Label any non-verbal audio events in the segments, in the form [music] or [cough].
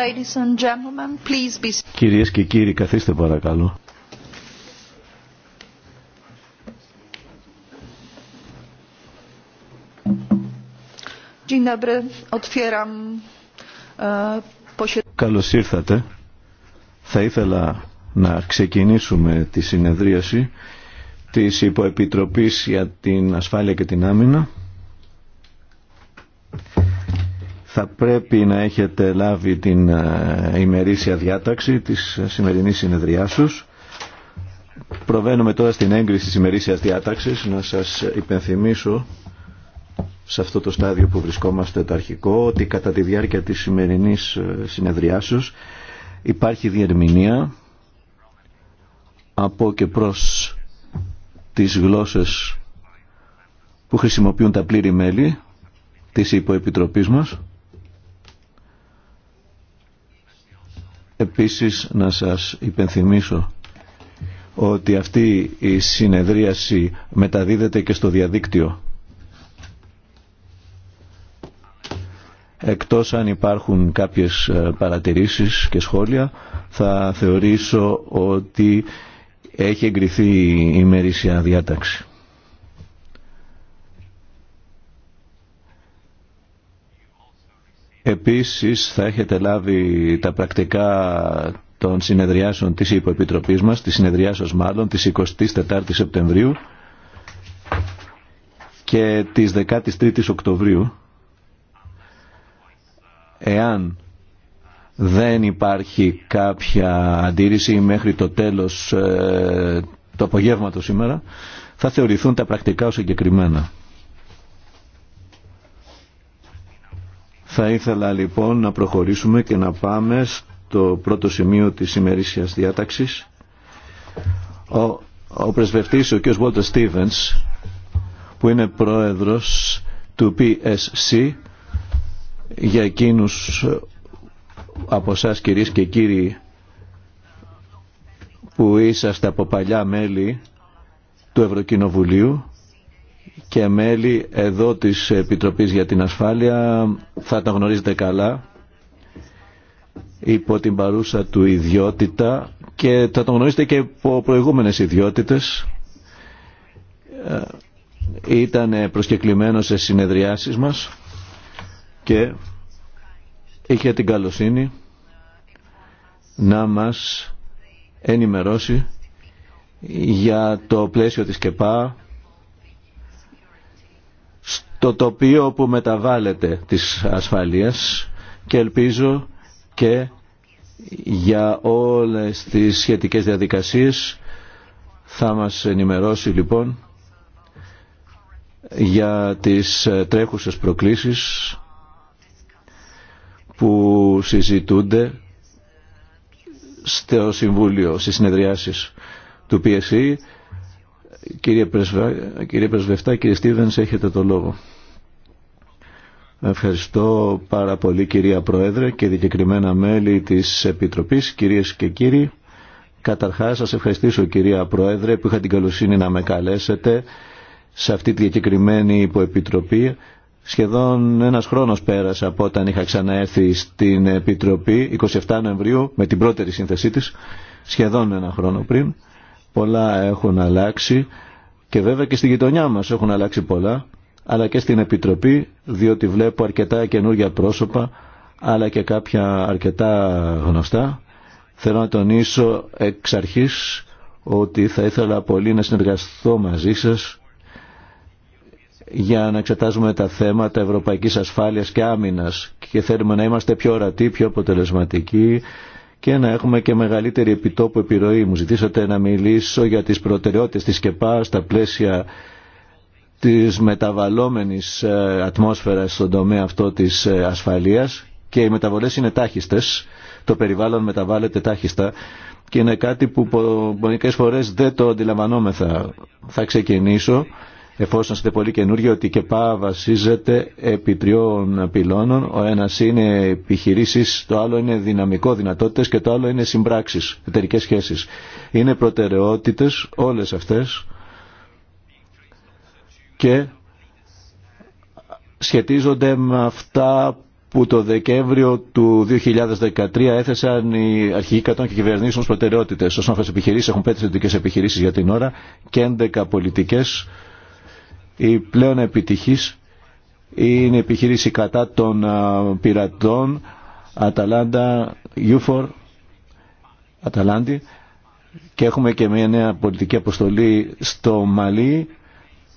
Ladies Κυρίες και κύριοι, καθίστε παρακαλώ. E, Καλώς ήρθατε. Θα ήθελα να ξεκινήσουμε τη συνεδρίαση της Υποεπιτροπής για την Ασφάλεια και την Άμυνα. θα πρέπει να έχετε λάβει την ε, ημερήσια διάταξη της σημερινής συνεδριάσους, Προβαίνουμε τώρα στην έγκριση της ημερήσιας διάταξης. Να σας υπενθυμίσω σε αυτό το στάδιο που βρισκόμαστε το αρχικό ότι κατά τη διάρκεια της σημερινής ε, συνεδριάσεως υπάρχει διερμηνία από και προς τις γλώσσες που χρησιμοποιούν τα πλήρη μέλη της υποεπιτροπής μας Επίσης να σας υπενθυμίσω ότι αυτή η συνεδρίαση μεταδίδεται και στο διαδίκτυο. Εκτός αν υπάρχουν κάποιες ε, παρατηρήσεις και σχόλια, θα θεωρήσω ότι έχει εγκριθεί η ημερήσια διάταξη. Επίσης θα έχετε λάβει τα πρακτικά των συνεδριάσεων της Υποεπιτροπής μας, της συνεδριάσεως μάλλον, της 24 η Σεπτεμβρίου και της 13ης Οκτωβρίου. Εάν δεν υπάρχει κάποια αντίρρηση μέχρι το τέλος ε, του απογεύματος σήμερα, θα θεωρηθούν τα πρακτικά ως εγκεκριμένα. Θα ήθελα λοιπόν να προχωρήσουμε και να πάμε στο πρώτο σημείο της ημερήσιας διάταξης. Ο, ο πρεσβευτής, ο κ. Walter Stevens, που είναι πρόεδρος του PSC, για εκείνους από εσά κυρίες και κύριοι που είσαστε από παλιά μέλη του Ευρωκοινοβουλίου και μέλη εδώ της Επιτροπής για την Ασφάλεια θα τα γνωρίζετε καλά υπό την παρούσα του ιδιότητα και θα το γνωρίζετε και από προηγούμενες ιδιότητες ε, ήταν προσκεκλημένο σε συνεδριάσεις μας και είχε την καλοσύνη να μας ενημερώσει για το πλαίσιο της ΚΕΠΑ το τοπίο που μεταβάλλεται της ασφαλείας και ελπίζω και για όλες τις σχετικές διαδικασίες θα μας ενημερώσει λοιπόν για τις τρέχουσες προκλήσεις που συζητούνται στο Συμβούλιο, στις συνεδριάσεις του PSE. Κύριε Πρεσβευτά, κύριε Στίβενς, έχετε το λόγο. Ευχαριστώ πάρα πολύ κυρία Πρόεδρε και δικαιωμένα μέλη της Επιτροπής, κυρίες και κύριοι. Καταρχάς σας ευχαριστήσω κυρία Πρόεδρε που είχα την καλοσύνη να με καλέσετε σε αυτή τη διακεκριμένη υποεπιτροπή. Σχεδόν ένας χρόνος πέρασε από όταν είχα ξαναέρθει στην Επιτροπή 27 Νοεμβρίου με την πρώτερη σύνθεσή της, σχεδόν ένα χρόνο πριν. Πολλά έχουν αλλάξει και βέβαια και στη γειτονιά μας έχουν αλλάξει πολλά αλλά και στην Επιτροπή, διότι βλέπω αρκετά καινούργια πρόσωπα, αλλά και κάποια αρκετά γνωστά. Θέλω να τονίσω εξ αρχής ότι θα ήθελα πολύ να συνεργαστώ μαζί σας για να εξετάζουμε τα θέματα ευρωπαϊκής ασφάλειας και άμυνας και θέλουμε να είμαστε πιο ορατοί, πιο αποτελεσματικοί και να έχουμε και μεγαλύτερη επιτόπου επιρροή. Μου ζητήσατε να μιλήσω για τις προτεραιότητες της ΚΕΠΑ στα πλαίσια της μεταβαλλόμενης ε, ατμόσφαιρας στον τομέα αυτό της ε, ασφαλείας και οι μεταβολές είναι τάχιστες, το περιβάλλον μεταβάλλεται τάχιστα και είναι κάτι που πολλές φορές δεν το αντιλαμβανόμεθα. Θα ξεκινήσω, εφόσον είστε πολύ καινούργοι, ότι και ΠΑ βασίζεται επί τριών πυλώνων. Ο ένας είναι επιχειρήσεις, το άλλο είναι δυναμικό δυνατότητες και το άλλο είναι συμπράξεις, εταιρικές σχέσεις. Είναι προτεραιότητες όλες αυτές και σχετίζονται με αυτά που το Δεκέμβριο του 2013 έθεσαν οι αρχηγοί κρατών και κυβερνήσεων ως προτεραιότητες. Όσον αφορά επιχειρήσεις, έχουν πέντε θετικές επιχειρήσεις για την ώρα και 11 πολιτικές. Η πλέον επιτυχής είναι η επιχειρήση κατά των πειρατών Αταλάντα, Ιούφορ, Αταλάντη και έχουμε και μια νέα πολιτική αποστολή στο Μαλί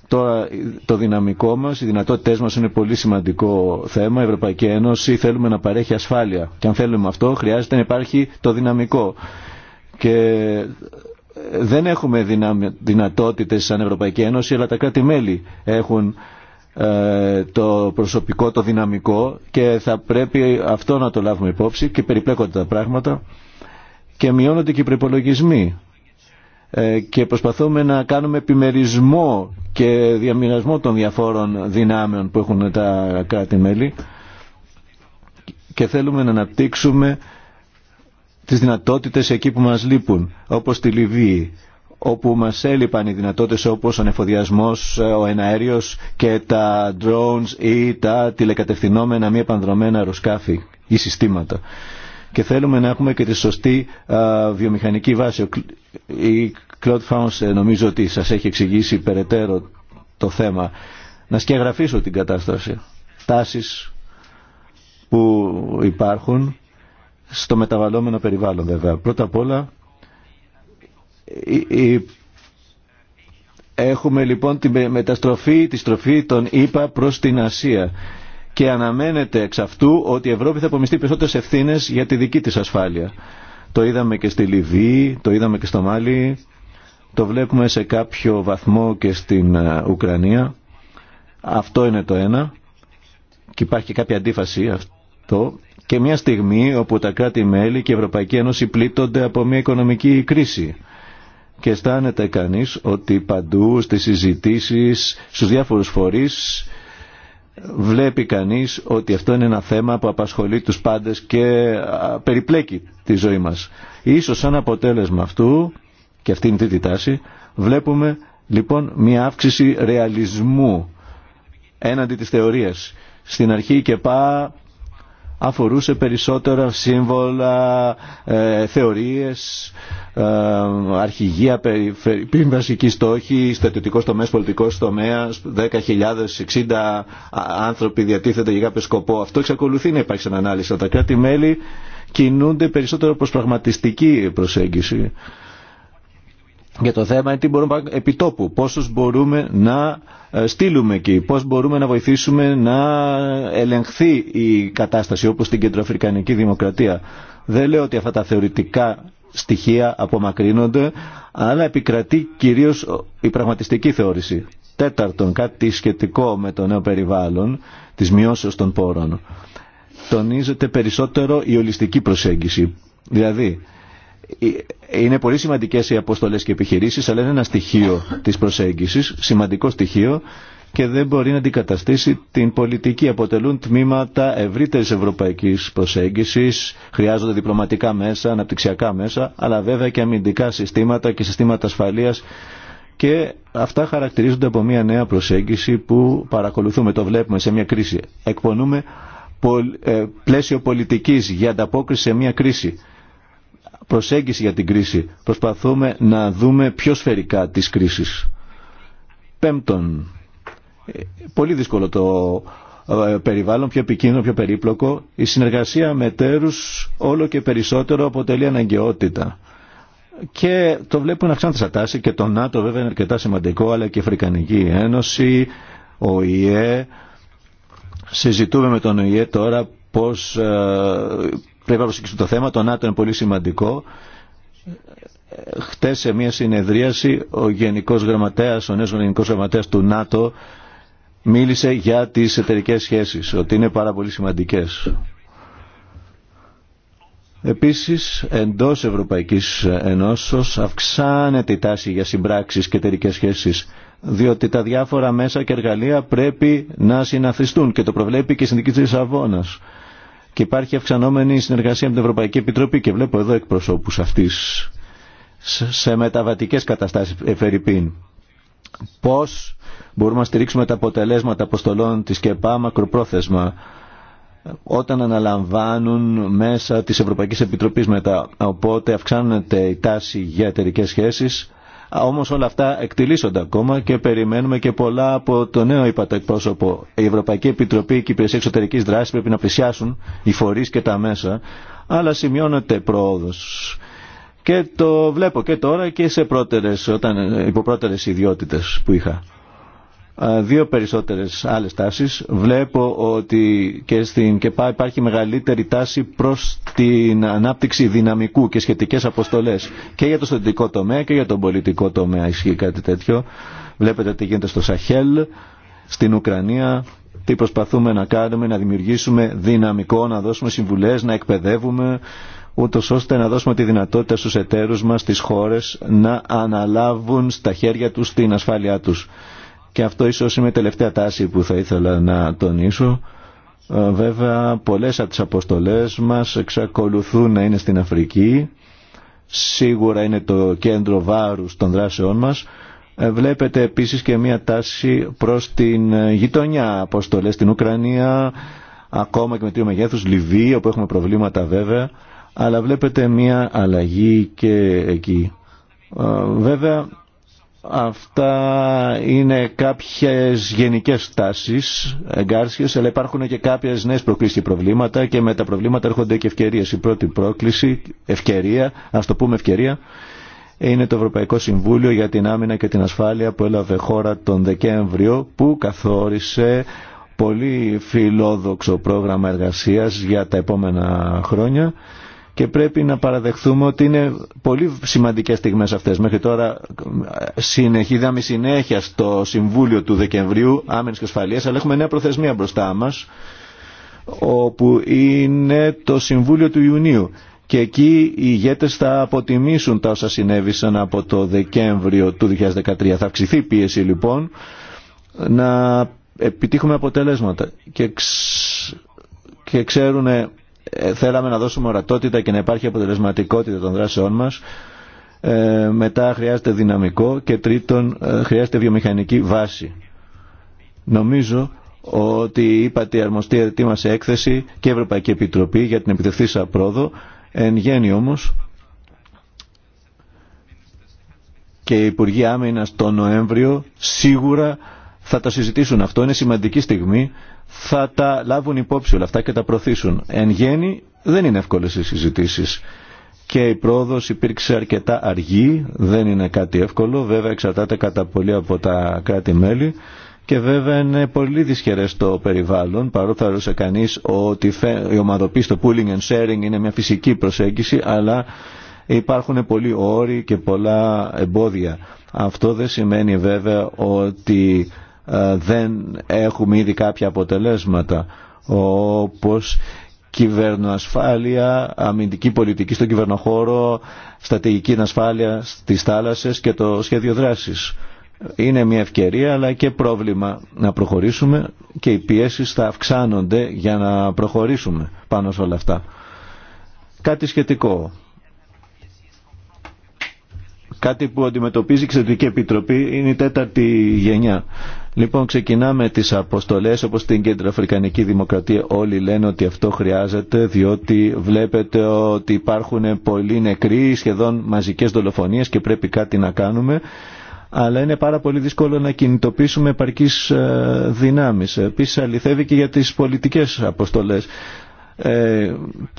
Τώρα το δυναμικό μας, οι δυνατότητές μας είναι πολύ σημαντικό θέμα. Η Ευρωπαϊκή Ένωση θέλουμε να παρέχει ασφάλεια. Και αν θέλουμε αυτό χρειάζεται να υπάρχει το δυναμικό. Και ε, δεν έχουμε δυνατότητες σαν Ευρωπαϊκή Ένωση, αλλά τα κράτη-μέλη έχουν ε, το προσωπικό, το δυναμικό και θα πρέπει αυτό να το λάβουμε υπόψη και περιπλέκονται τα πράγματα και μειώνονται και οι προπολογισμοί ε, και προσπαθούμε να κάνουμε επιμερισμό και διαμοιρασμό των διαφόρων δυνάμεων που έχουν τα κράτη-μέλη και θέλουμε να αναπτύξουμε τις δυνατότητες εκεί που μας λείπουν, όπως τη Λιβύη, όπου μας έλειπαν οι δυνατότητες όπως ο νεφοδιασμός, ε, ο εναέριος και τα drones ή τα τηλεκατευθυνόμενα μη επανδρομένα αεροσκάφη ή συστήματα και θέλουμε να έχουμε και τη σωστή βιομηχανική βάση. Η Claude Fons ε, νομίζω ότι σας έχει εξηγήσει περαιτέρω το θέμα. Να σκιαγραφίσω την κατάσταση. Τάσεις που υπάρχουν στο μεταβαλλόμενο περιβάλλον βέβαια. Πρώτα απ' όλα έχουμε λοιπόν τη μεταστροφή, τη στροφή των ΙΠΑ προς την Ασία και αναμένεται εξ αυτού ότι η Ευρώπη θα απομειστεί περισσότερε ευθύνε για τη δική τη ασφάλεια. Το είδαμε και στη Λιβύη, το είδαμε και στο Μάλι, το βλέπουμε σε κάποιο βαθμό και στην ε, Ουκρανία. Αυτό είναι το ένα. Και υπάρχει και κάποια αντίφαση αυτό. Και μια στιγμή όπου τα κράτη-μέλη και η Ευρωπαϊκή Ένωση πλήττονται από μια οικονομική κρίση. Και αισθάνεται κανείς ότι παντού στις συζητήσεις, στους διάφορους φορείς βλέπει κανείς ότι αυτό είναι ένα θέμα που απασχολεί τους πάντες και περιπλέκει τη ζωή μας. Ίσως σαν αποτέλεσμα αυτού, και αυτή είναι τρίτη τάση, βλέπουμε λοιπόν μια αύξηση ρεαλισμού έναντι της θεωρίας. Στην αρχή και πά αφορούσε περισσότερα σύμβολα, ε, θεωρίες, ε, αρχηγία, πριν βασική στόχη, στρατιωτικός τομέας, πολιτικός τομέας, 10.060 άνθρωποι διατίθεται για κάποιο σκοπό. Αυτό εξακολουθεί να υπάρχει σαν ανάλυση. Τα κράτη-μέλη κινούνται περισσότερο προς πραγματιστική προσέγγιση. Για το θέμα είναι τι μπορούμε να μπορούμε να ε, στείλουμε εκεί, πώς μπορούμε να βοηθήσουμε να ελεγχθεί η κατάσταση όπως στην Κεντροαφρικανική Δημοκρατία. Δεν λέω ότι αυτά τα θεωρητικά στοιχεία απομακρύνονται, αλλά επικρατεί κυρίως η πραγματιστική θεώρηση. Τέταρτον, κάτι σχετικό με το νέο περιβάλλον, τη μειώσεως των πόρων. Τονίζεται περισσότερο η ολιστική προσέγγιση. Δηλαδή, ε, είναι πολύ σημαντικές οι αποστολές και επιχειρήσεις, αλλά είναι ένα στοιχείο της προσέγγισης, σημαντικό στοιχείο και δεν μπορεί να αντικαταστήσει την πολιτική. Αποτελούν τμήματα ευρύτερης ευρωπαϊκής προσέγγισης, χρειάζονται διπλωματικά μέσα, αναπτυξιακά μέσα, αλλά βέβαια και αμυντικά συστήματα και συστήματα ασφαλείας και αυτά χαρακτηρίζονται από μια νέα προσέγγιση που παρακολουθούμε, το βλέπουμε σε μια κρίση. Εκπονούμε ε, πλαίσιο πολιτικής για ανταπόκριση σε μια κρίση προσέγγιση για την κρίση. Προσπαθούμε να δούμε πιο σφαιρικά τις κρίσεις. Πέμπτον, ε, πολύ δύσκολο το ε, περιβάλλον, πιο επικίνδυνο, πιο περίπλοκο. Η συνεργασία με τέρους όλο και περισσότερο αποτελεί αναγκαιότητα. Και το βλέπουν να ξανά τάση και το ΝΑΤΟ βέβαια είναι αρκετά σημαντικό, αλλά και η Αφρικανική Ένωση, ο ΙΕ. Συζητούμε με τον ΙΕ τώρα πώς ε, πρέπει να προσέξουμε το θέμα. Το ΝΑΤΟ είναι πολύ σημαντικό. Χτες σε μια συνεδρίαση ο Γενικός Γραμματέας, ο νέος Γενικός Γραμματέας του ΝΑΤΟ μίλησε για τις εταιρικέ σχέσεις, ότι είναι πάρα πολύ σημαντικέ. Επίση, εντός Ευρωπαϊκής Ενώσεω αυξάνεται η τάση για συμπράξει και εταιρικέ σχέσεις, διότι τα διάφορα μέσα και εργαλεία πρέπει να συναθριστούν και το προβλέπει και η Συνδική της και υπάρχει αυξανόμενη συνεργασία με την Ευρωπαϊκή Επιτροπή και βλέπω εδώ εκπροσώπους αυτής σε μεταβατικές καταστάσεις Εφερρυπίν. Πώς μπορούμε να στηρίξουμε τα αποτελέσματα αποστολών της ΚΕΠΑ μακροπρόθεσμα όταν αναλαμβάνουν μέσα της Ευρωπαϊκής Επιτροπής μετά. Οπότε αυξάνεται η τάση για εταιρικέ σχέσεις Όμω όλα αυτά εκτιλήσονται ακόμα και περιμένουμε και πολλά από το νέο είπατε Η Ευρωπαϊκή Επιτροπή και η Υπηρεσία εξωτερική δράση πρέπει να πλησιάσουν οι φορεί και τα μέσα, αλλά σημειώνεται πρόοδος. Και το βλέπω και τώρα και σε πρώτερες, όταν, ιδιότητες που είχα δύο περισσότερες άλλες τάσεις. Βλέπω ότι και στην ΚΕΠΑ υπάρχει μεγαλύτερη τάση προς την ανάπτυξη δυναμικού και σχετικές αποστολές και για το στοντικό τομέα και για τον πολιτικό τομέα ισχύει κάτι τέτοιο. Βλέπετε τι γίνεται στο Σαχέλ, στην Ουκρανία, τι προσπαθούμε να κάνουμε, να δημιουργήσουμε δυναμικό, να δώσουμε συμβουλές, να εκπαιδεύουμε ούτω ώστε να δώσουμε τη δυνατότητα στους εταίρους μας, στις χώρες, να αναλάβουν στα χέρια του την ασφάλειά τους και αυτό ίσως είναι η τελευταία τάση που θα ήθελα να τονίσω. Ε, βέβαια πολλές από τις αποστολές μας εξακολουθούν να είναι στην Αφρική. Σίγουρα είναι το κέντρο βάρου των δράσεών μας. Ε, βλέπετε επίσης και μια τάση προς την ε, γειτονιά αποστολές στην Ουκρανία, ακόμα και με τρίο μεγέθους, Λιβύη, όπου έχουμε προβλήματα βέβαια, αλλά βλέπετε μια αλλαγή και εκεί. Βέβαια Αυτά είναι κάποιες γενικές τάσεις εγκάρσιες, αλλά υπάρχουν και κάποιες νέες προκλήσεις και προβλήματα και με τα προβλήματα έρχονται και ευκαιρίες. Η πρώτη πρόκληση, ευκαιρία, ας το πούμε ευκαιρία, είναι το Ευρωπαϊκό Συμβούλιο για την Άμυνα και την Ασφάλεια που έλαβε χώρα τον Δεκέμβριο που καθόρισε πολύ φιλόδοξο πρόγραμμα εργασίας για τα επόμενα χρόνια και πρέπει να παραδεχθούμε ότι είναι πολύ σημαντικές στιγμές αυτές. Μέχρι τώρα συνεχίδαμε συνέχεια στο Συμβούλιο του Δεκεμβρίου άμενης και ασφαλείας, αλλά έχουμε νέα προθεσμία μπροστά μας, όπου είναι το Συμβούλιο του Ιουνίου. Και εκεί οι ηγέτες θα αποτιμήσουν τα όσα συνέβησαν από το Δεκέμβριο του 2013. Θα αυξηθεί η πίεση λοιπόν να επιτύχουμε αποτελέσματα. Και, ξ... και ε, θέλαμε να δώσουμε ορατότητα και να υπάρχει αποτελεσματικότητα των δράσεών μας. Ε, μετά χρειάζεται δυναμικό και τρίτον ε, χρειάζεται βιομηχανική βάση. Νομίζω ότι είπατε η αρμοστία ετοίμασε έκθεση και η Ευρωπαϊκή Επιτροπή για την επιτευθύνσα πρόοδο. Εν γέννη όμως και οι Υπουργοί Άμυνας το Νοέμβριο σίγουρα θα τα συζητήσουν αυτό. Είναι σημαντική στιγμή θα τα λάβουν υπόψη όλα αυτά και τα προωθήσουν. Εν γέννη δεν είναι εύκολες οι συζητήσεις και η πρόοδος υπήρξε αρκετά αργή, δεν είναι κάτι εύκολο, βέβαια εξαρτάται κατά πολύ από τα κράτη-μέλη και βέβαια είναι πολύ δυσχερέ το περιβάλλον, παρότι θα ρωτούσε κανείς ότι η ομαδοποίηση, το pooling and sharing είναι μια φυσική προσέγγιση, αλλά υπάρχουν πολλοί όροι και πολλά εμπόδια. Αυτό δεν σημαίνει βέβαια ότι ε, δεν έχουμε ήδη κάποια αποτελέσματα όπως κυβερνοασφάλεια, αμυντική πολιτική στον κυβερνοχώρο, στρατηγική ασφάλεια στις θάλασσες και το σχέδιο δράσης. Είναι μια ευκαιρία αλλά και πρόβλημα να προχωρήσουμε και οι πιέσεις θα αυξάνονται για να προχωρήσουμε πάνω σε όλα αυτά. Κάτι σχετικό Κάτι που αντιμετωπίζει η Εξωτική Επιτροπή είναι η τέταρτη γενιά. Λοιπόν, ξεκινάμε τις αποστολές όπως στην Αφρικανική Δημοκρατία. Όλοι λένε ότι αυτό χρειάζεται διότι βλέπετε ότι υπάρχουν πολλοί νεκροί, σχεδόν μαζικές δολοφονίες και πρέπει κάτι να κάνουμε. Αλλά είναι πάρα πολύ δύσκολο να κινητοποιήσουμε επαρκείς ε, δυνάμεις. Επίσης αληθεύει και για τις πολιτικές αποστολές. Ε,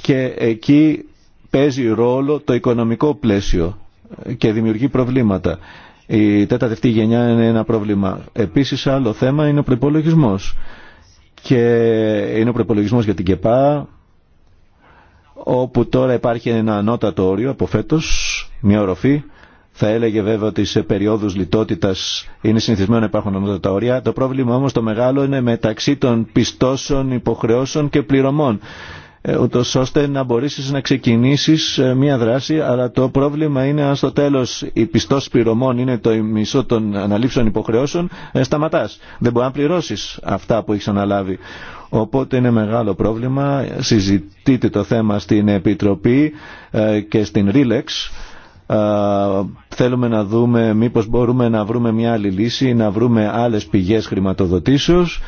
και εκεί παίζει ρόλο το οικονομικό πλαίσιο και δημιουργεί προβλήματα. Η τέταρτη αυτή γενιά είναι ένα πρόβλημα. Επίσης άλλο θέμα είναι ο προπολογισμό. Και είναι ο προπολογισμό για την ΚΕΠΑ, όπου τώρα υπάρχει ένα ανώτατο όριο από φέτο, μια οροφή. Θα έλεγε βέβαια ότι σε περίοδου λιτότητα είναι συνηθισμένο να υπάρχουν ανώτατα όρια. Το πρόβλημα όμω το μεγάλο είναι μεταξύ των πιστώσεων, υποχρεώσεων και πληρωμών. Ε, ούτως ώστε να μπορέσεις να ξεκινήσεις ε, μια δράση αλλά το πρόβλημα είναι αν στο τέλος η πιστός πληρωμών είναι το μισό των αναλήψεων υποχρεώσεων ε, σταματάς. Δεν μπορείς να πληρώσεις αυτά που έχεις αναλάβει. Οπότε είναι μεγάλο πρόβλημα. Συζητείτε το θέμα στην Επιτροπή και στην Ρίλεξ. Θέλουμε να δούμε μήπως μπορούμε να βρούμε μια άλλη λύση, να βρούμε άλλες πηγές χρηματοδοτήσεως.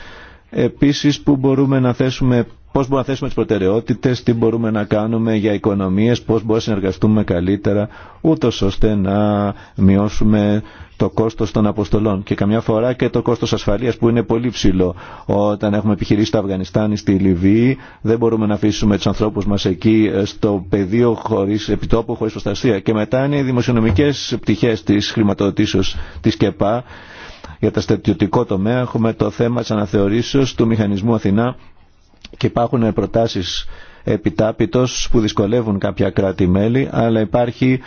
Επίσης που μπορούμε να θέσουμε πώς μπορούμε να θέσουμε τις προτεραιότητες, τι μπορούμε να κάνουμε για οικονομίες, πώς μπορούμε να συνεργαστούμε καλύτερα, ούτω ώστε να μειώσουμε το κόστος των αποστολών και καμιά φορά και το κόστος ασφαλείας που είναι πολύ ψηλό. Όταν έχουμε επιχειρήσει στο Αφγανιστάν ή στη Λιβύη δεν μπορούμε να αφήσουμε τους ανθρώπους μας εκεί ε, στο πεδίο χωρίς επιτόπου, χωρίς προστασία. Και μετά είναι οι δημοσιονομικές πτυχές της χρηματοδοτήσεως της ΚΕΠΑ για τα στρατιωτικό τομέα έχουμε το θέμα τη αναθεωρήσεως του μηχανισμού Αθηνά και υπάρχουν προτάσεις επιτάπητος που δυσκολεύουν κάποια κράτη-μέλη, αλλά υπάρχει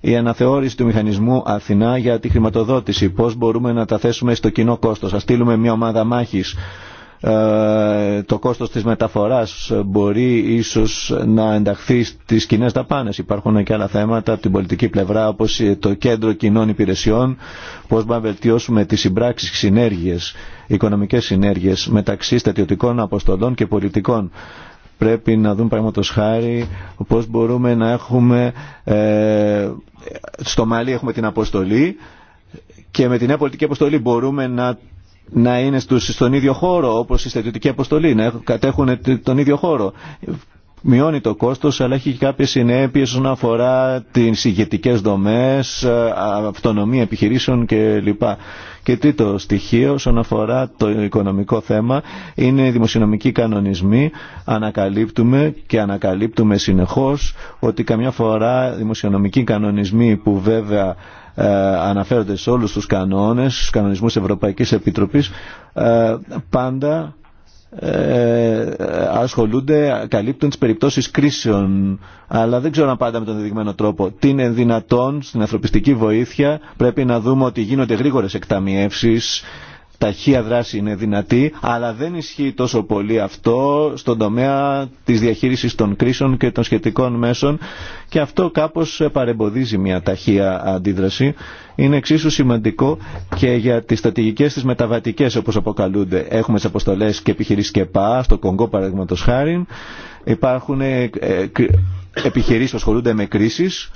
η αναθεώρηση του μηχανισμού Αθηνά για τη χρηματοδότηση. Πώς μπορούμε να τα θέσουμε στο κοινό κόστος. Ας στείλουμε μια ομάδα μάχης. Ε, το κόστος της μεταφοράς μπορεί ίσως να ενταχθεί στις κοινέ ταπάνες. Υπάρχουν και άλλα θέματα από την πολιτική πλευρά όπως το κέντρο κοινών υπηρεσιών, πώς μπορούμε να βελτιώσουμε τις συμπράξεις, συνέργειες οικονομικές συνέργειες μεταξύ στατιωτικών αποστολών και πολιτικών. Πρέπει να δούμε πράγματο χάρη πώ μπορούμε να έχουμε... Ε, στο Μαλί έχουμε την αποστολή και με την νέα πολιτική αποστολή μπορούμε να, να είναι στους, στον ίδιο χώρο όπως η στατιωτική αποστολή, να κατέχουν τον ίδιο χώρο μειώνει το κόστος αλλά έχει και κάποιες συνέπειες όσον αφορά τις ηγετικές δομές, αυτονομία επιχειρήσεων κλπ. Και τρίτο στοιχείο όσον αφορά το οικονομικό θέμα είναι οι δημοσιονομικοί κανονισμοί. Ανακαλύπτουμε και ανακαλύπτουμε συνεχώς ότι καμιά φορά δημοσιονομικοί κανονισμοί που βέβαια ε, αναφέρονται σε όλους τους κανόνες, στους κανονισμούς Ευρωπαϊκής Επιτροπής, ε, πάντα ε, ασχολούνται, καλύπτουν τις περιπτώσεις κρίσεων, αλλά δεν ξέρω να πάντα με τον δεδειγμένο τρόπο. Τι είναι δυνατόν στην ανθρωπιστική βοήθεια, πρέπει να δούμε ότι γίνονται γρήγορες εκταμιεύσεις, ταχεία δράση είναι δυνατή, αλλά δεν ισχύει τόσο πολύ αυτό στον τομέα της διαχείρισης των κρίσεων και των σχετικών μέσων και αυτό κάπως παρεμποδίζει μια ταχεία αντίδραση. Είναι εξίσου σημαντικό και για τις στρατηγικές της μεταβατικές όπως αποκαλούνται. Έχουμε τις αποστολές και επιχειρήσεις και ΠΑ, στο Κονγκό παραδείγματος χάρη. Υπάρχουν ε, ε, επιχειρήσεις που ασχολούνται με κρίσεις,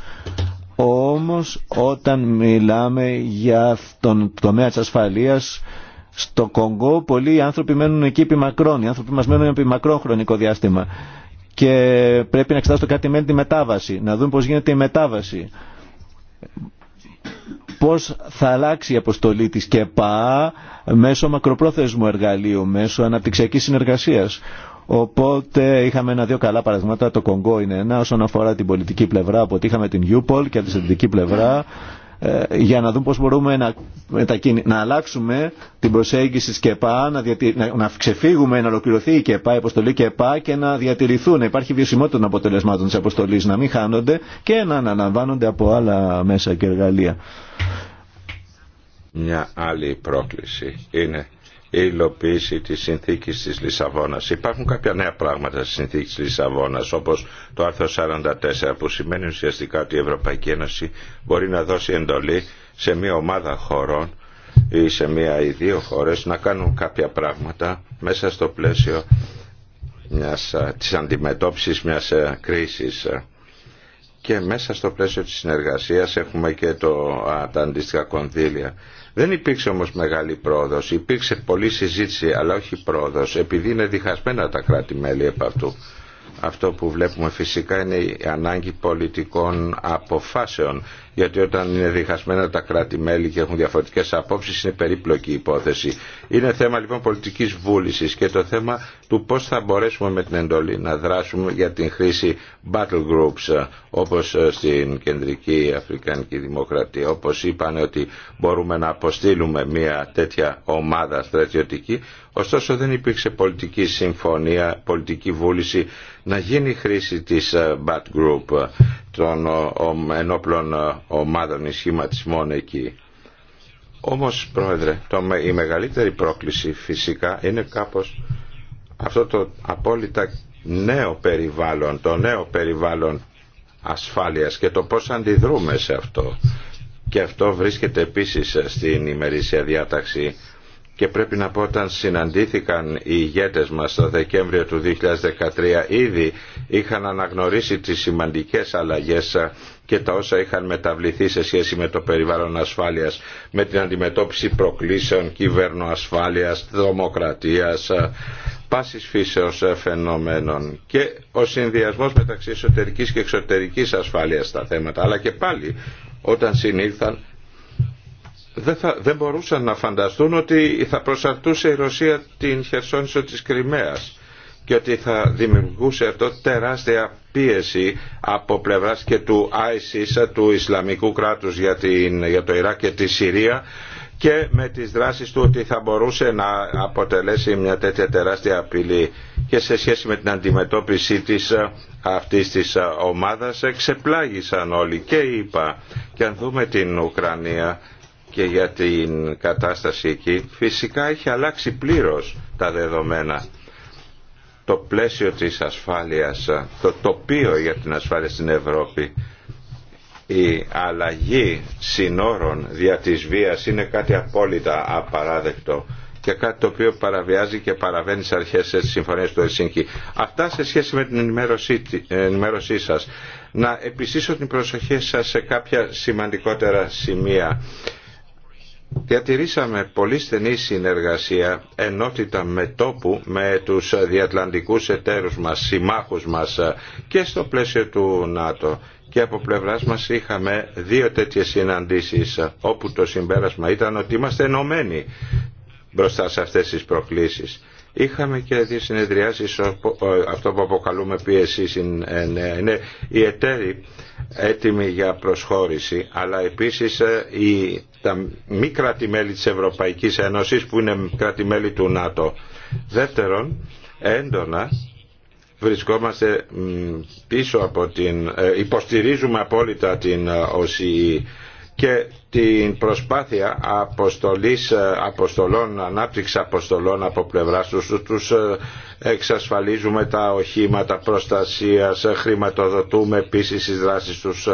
όμως όταν μιλάμε για τον τομέα της ασφαλείας στο Κονγκό πολλοί άνθρωποι μένουν εκεί επί μακρόν. Οι άνθρωποι μας μένουν επί μακρόν χρονικό διάστημα. Και πρέπει να εξετάσουμε κάτι με τη μετάβαση. Να δούμε πώς γίνεται η μετάβαση. Πώς θα αλλάξει η αποστολή τη ΚΕΠΑ μέσω μακροπρόθεσμου εργαλείου, μέσω αναπτυξιακή συνεργασία. Οπότε είχαμε ένα-δύο καλά παραδείγματα. Το Κονγκό είναι ένα όσον αφορά την πολιτική πλευρά. Οπότε είχαμε την Ιούπολ και από τη πλευρά ε, για να δούμε πώς μπορούμε να, να αλλάξουμε την προσέγγιση της ΚΕΠΑ, να, να ξεφύγουμε, να ολοκληρωθεί η ΚΕΠΑ, η αποστολή ΚΕΠΑ και να διατηρηθούν, υπάρχει βιωσιμότητα των αποτελεσμάτων της αποστολής, να μην χάνονται και να αναλαμβάνονται από άλλα μέσα και εργαλεία. Μια άλλη πρόκληση είναι η υλοποίηση τη συνθήκη τη Λισαβόνα. Υπάρχουν κάποια νέα πράγματα στη συνθήκη τη Λισαβόνα, όπω το άρθρο 44 που σημαίνει ουσιαστικά ότι η Ευρωπαϊκή Ένωση μπορεί να δώσει εντολή σε μια ομάδα χωρών ή σε μία ή δύο χώρε να κάνουν κάποια πράγματα μέσα στο πλαίσιο μιας, της αντιμετώπισης μιας ε, κρίσης και μέσα στο πλαίσιο της συνεργασίας έχουμε και το, τα αντίστοιχα κονδύλια δεν υπήρξε όμως μεγάλη πρόοδος, υπήρξε πολλή συζήτηση αλλά όχι πρόοδος επειδή είναι διχασμένα τα κράτη-μέλη επ' αυτού. Αυτό που βλέπουμε φυσικά είναι η ανάγκη πολιτικών αποφάσεων γιατί όταν είναι διχασμένα τα κράτη-μέλη και έχουν διαφορετικές απόψεις είναι περίπλοκη υπόθεση. Είναι θέμα λοιπόν πολιτικής βούλησης και το θέμα του πώς θα μπορέσουμε με την εντολή να δράσουμε για την χρήση battle groups ε, όπως ε, στην Κεντρική Αφρικανική Δημοκρατία. Όπως είπαν ότι μπορούμε να αποστείλουμε μια τέτοια ομάδα στρατιωτική Ωστόσο δεν υπήρξε πολιτική συμφωνία, πολιτική βούληση να γίνει χρήση της ε, Bat Group των ενόπλων ομάδων ισχυματισμών εκεί. Όμως, Πρόεδρε, το, η μεγαλύτερη πρόκληση φυσικά είναι κάπως αυτό το απόλυτα νέο περιβάλλον, το νέο περιβάλλον ασφάλειας και το πώς αντιδρούμε σε αυτό. Και αυτό βρίσκεται επίσης στην ημερήσια διάταξη και πρέπει να πω όταν συναντήθηκαν οι ηγέτες μας το Δεκέμβριο του 2013 ήδη είχαν αναγνωρίσει τις σημαντικές αλλαγές και τα όσα είχαν μεταβληθεί σε σχέση με το περιβάλλον ασφάλειας, με την αντιμετώπιση προκλήσεων κυβερνοασφάλειας, δημοκρατίας, πάσης φύσεως φαινομένων και ο συνδυασμός μεταξύ εσωτερικής και εξωτερικής ασφάλειας στα θέματα. Αλλά και πάλι όταν συνήλθαν δεν, θα, μπορούσαν να φανταστούν ότι θα προσαρτούσε η Ρωσία την χερσόνησο της Κρυμαίας και ότι θα δημιουργούσε αυτό τεράστια πίεση από πλευράς και του ISIS, του Ισλαμικού κράτους για, την, για το Ιράκ και τη Συρία και με τις δράσεις του ότι θα μπορούσε να αποτελέσει μια τέτοια τεράστια απειλή και σε σχέση με την αντιμετώπιση της ε, αυτής της ε, ομάδας εξεπλάγησαν όλοι και είπα και αν δούμε την Ουκρανία και για την κατάσταση εκεί φυσικά έχει αλλάξει πλήρως τα δεδομένα το πλαίσιο της ασφάλειας το τοπίο για την ασφάλεια στην Ευρώπη η αλλαγή συνόρων δια της βίας είναι κάτι απόλυτα απαράδεκτο και κάτι το οποίο παραβιάζει και παραβαίνει στις αρχές της Συμφωνίας του Ελσίνκη. Αυτά σε σχέση με την ενημέρωσή, ενημέρωσή σας. Να επιστήσω την προσοχή σας σε κάποια σημαντικότερα σημεία Διατηρήσαμε πολύ στενή συνεργασία, ενότητα με τόπου με τους διατλαντικούς εταίρους μας, συμμάχους μας και στο πλαίσιο του ΝΑΤΟ. Και από πλευράς μας είχαμε δύο τέτοιες συναντήσεις όπου το συμπέρασμα ήταν ότι είμαστε ενωμένοι μπροστά σε αυτές τις προκλήσεις. Είχαμε και δύο συνεδριάσεις, ε, αυτό που αποκαλούμε πίεση ε, ναι, είναι οι εταίροι έτοιμοι για προσχώρηση, αλλά επίσης ε, τα μη κράτη-μέλη της Ευρωπαϊκής Ένωσης που είναι κράτη-μέλη του ΝΑΤΟ. Δεύτερον, έντονα βρισκόμαστε πίσω από την, υποστηρίζουμε απόλυτα την ΟΣΥΗ και την προσπάθεια αποστολής, ε, αποστολών, ανάπτυξη αποστολών από πλευρά τους, τους ε, εξασφαλίζουμε τα οχήματα προστασίας, ε, χρηματοδοτούμε επίσης τις δράσεις τους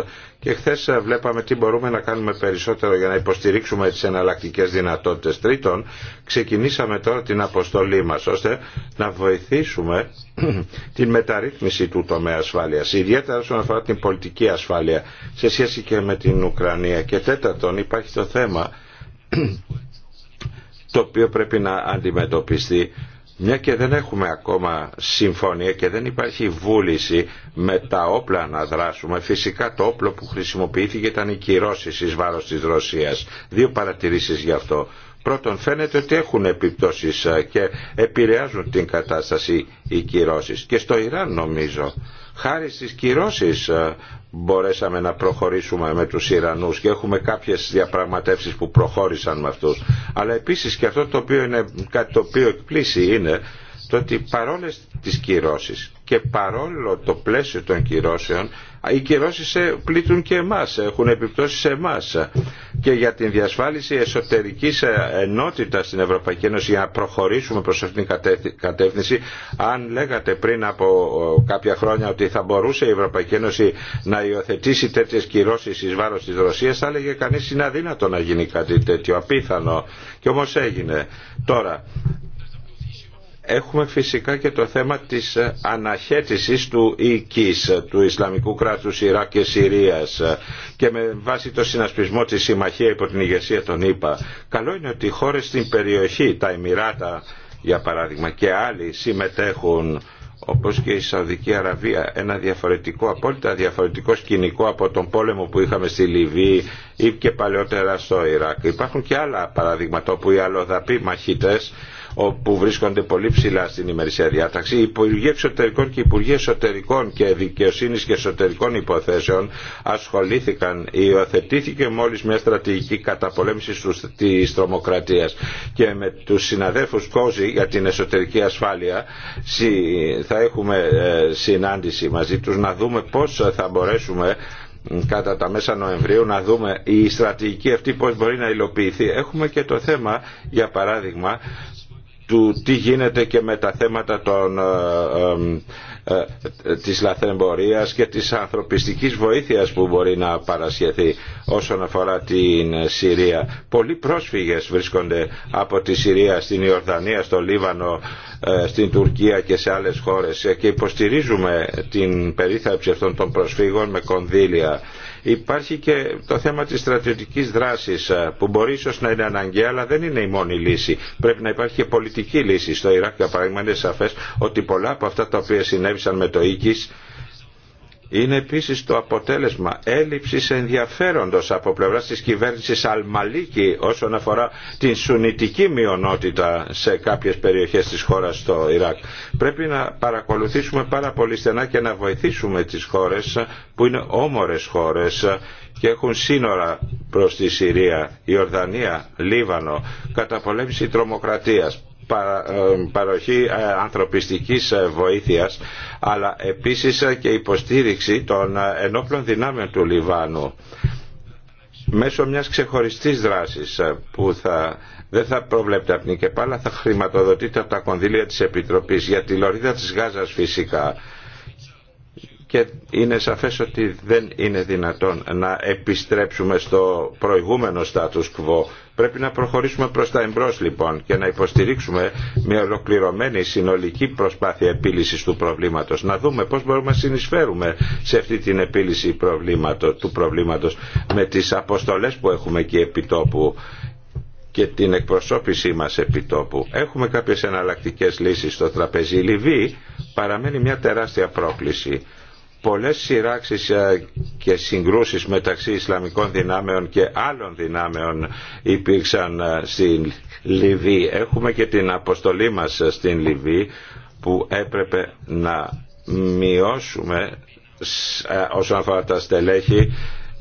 και χθε ε, βλέπαμε τι μπορούμε να κάνουμε περισσότερο για να υποστηρίξουμε τι εναλλακτικέ δυνατότητε. Τρίτον, ξεκινήσαμε τώρα την αποστολή μα ώστε να βοηθήσουμε [clears throat] την μεταρρύθμιση του τομέα ασφάλεια, ιδιαίτερα όσον αφορά την πολιτική ασφάλεια σε σχέση και με την Ουκρανία. Και τέταρτον, υπάρχει το θέμα [clears throat] το οποίο πρέπει να αντιμετωπιστεί μια και δεν έχουμε ακόμα συμφωνία και δεν υπάρχει βούληση με τα όπλα να δράσουμε. Φυσικά το όπλο που χρησιμοποιήθηκε ήταν οι κυρώσει ει βάρος της Ρωσίας. Δύο παρατηρήσεις γι' αυτό. Πρώτον, φαίνεται ότι έχουν επιπτώσεις και επηρεάζουν την κατάσταση οι κυρώσει. Και στο Ιράν νομίζω, χάρη στις κυρώσεις μπορέσαμε να προχωρήσουμε με τους Ιρανούς και έχουμε κάποιες διαπραγματεύσεις που προχώρησαν με αυτούς. Αλλά επίσης και αυτό το οποίο είναι το οποίο εκπλήσει είναι το ότι παρόλες τις κυρώσεις και παρόλο το πλαίσιο των κυρώσεων, οι κυρώσεις πλήττουν και εμάς, έχουν επιπτώσει σε εμάς. Και για την διασφάλιση εσωτερικής ε, ενότητας στην Ευρωπαϊκή Ένωση για να προχωρήσουμε προς αυτήν την κατεύθυνση, αν λέγατε πριν από κάποια χρόνια ότι θα μπορούσε η Ευρωπαϊκή Ένωση να υιοθετήσει τέτοιες κυρώσεις εις βάρος της Ρωσίας, θα έλεγε κανείς είναι αδύνατο να γίνει κάτι τέτοιο, απίθανο. Και όμως έγινε. Τώρα, Έχουμε φυσικά και το θέμα της ε, αναχέτησης του ΙΚΙΣ, ε, του Ισλαμικού κράτους Ιράκ και Συρίας ε, και με βάση το συνασπισμό της Συμμαχία υπό την ηγεσία των ΙΠΑ. Καλό είναι ότι οι χώρες στην περιοχή, τα Εμμυράτα για παράδειγμα και άλλοι συμμετέχουν όπως και η Σαουδική Αραβία, ένα διαφορετικό, απόλυτα διαφορετικό σκηνικό από τον πόλεμο που είχαμε στη Λιβύη ή και παλαιότερα στο Ιράκ. Υπάρχουν και άλλα παραδείγματα όπου οι αλλοδαποί μαχητές που βρίσκονται πολύ ψηλά στην ημερησία διάταξη. Οι Υπουργοί Εξωτερικών και οι Υπουργοί Εσωτερικών και Δικαιοσύνη και Εσωτερικών Υποθέσεων ασχολήθηκαν, υιοθετήθηκε μόλι μια στρατηγική καταπολέμηση τη τρομοκρατία και με του συναδέλφου Κόζη για την εσωτερική ασφάλεια θα έχουμε ε, συνάντηση μαζί του να δούμε πώ θα μπορέσουμε κατά τα μέσα Νοεμβρίου να δούμε η στρατηγική αυτή πώς μπορεί να υλοποιηθεί. Έχουμε και το θέμα, για παράδειγμα, του τι γίνεται και με τα θέματα των, ε, ε, ε, της λαθρεμπορίας και της ανθρωπιστικής βοήθειας που μπορεί να παρασχεθεί όσον αφορά την Συρία. Πολλοί πρόσφυγες βρίσκονται από τη Συρία στην Ιορδανία, στο Λίβανο, στην Τουρκία και σε άλλες χώρες και υποστηρίζουμε την περίθαψη αυτών των προσφύγων με κονδύλια Υπάρχει και το θέμα της στρατιωτικής δράσης ε, που μπορεί ίσως να είναι αναγκαία αλλά δεν είναι η μόνη λύση. Πρέπει να υπάρχει και πολιτική λύση. Στο Ιράκ για παράδειγμα είναι σαφές ότι πολλά από αυτά τα οποία συνέβησαν με το Ίκης είναι επίσης το αποτέλεσμα έλλειψης ενδιαφέροντος από πλευράς της κυβέρνησης Αλμαλίκη όσον αφορά την σουνητική μειονότητα σε κάποιες περιοχές της χώρας στο Ιράκ. Πρέπει να παρακολουθήσουμε πάρα πολύ στενά και να βοηθήσουμε τις χώρες που είναι όμορες χώρες και έχουν σύνορα προς τη Συρία, Ιορδανία, Λίβανο, καταπολέμηση τρομοκρατίας. Ε, παροχή ε, ανθρωπιστικής ε, βοήθειας αλλά επίσης και υποστήριξη των ενόπλων δυνάμεων του Λιβάνου μέσω μιας ξεχωριστής δράσης που θα, δεν θα προβλέπεται από την ΚΕΠΑ αλλά θα χρηματοδοτείται από τα κονδύλια της Επιτροπής για τη λωρίδα της Γάζας φυσικά και είναι σαφές ότι δεν είναι δυνατόν να επιστρέψουμε στο προηγούμενο status quo. Πρέπει να προχωρήσουμε προς τα εμπρός λοιπόν και να υποστηρίξουμε μια ολοκληρωμένη συνολική προσπάθεια επίλυσης του προβλήματος. Να δούμε πώς μπορούμε να συνεισφέρουμε σε αυτή την επίλυση προβλήματο του προβλήματος με τις αποστολές που έχουμε εκεί επιτόπου και την εκπροσώπησή μας επιτόπου. Έχουμε κάποιες εναλλακτικές λύσεις στο τραπέζι. Η Λιβύη παραμένει μια τεράστια πρόκληση πολλές σειράξεις ε, και συγκρούσεις μεταξύ Ισλαμικών δυνάμεων και άλλων δυνάμεων υπήρξαν ε, στην Λιβύη. Έχουμε και την αποστολή μας ε, στην Λιβύη που έπρεπε να μειώσουμε όσον αφορά τα στελέχη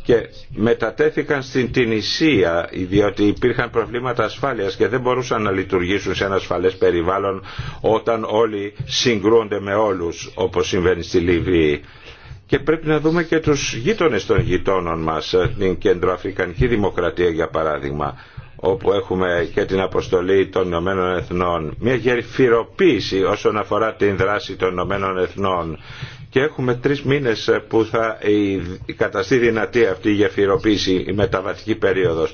και μετατέθηκαν στην Τινησία διότι υπήρχαν προβλήματα ασφάλειας και δεν μπορούσαν να λειτουργήσουν σε ένα ασφαλές περιβάλλον όταν όλοι συγκρούνται με όλους όπως συμβαίνει στη Λιβύη και πρέπει να δούμε και τους γείτονες των γειτόνων μας, την Κεντροαφρικανική Δημοκρατία για παράδειγμα, όπου έχουμε και την αποστολή των Ηνωμένων Εθνών, μια γερφυροποίηση όσον αφορά την δράση των Ηνωμένων Εθνών και έχουμε τρεις μήνες που θα καταστεί δυνατή αυτή η γεφυροποίηση, η μεταβατική περίοδος.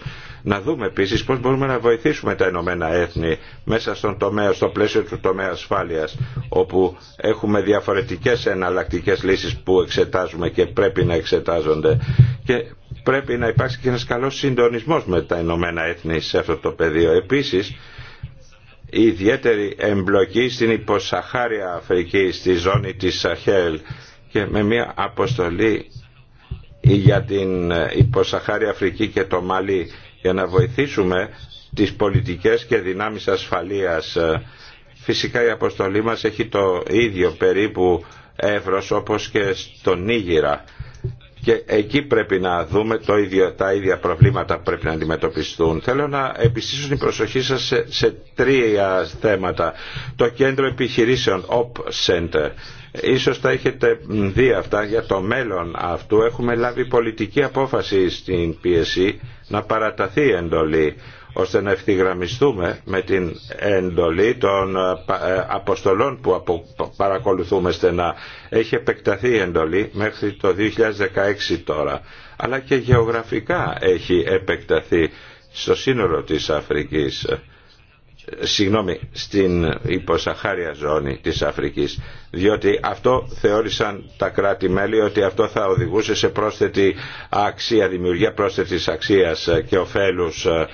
Να δούμε επίση πώ μπορούμε να βοηθήσουμε τα Ηνωμένα Έθνη μέσα στον τομέα, στο πλαίσιο του τομέα ασφάλεια, όπου έχουμε διαφορετικέ εναλλακτικέ λύσει που εξετάζουμε και πρέπει να εξετάζονται. Και πρέπει να υπάρξει και ένα καλό συντονισμό με τα Ηνωμένα Έθνη σε αυτό το πεδίο. Επίση, η ιδιαίτερη εμπλοκή στην υποσαχάρια Αφρική, στη ζώνη της Σαχέλ και με μια αποστολή για την υποσαχάρια Αφρική και το Μαλί για να βοηθήσουμε τις πολιτικές και δυνάμεις ασφαλείας. Φυσικά η αποστολή μας έχει το ίδιο περίπου εύρος όπως και στον Νίγηρα. Και εκεί πρέπει να δούμε το ίδιο, τα ίδια προβλήματα που πρέπει να αντιμετωπιστούν. Θέλω να επιστήσω την προσοχή σας σε, τρία θέματα. Το κέντρο επιχειρήσεων, OP Center. Ίσως τα έχετε δει αυτά για το μέλλον αυτού. Έχουμε λάβει πολιτική απόφαση στην πίεση να παραταθεί η εντολή ώστε να ευθυγραμμιστούμε με την εντολή των ε, ε, αποστολών που παρακολουθούμε στενά. Έχει επεκταθεί η εντολή μέχρι το 2016 τώρα, αλλά και γεωγραφικά έχει επεκταθεί στο σύνολο της Αφρικής συγγνώμη, στην υποσαχάρια ζώνη της Αφρικής διότι αυτό θεώρησαν τα κράτη-μέλη ότι αυτό θα οδηγούσε σε πρόσθετη αξία, δημιουργία πρόσθετης αξίας και ωφέλους ε,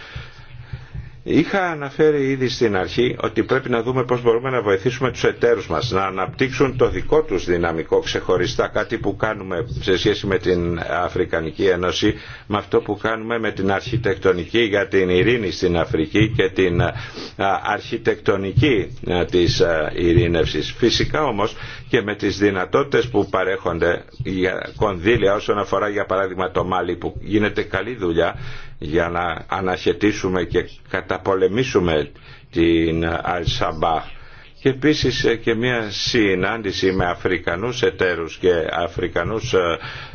Είχα αναφέρει ήδη στην αρχή ότι πρέπει να δούμε πώς μπορούμε να βοηθήσουμε τους εταίρους μας να αναπτύξουν το δικό τους δυναμικό ξεχωριστά, κάτι που κάνουμε σε σχέση με την Αφρικανική Ένωση, με αυτό που κάνουμε με την αρχιτεκτονική για την ειρήνη στην Αφρική και την αρχιτεκτονική της ειρήνευσης. Φυσικά όμως και με τις δυνατότητες που παρέχονται για κονδύλια όσον αφορά για παράδειγμα το Μάλι που γίνεται καλή δουλειά για να αναχαιτήσουμε και καταπολεμήσουμε την Σαμπά. και επίσης ε, και μια συνάντηση με Αφρικανούς εταίρους και Αφρικανούς ε,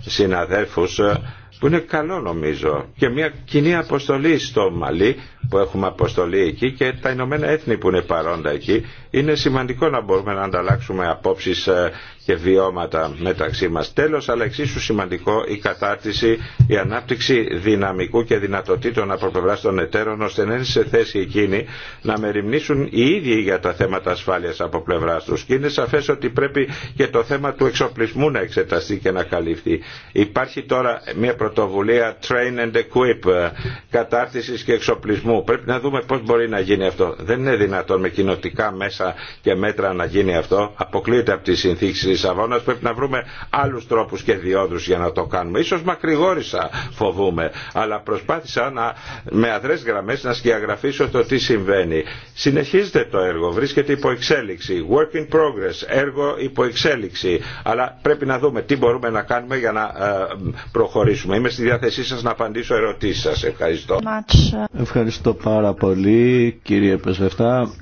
συναδέλφους ε, που είναι καλό νομίζω και μια κοινή αποστολή στο Μαλί που έχουμε αποστολή εκεί και τα Ηνωμένα Έθνη που είναι παρόντα εκεί είναι σημαντικό να μπορούμε να ανταλλάξουμε απόψεις ε, και βιώματα μεταξύ μας. Τέλος αλλά εξίσου σημαντικό η κατάρτιση, η ανάπτυξη δυναμικού και δυνατοτήτων από πλευρά των εταίρων ώστε να είναι σε θέση εκείνοι να μεριμνήσουν οι ίδιοι για τα θέματα ασφάλειας από πλευρά του. Και είναι σαφές ότι πρέπει και το θέμα του εξοπλισμού να εξεταστεί και να καλυφθεί. Υπάρχει τώρα μια πρωτοβουλία Train and Equip ε, κατάρτισης και εξοπλισμού. Πρέπει να δούμε πώς μπορεί να γίνει αυτό. Δεν είναι δυνατόν με κοινοτικά μέσα και μέτρα να γίνει αυτό. Αποκλείεται από τις συνθήκες της Αβώνας. Πρέπει να βρούμε άλλους τρόπους και διόδους για να το κάνουμε. Ίσως μακρηγόρησα φοβούμε, αλλά προσπάθησα να, με αδρές γραμμές να σκιαγραφίσω το τι συμβαίνει. Συνεχίζεται το έργο, βρίσκεται υπό εξέλιξη. Work in progress, έργο υπό εξέλιξη. Αλλά πρέπει να δούμε τι μπορούμε να κάνουμε για να ε, προχωρήσουμε. Είμαι στη διάθεσή σας να απαντήσω ερωτήσεις σας. Ευχαριστώ. Uh, Ευχαριστώ πάρα πολύ κύριε Πεσβευτά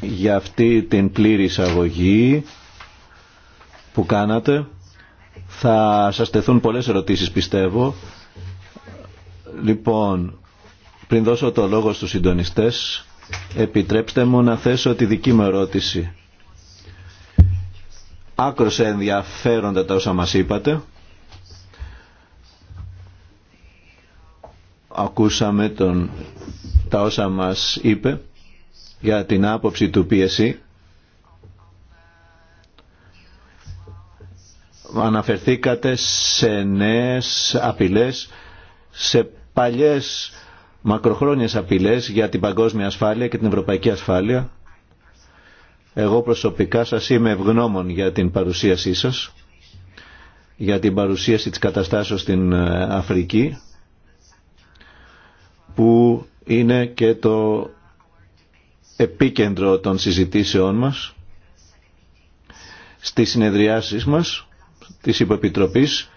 για αυτή την πλήρη εισαγωγή που κάνατε. Θα σας τεθούν πολλές ερωτήσεις πιστεύω. Λοιπόν, πριν δώσω το λόγο στους συντονιστές, επιτρέψτε μου να θέσω τη δική μου ερώτηση. Άκρος ενδιαφέροντα τα όσα μας είπατε. Ακούσαμε τον, τα όσα μας είπε για την άποψη του πίεση. Αναφερθήκατε σε νέες απειλές, σε παλιές μακροχρόνιες απειλές για την παγκόσμια ασφάλεια και την ευρωπαϊκή ασφάλεια. Εγώ προσωπικά σας είμαι ευγνώμων για την παρουσίασή σας, για την παρουσίαση της καταστάσεως στην ε, Αφρική που είναι και το επίκεντρο των συζητήσεών μας στις συνεδριάσεις μας της Υποπιτροπής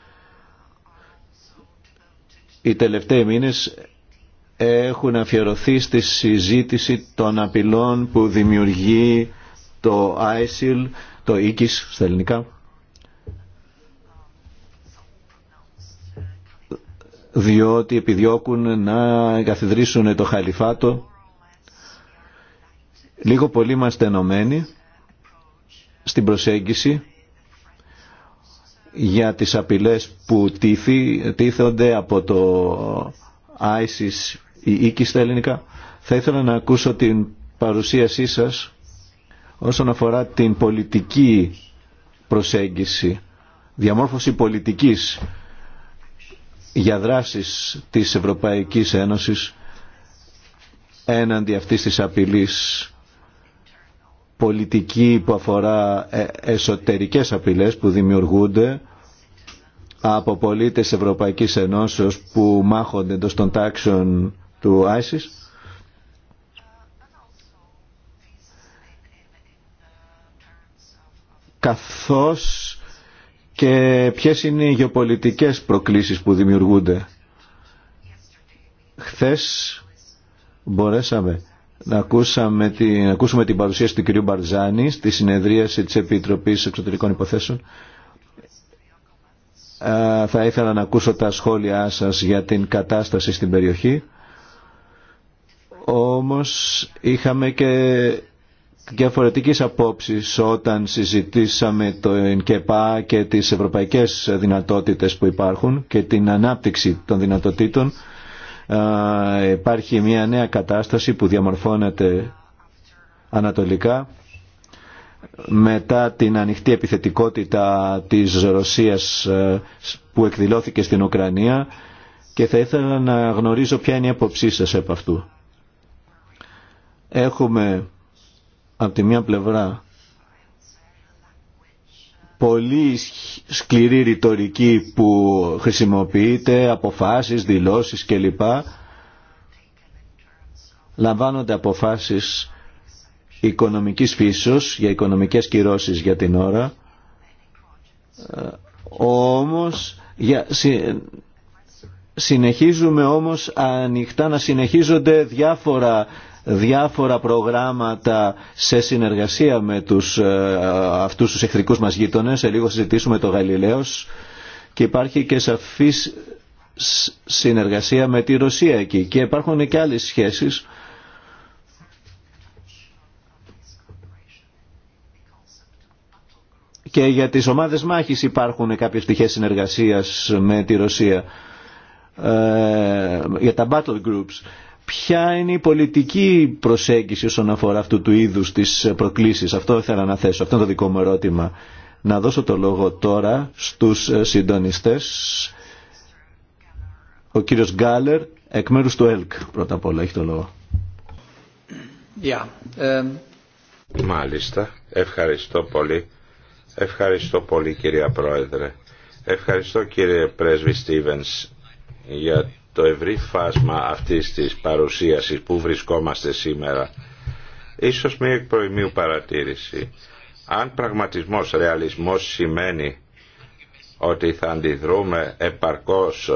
οι τελευταίοι μήνες έχουν αφιερωθεί στη συζήτηση των απειλών που δημιουργεί το ISIL, το ΙΚΙΣ στα ελληνικά διότι επιδιώκουν να εγκαθιδρύσουν το χαλιφάτο. Λίγο πολύ είμαστε ενωμένοι στην προσέγγιση για τις απειλές που τίθει, τίθονται από το ISIS ή οίκη στα ελληνικά. Θα ήθελα να ακούσω την παρουσίασή σας όσον αφορά την πολιτική προσέγγιση, διαμόρφωση πολιτικής για δράσεις της Ευρωπαϊκής Ένωσης έναντι αυτής της απειλής πολιτική που αφορά ε, εσωτερικές απειλές που δημιουργούνται από πολίτες Ευρωπαϊκής Ενώσεως που μάχονται εντός των τάξεων του ISIS. καθώς και ποιες είναι οι γεωπολιτικές προκλήσεις που δημιουργούνται. Χθες μπορέσαμε να, ακούσαμε την, ακούσουμε την παρουσίαση του κυρίου Μπαρζάνη στη συνεδρίαση της Επιτροπής Εξωτερικών Υποθέσεων. θα ήθελα να ακούσω τα σχόλιά σας για την κατάσταση στην περιοχή. Όμως είχαμε και διαφορετικής απόψης όταν συζητήσαμε το ΕΝΚΕΠΑ και τις ευρωπαϊκές δυνατότητες που υπάρχουν και την ανάπτυξη των δυνατοτήτων υπάρχει μια νέα κατάσταση που διαμορφώνεται ανατολικά μετά την ανοιχτή επιθετικότητα της Ρωσίας που εκδηλώθηκε στην Ουκρανία και θα ήθελα να γνωρίζω ποια είναι η απόψή σας επ' αυτού. Έχουμε από τη μία πλευρά πολύ σκληρή ρητορική που χρησιμοποιείται, αποφάσεις, δηλώσεις κλπ. Λαμβάνονται αποφάσεις οικονομικής φύσεως για οικονομικές κυρώσεις για την ώρα. Ε, όμως για, συνεχίζουμε όμως ανοιχτά να συνεχίζονται διάφορα διάφορα προγράμματα σε συνεργασία με τους, ε, αυτούς τους εχθρικούς μας γείτονες. Σε λίγο συζητήσουμε το Γαλιλαίος και υπάρχει και σαφής συνεργασία με τη Ρωσία εκεί και υπάρχουν και άλλες σχέσεις και για τις ομάδες μάχης υπάρχουν κάποιες πτυχές συνεργασίας με τη Ρωσία ε, για τα battle groups ποια είναι η πολιτική προσέγγιση όσον αφορά αυτού του είδους τις προκλήσεις. Αυτό ήθελα να θέσω. Αυτό είναι το δικό μου ερώτημα. Να δώσω το λόγο τώρα στους συντονιστές. Ο κύριος Γκάλερ, εκ μέρους του ΕΛΚ, πρώτα απ' όλα, έχει το λόγο. Yeah. Um, Μάλιστα. Ευχαριστώ πολύ. Ευχαριστώ πολύ κυρία Πρόεδρε. Ευχαριστώ κύριε Πρέσβη Στίβενς για το ευρύ φάσμα αυτής της παρουσίασης που βρισκόμαστε σήμερα. Ίσως μια εκπροημίου παρατήρηση. Αν πραγματισμός, ρεαλισμός σημαίνει ότι θα αντιδρούμε επαρκώς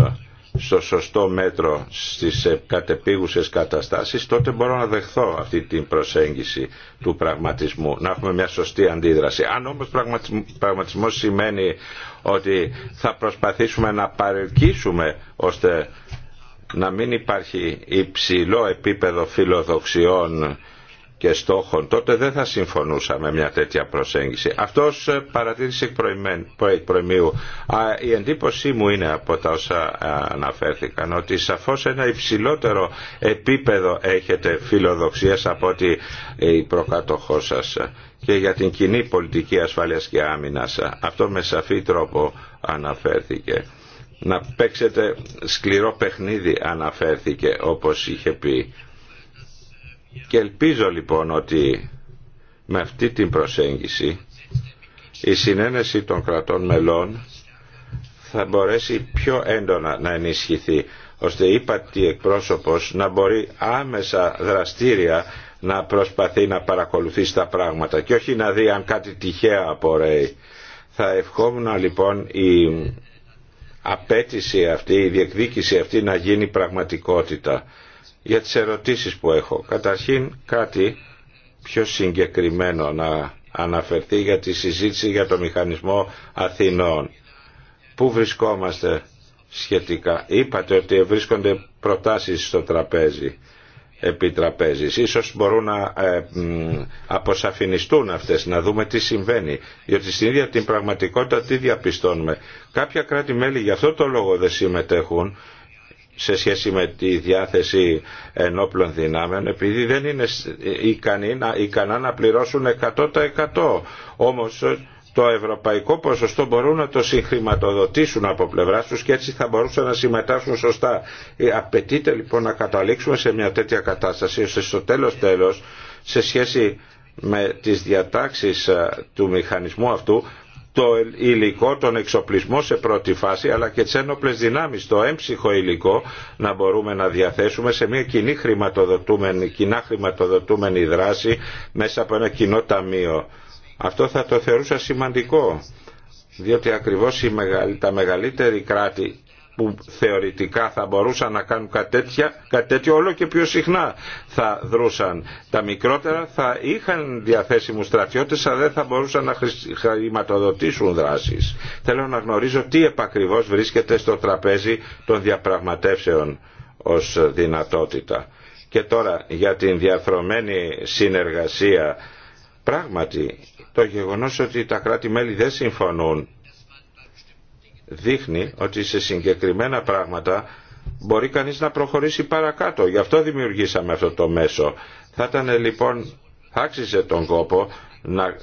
στο σωστό μέτρο στις κατεπίγουσες καταστάσεις, τότε μπορώ να δεχθώ αυτή την προσέγγιση του πραγματισμού, να έχουμε μια σωστή αντίδραση. Αν όμως πραγματισμός σημαίνει ότι θα προσπαθήσουμε να παρελκύσουμε ώστε να μην υπάρχει υψηλό επίπεδο φιλοδοξιών και στόχων, τότε δεν θα συμφωνούσα με μια τέτοια προσέγγιση. Αυτός ε, παρατήρησε εκ προημίου. Η εντύπωσή μου είναι από τα όσα ε, αναφέρθηκαν, ότι σαφώς ένα υψηλότερο επίπεδο έχετε φιλοδοξίας από ότι η προκατοχό σας και για την κοινή πολιτική ασφάλειας και άμυνας. Αυτό με σαφή τρόπο αναφέρθηκε να παίξετε σκληρό παιχνίδι αναφέρθηκε όπως είχε πει. Και ελπίζω λοιπόν ότι με αυτή την προσέγγιση η συνένεση των κρατών μελών θα μπορέσει πιο έντονα να ενισχυθεί ώστε η πατή εκπρόσωπος να μπορεί άμεσα δραστήρια να προσπαθεί να παρακολουθεί τα πράγματα και όχι να δει αν κάτι τυχαία απορρέει. Θα ευχόμουν λοιπόν η απέτηση αυτή, η διεκδίκηση αυτή να γίνει πραγματικότητα. Για τις ερωτήσεις που έχω. Καταρχήν κάτι πιο συγκεκριμένο να αναφερθεί για τη συζήτηση για το μηχανισμό Αθηνών. Πού βρισκόμαστε σχετικά. Είπατε ότι βρίσκονται προτάσεις στο τραπέζι επιτραπέζης. Ίσως μπορούν να ε, αποσαφινιστούν αυτές, να δούμε τι συμβαίνει. Διότι στην ίδια την πραγματικότητα τι διαπιστώνουμε. Κάποια κράτη-μέλη για αυτό το λόγο δεν συμμετέχουν σε σχέση με τη διάθεση ενόπλων δυνάμεων επειδή δεν είναι ε, ικανοί να, ικανά να πληρώσουν 100% όμως το ευρωπαϊκό ποσοστό μπορούν να το συγχρηματοδοτήσουν από πλευρά του και έτσι θα μπορούσαν να συμμετάσχουν σωστά. Ε, απαιτείται λοιπόν να καταλήξουμε σε μια τέτοια κατάσταση ώστε στο τέλος τέλος σε σχέση με τις διατάξεις ε, του μηχανισμού αυτού το υλικό, τον εξοπλισμό σε πρώτη φάση αλλά και τι ένοπλες δυνάμεις, το έμψυχο υλικό να μπορούμε να διαθέσουμε σε μια κοινή χρηματοδοτούμενη, κοινά χρηματοδοτούμενη δράση μέσα από ένα κοινό ταμείο αυτό θα το θεωρούσα σημαντικό, διότι ακριβώς τα μεγαλύτερη κράτη που θεωρητικά θα μπορούσαν να κάνουν κάτι, τέτοιο όλο και πιο συχνά θα δρούσαν. Τα μικρότερα θα είχαν διαθέσιμους στρατιώτες αλλά δεν θα μπορούσαν να χρηματοδοτήσουν δράσεις. Θέλω να γνωρίζω τι επακριβώς βρίσκεται στο τραπέζι των διαπραγματεύσεων ως δυνατότητα. Και τώρα για την διαφρομένη συνεργασία πράγματι το γεγονός ότι τα κράτη-μέλη δεν συμφωνούν δείχνει ότι σε συγκεκριμένα πράγματα μπορεί κανείς να προχωρήσει παρακάτω. Γι' αυτό δημιουργήσαμε αυτό το μέσο. Θα ήταν λοιπόν, άξιζε τον κόπο να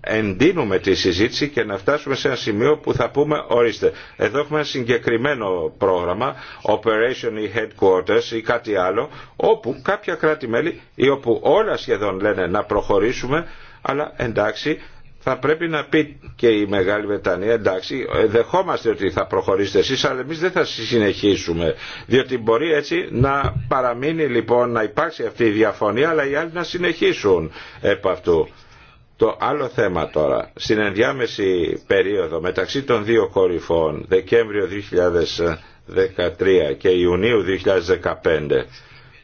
εντείνουμε τη συζήτηση και να φτάσουμε σε ένα σημείο που θα πούμε ορίστε εδώ έχουμε ένα συγκεκριμένο πρόγραμμα operation ή headquarters ή κάτι άλλο όπου κάποια κράτη-μέλη ή όπου όλα σχεδόν λένε να προχωρήσουμε αλλά εντάξει θα πρέπει να πει και η Μεγάλη Βρετανία εντάξει ε, δεχόμαστε ότι θα προχωρήσετε εσείς αλλά εμείς δεν θα συνεχίσουμε διότι μπορεί έτσι να παραμείνει λοιπόν να υπάρξει αυτή η διαφωνία αλλά οι άλλοι να συνεχίσουν επ' αυτού. Το άλλο θέμα τώρα, στην ενδιάμεση περίοδο μεταξύ των δύο κορυφών, Δεκέμβριο 2013 και Ιουνίου 2015,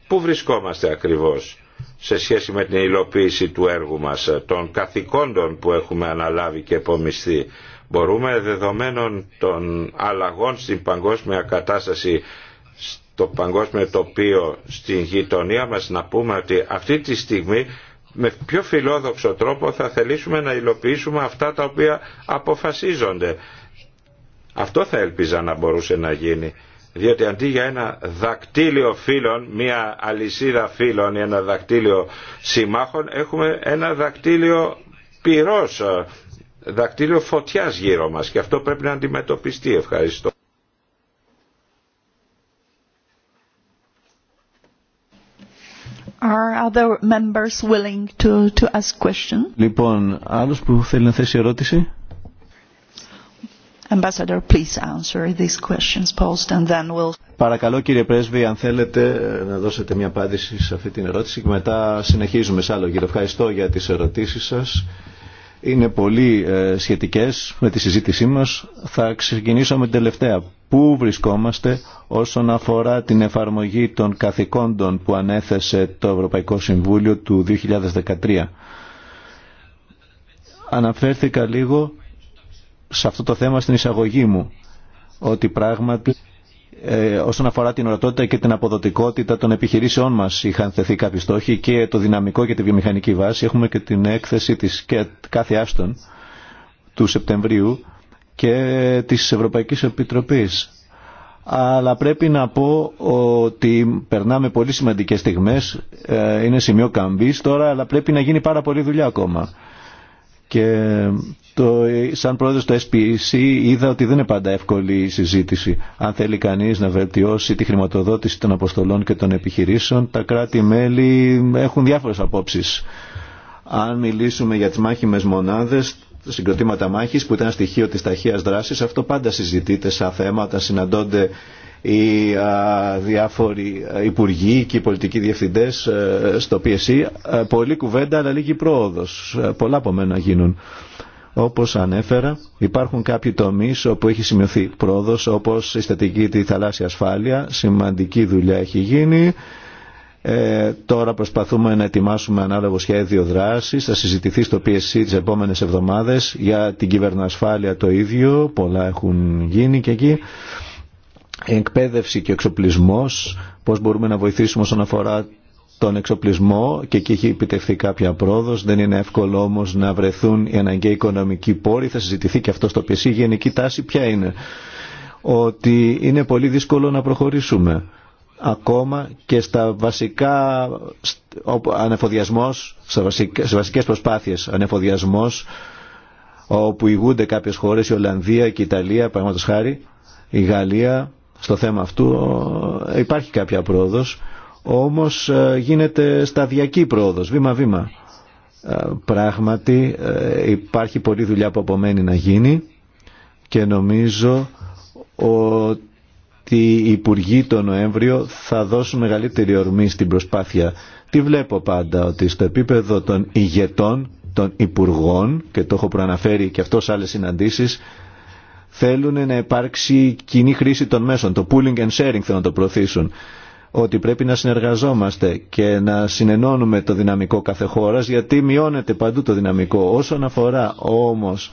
πού βρισκόμαστε ακριβώς σε σχέση με την υλοποίηση του έργου μας, των καθηκόντων που έχουμε αναλάβει και επομισθεί. Μπορούμε δεδομένων των αλλαγών στην παγκόσμια κατάσταση στο παγκόσμιο τοπίο στην γειτονία μας να πούμε ότι αυτή τη στιγμή με πιο φιλόδοξο τρόπο θα θελήσουμε να υλοποιήσουμε αυτά τα οποία αποφασίζονται. Αυτό θα ελπίζα να μπορούσε να γίνει διότι αντί για ένα δακτύλιο φύλων, μια αλυσίδα φύλων ή ένα δακτύλιο συμμάχων, έχουμε ένα δακτύλιο πυρός, δακτύλιο φωτιάς γύρω μας και αυτό πρέπει να αντιμετωπιστεί. Ευχαριστώ. Are other members willing to, to ask Λοιπόν, άλλος που θέλει να θέσει ερώτηση. Παρακαλώ κύριε Πρέσβη, αν θέλετε να δώσετε μια απάντηση σε αυτή την ερώτηση και μετά συνεχίζουμε σε άλλο γύρο. Ευχαριστώ για τις ερωτήσεις σας. Είναι πολύ ε, σχετικές με τη συζήτησή μας. Θα ξεκινήσω με την τελευταία. Πού βρισκόμαστε όσον αφορά την εφαρμογή των καθηκόντων που ανέθεσε το Ευρωπαϊκό Συμβούλιο του 2013. Αναφέρθηκα λίγο σε αυτό το θέμα στην εισαγωγή μου ότι πράγματι ε, όσον αφορά την ορατότητα και την αποδοτικότητα των επιχειρήσεών μας είχαν θεθεί κάποιοι στόχοι και το δυναμικό και τη βιομηχανική βάση. Έχουμε και την έκθεση τη κάθε άστον του Σεπτεμβρίου και της Ευρωπαϊκής Επιτροπή. Αλλά πρέπει να πω ότι περνάμε πολύ σημαντικές στιγμές, ε, είναι σημείο καμπή, τώρα, αλλά πρέπει να γίνει πάρα πολλή δουλειά ακόμα. Και το, σαν πρόεδρος του SPC είδα ότι δεν είναι πάντα εύκολη η συζήτηση. Αν θέλει κανείς να βελτιώσει τη χρηματοδότηση των αποστολών και των επιχειρήσεων, τα κράτη-μέλη έχουν διάφορες απόψεις. Αν μιλήσουμε για τις μάχημες μονάδες, συγκροτήματα μάχης που ήταν στοιχείο της ταχείας δράσης, αυτό πάντα συζητείται σαν θέματα, συναντώνται οι διάφοροι υπουργοί και οι πολιτικοί διευθυντές ε, στο PSE. Ε, πολλή κουβέντα αλλά λίγη πρόοδος. Ε, πολλά από μένα γίνουν. Όπως ανέφερα, υπάρχουν κάποιοι τομείς όπου έχει σημειωθεί πρόοδος, όπως η στατική τη θαλάσσια ασφάλεια, σημαντική δουλειά έχει γίνει. τώρα προσπαθούμε να ετοιμάσουμε ανάλογο σχέδιο δράσης. Θα συζητηθεί στο PSC e τις επόμενες εβδομάδες για την κυβερνοασφάλεια το ίδιο. Πολλά έχουν γίνει και εκεί εκπαίδευση και ο εξοπλισμός, πώς μπορούμε να βοηθήσουμε όσον αφορά τον εξοπλισμό και εκεί έχει επιτευχθεί κάποια πρόοδο. Δεν είναι εύκολο όμω να βρεθούν οι αναγκαίοι οικονομικοί πόροι. Θα συζητηθεί και αυτό στο PC. Η γενική τάση ποια είναι. Ότι είναι πολύ δύσκολο να προχωρήσουμε. Ακόμα και στα βασικά ανεφοδιασμός, σε βασικές προσπάθειες ανεφοδιασμός, όπου ηγούνται κάποιες χώρες, η Ολλανδία και η Ιταλία, παραδείγματο χάρη, η Γαλλία, στο θέμα αυτού. Υπάρχει κάποια πρόοδος, όμως ε, γίνεται σταδιακή πρόοδος, βήμα-βήμα. Ε, πράγματι ε, υπάρχει πολλή δουλειά που απομένει να γίνει και νομίζω ότι οι Υπουργοί το Νοέμβριο θα δώσουν μεγαλύτερη ορμή στην προσπάθεια. Τι βλέπω πάντα, ότι στο επίπεδο των ηγετών, των υπουργών, και το έχω προαναφέρει και αυτό σε άλλες συναντήσεις, Θέλουν να υπάρξει κοινή χρήση των μέσων. Το pooling and sharing θέλουν να το προωθήσουν. Ότι πρέπει να συνεργαζόμαστε και να συνενώνουμε το δυναμικό κάθε χώρας γιατί μειώνεται παντού το δυναμικό. Όσον αφορά όμως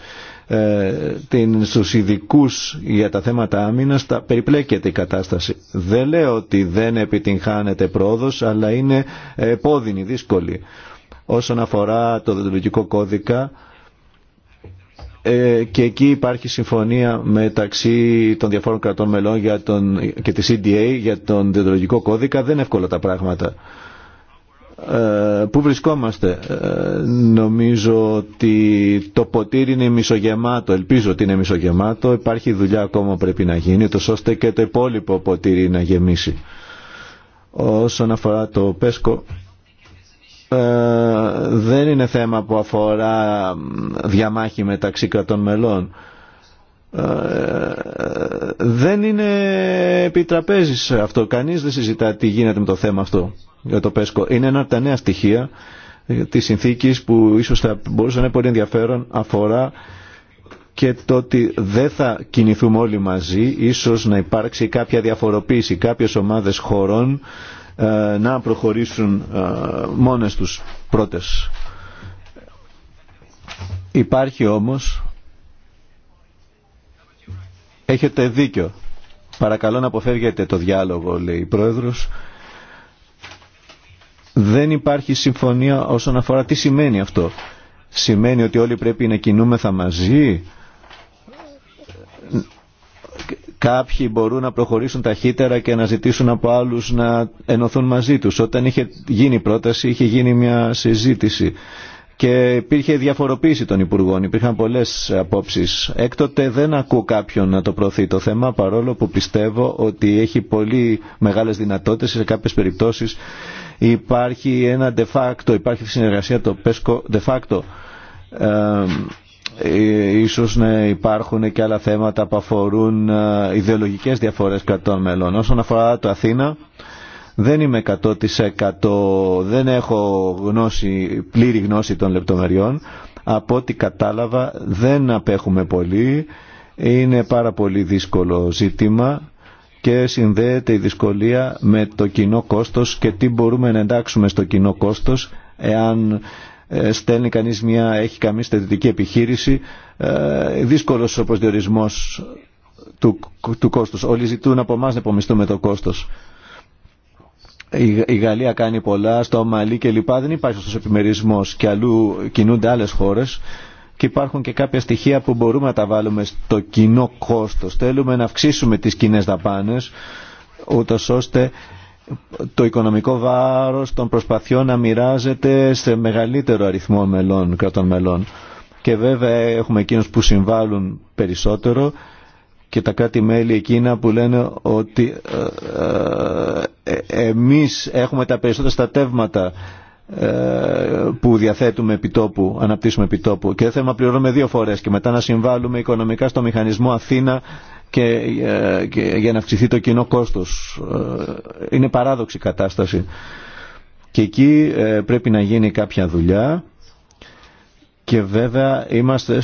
ε, την, στους ειδικού για τα θέματα άμυνας τα περιπλέκεται η κατάσταση. Δεν λέω ότι δεν επιτυγχάνεται πρόοδος αλλά είναι επώδυνη, δύσκολη. Όσον αφορά το δεντρολογικό κώδικα ε, και εκεί υπάρχει συμφωνία μεταξύ των διαφόρων κρατών μελών για τον, και τη CDA για τον διοντολογικό κώδικα. Δεν είναι εύκολα τα πράγματα. Ε, πού βρισκόμαστε. Ε, νομίζω ότι το ποτήρι είναι μισογεμάτο. Ελπίζω ότι είναι μισογεμάτο. Υπάρχει δουλειά ακόμα πρέπει να γίνει, τόσο ώστε και το υπόλοιπο ποτήρι να γεμίσει. Όσον αφορά το ΠΕΣΚΟ, ε, δεν είναι θέμα που αφορά διαμάχη μεταξύ κρατών μελών. Ε, δεν είναι επιτραπέζης αυτό. Κανείς δεν συζητά τι γίνεται με το θέμα αυτό για το ΠΕΣΚΟ. Είναι ένα από τα νέα στοιχεία της συνθήκης που ίσως θα μπορούσε να είναι πολύ ενδιαφέρον αφορά και το ότι δεν θα κινηθούμε όλοι μαζί, ίσως να υπάρξει κάποια διαφοροποίηση, κάποιες ομάδες χωρών ε, να προχωρήσουν ε, μόνες τους πρώτες. Υπάρχει όμως, έχετε δίκιο, παρακαλώ να αποφεύγετε το διάλογο λέει η Πρόεδρος, δεν υπάρχει συμφωνία όσον αφορά τι σημαίνει αυτό. Σημαίνει ότι όλοι πρέπει να κινούμεθα μαζί, Κάποιοι μπορούν να προχωρήσουν ταχύτερα και να ζητήσουν από άλλους να ενωθούν μαζί τους. Όταν είχε γίνει πρόταση, είχε γίνει μια συζήτηση και υπήρχε διαφοροποίηση των Υπουργών, υπήρχαν πολλές απόψεις. Έκτοτε δεν ακούω κάποιον να το προωθεί το θέμα, παρόλο που πιστεύω ότι έχει πολύ μεγάλες δυνατότητες σε κάποιες περιπτώσεις. Υπάρχει ένα de facto, υπάρχει συνεργασία το PESCO de facto. Ε, ε, ίσως να υπάρχουν και άλλα θέματα που αφορούν ε, ιδεολογικές διαφορές κρατών μελών. Όσον αφορά το Αθήνα, δεν είμαι 100% δεν έχω γνώση, πλήρη γνώση των λεπτομεριών. Από ό,τι κατάλαβα δεν απέχουμε πολύ. Είναι πάρα πολύ δύσκολο ζήτημα και συνδέεται η δυσκολία με το κοινό κόστος και τι μπορούμε να εντάξουμε στο κοινό κόστος εάν ε, στέλνει κανείς μια, έχει καμία στρατιωτική επιχείρηση, ε, δύσκολος ο προσδιορισμός του, του κόστους. Όλοι ζητούν από εμά να υπομισθούμε το κόστος. Η, η, Γαλλία κάνει πολλά, στο Μαλί και λοιπά δεν υπάρχει ο επιμερισμός και αλλού κινούνται άλλες χώρες και υπάρχουν και κάποια στοιχεία που μπορούμε να τα βάλουμε στο κοινό κόστος. Θέλουμε να αυξήσουμε τις κοινέ δαπάνες ούτω ώστε το οικονομικό βάρος των προσπαθειών να μοιράζεται σε μεγαλύτερο αριθμό μελών, κρατών μελών. Και βέβαια έχουμε εκείνους που συμβάλλουν περισσότερο και τα κράτη-μέλη εκείνα που λένε ότι ε, ε, ε εμείς έχουμε τα περισσότερα στατεύματα ε, που διαθέτουμε επιτόπου, αναπτύσσουμε επιτόπου και δεν θέλουμε να πληρώνουμε δύο φορές και μετά να συμβάλλουμε οικονομικά στο μηχανισμό Αθήνα ε, και, για να αυξηθεί το κοινό κόστος. Ε, είναι παράδοξη κατάσταση. Και εκεί ε, πρέπει να γίνει κάποια δουλειά και βέβαια είμαστε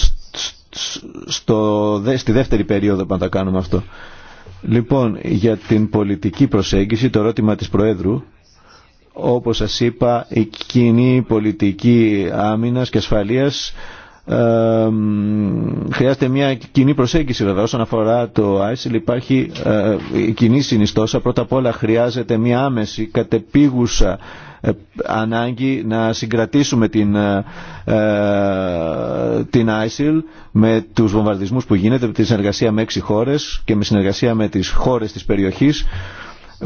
στο, στη δεύτερη περίοδο που θα κάνουμε αυτό. Λοιπόν, για την πολιτική προσέγγιση, το ερώτημα της Προέδρου, όπως σας είπα, η κοινή πολιτική άμυνας και ασφαλείας χρειάζεται μια κοινή προσέγγιση βέβαια όσον αφορά το ISIL υπάρχει ε, κοινή συνιστόσα πρώτα απ' όλα χρειάζεται μια άμεση κατεπίγουσα ε, ανάγκη να συγκρατήσουμε την, ε, ε, την ISIL με τους βομβαρδισμούς που γίνεται με τη συνεργασία με έξι χώρες και με συνεργασία με τις χώρες της περιοχής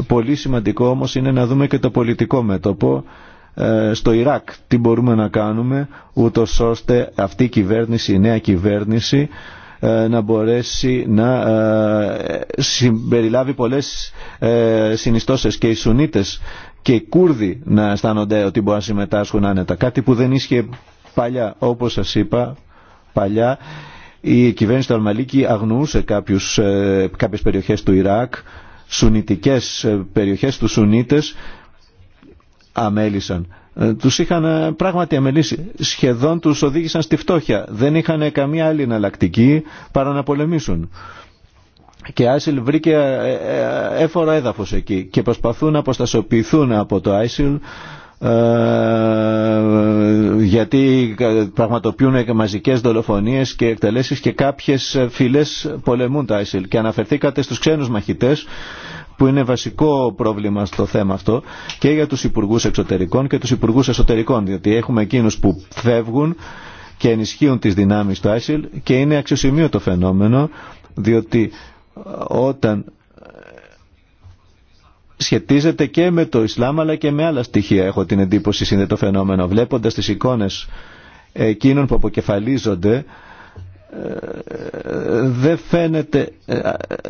πολύ σημαντικό όμως είναι να δούμε και το πολιτικό μέτωπο ε, στο Ιράκ. Τι μπορούμε να κάνουμε ούτω ώστε αυτή η κυβέρνηση, η νέα κυβέρνηση ε, να μπορέσει να ε, συμπεριλάβει πολλές συνιστώσεις και οι Σουνίτες και οι Κούρδοι να αισθάνονται ότι μπορούν να συμμετάσχουν άνετα. Κάτι που δεν ίσχυε παλιά, όπως σας είπα, παλιά η κυβέρνηση του Αλμαλίκη αγνοούσε κάποιους, κάποιες περιοχές του Ιράκ, σουνιτικές περιοχές του Σουνίτες αμέλησαν. Ε, τους είχαν ε, πράγματι αμελήσει. Σχεδόν τους οδήγησαν στη φτώχεια. Δεν είχαν καμία άλλη εναλλακτική παρά να πολεμήσουν. Και Άισιλ βρήκε ε, έφορο έδαφος εκεί και προσπαθούν να αποστασιοποιηθούν από το Άισιλ γιατί πραγματοποιούν μαζικές δολοφονίες και εκτελέσεις και κάποιες φυλές πολεμούν τα Άισιλ. και αναφερθήκατε στους ξένους μαχητές που είναι βασικό πρόβλημα στο θέμα αυτό και για τους Υπουργούς Εξωτερικών και τους Υπουργούς Εσωτερικών, διότι έχουμε εκείνους που φεύγουν και ενισχύουν τις δυνάμεις του Άσυλ και είναι αξιοσημείο το φαινόμενο, διότι ε, όταν ε, σχετίζεται και με το Ισλάμ αλλά και με άλλα στοιχεία έχω την εντύπωση το φαινόμενο βλέποντας τις εικόνες εκείνων που αποκεφαλίζονται ε, δεν φαίνεται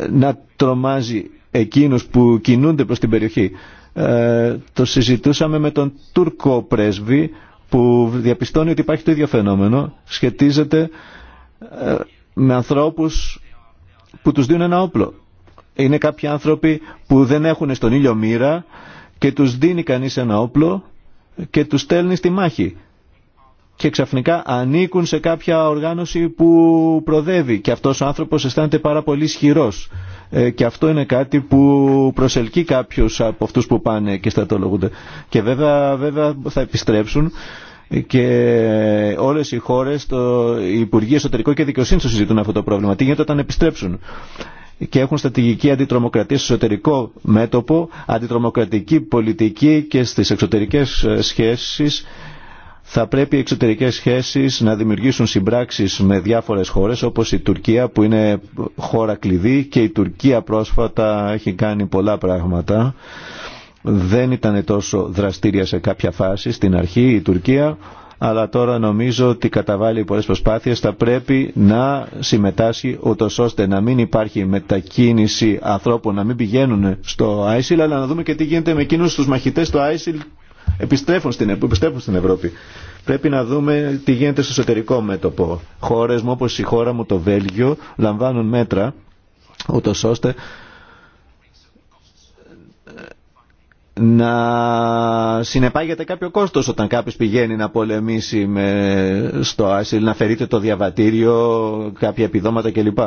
να τρομάζει εκείνους που κινούνται προς την περιοχή. Ε, το συζητούσαμε με τον Τούρκο πρέσβη που διαπιστώνει ότι υπάρχει το ίδιο φαινόμενο. Σχετίζεται ε, με ανθρώπους που τους δίνουν ένα όπλο. Είναι κάποιοι άνθρωποι που δεν έχουν στον ήλιο μοίρα και τους δίνει κανείς ένα όπλο και τους στέλνει στη μάχη και ξαφνικά ανήκουν σε κάποια οργάνωση που προδεύει και αυτός ο άνθρωπος αισθάνεται πάρα πολύ ισχυρό. Ε, και αυτό είναι κάτι που προσελκύει κάποιους από αυτούς που πάνε και στρατολογούνται. Και βέβαια, βέβαια θα επιστρέψουν και όλες οι χώρες, το Υπουργείο Εσωτερικό και Δικαιοσύνη το συζητούν αυτό το πρόβλημα. Τι γίνεται όταν επιστρέψουν και έχουν στρατηγική αντιτρομοκρατία στο εσωτερικό μέτωπο, αντιτρομοκρατική πολιτική και στις εξωτερικές ε, σχέσεις θα πρέπει οι εξωτερικές σχέσεις να δημιουργήσουν συμπράξεις με διάφορες χώρες όπως η Τουρκία που είναι χώρα κλειδί και η Τουρκία πρόσφατα έχει κάνει πολλά πράγματα. Δεν ήταν τόσο δραστήρια σε κάποια φάση στην αρχή η Τουρκία αλλά τώρα νομίζω ότι καταβάλει πολλές προσπάθειες θα πρέπει να συμμετάσχει ούτως ώστε να μην υπάρχει μετακίνηση ανθρώπων να μην πηγαίνουν στο ISIL αλλά να δούμε και τι γίνεται με εκείνους τους μαχητές του ISIL επιστρέφουν στην, επιστρέφουν Ευρώπη. Πρέπει να δούμε τι γίνεται στο εσωτερικό μέτωπο. Χώρες μου όπως η χώρα μου το Βέλγιο λαμβάνουν μέτρα ούτω ώστε να συνεπάγεται κάποιο κόστο όταν κάποιος πηγαίνει να πολεμήσει με, στο Άσυλ, να φερείται το διαβατήριο, κάποια επιδόματα κλπ.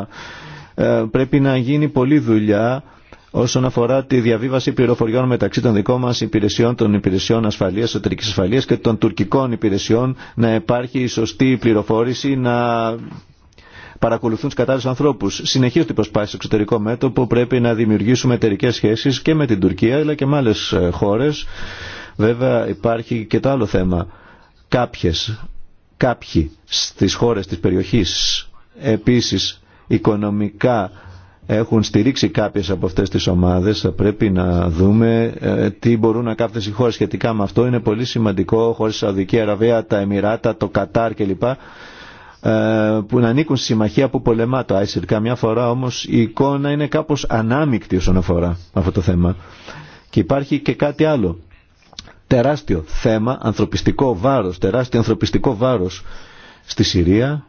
Ε, πρέπει να γίνει πολλή δουλειά όσον αφορά τη διαβίβαση πληροφοριών μεταξύ των δικών μας υπηρεσιών, των υπηρεσιών ασφαλείας, εσωτερικής ασφαλείας και των τουρκικών υπηρεσιών να υπάρχει η σωστή πληροφόρηση, να παρακολουθούν του κατάλληλου ανθρώπου. Συνεχίζονται οι προσπάθειε στο εξωτερικό μέτωπο. Πρέπει να δημιουργήσουμε εταιρικέ σχέσει και με την Τουρκία αλλά και με άλλε χώρε. Βέβαια υπάρχει και το άλλο θέμα. κάποιοι στι χώρε τη περιοχή επίση οικονομικά έχουν στηρίξει κάποιες από αυτές τις ομάδες. Θα πρέπει να δούμε ε, τι μπορούν να κάνουν οι χώρες σχετικά με αυτό. Είναι πολύ σημαντικό χώρες Σαουδική Αραβία, τα Εμμυράτα, το Κατάρ κλπ ε, που να ανήκουν στη συμμαχία που πολεμά το ISIL. Καμιά φορά όμως η εικόνα είναι κάπως ανάμεικτη όσον αφορά αυτό το θέμα. Και υπάρχει και κάτι άλλο. Τεράστιο θέμα, ανθρωπιστικό βάρος, τεράστιο ανθρωπιστικό βάρος στη Συρία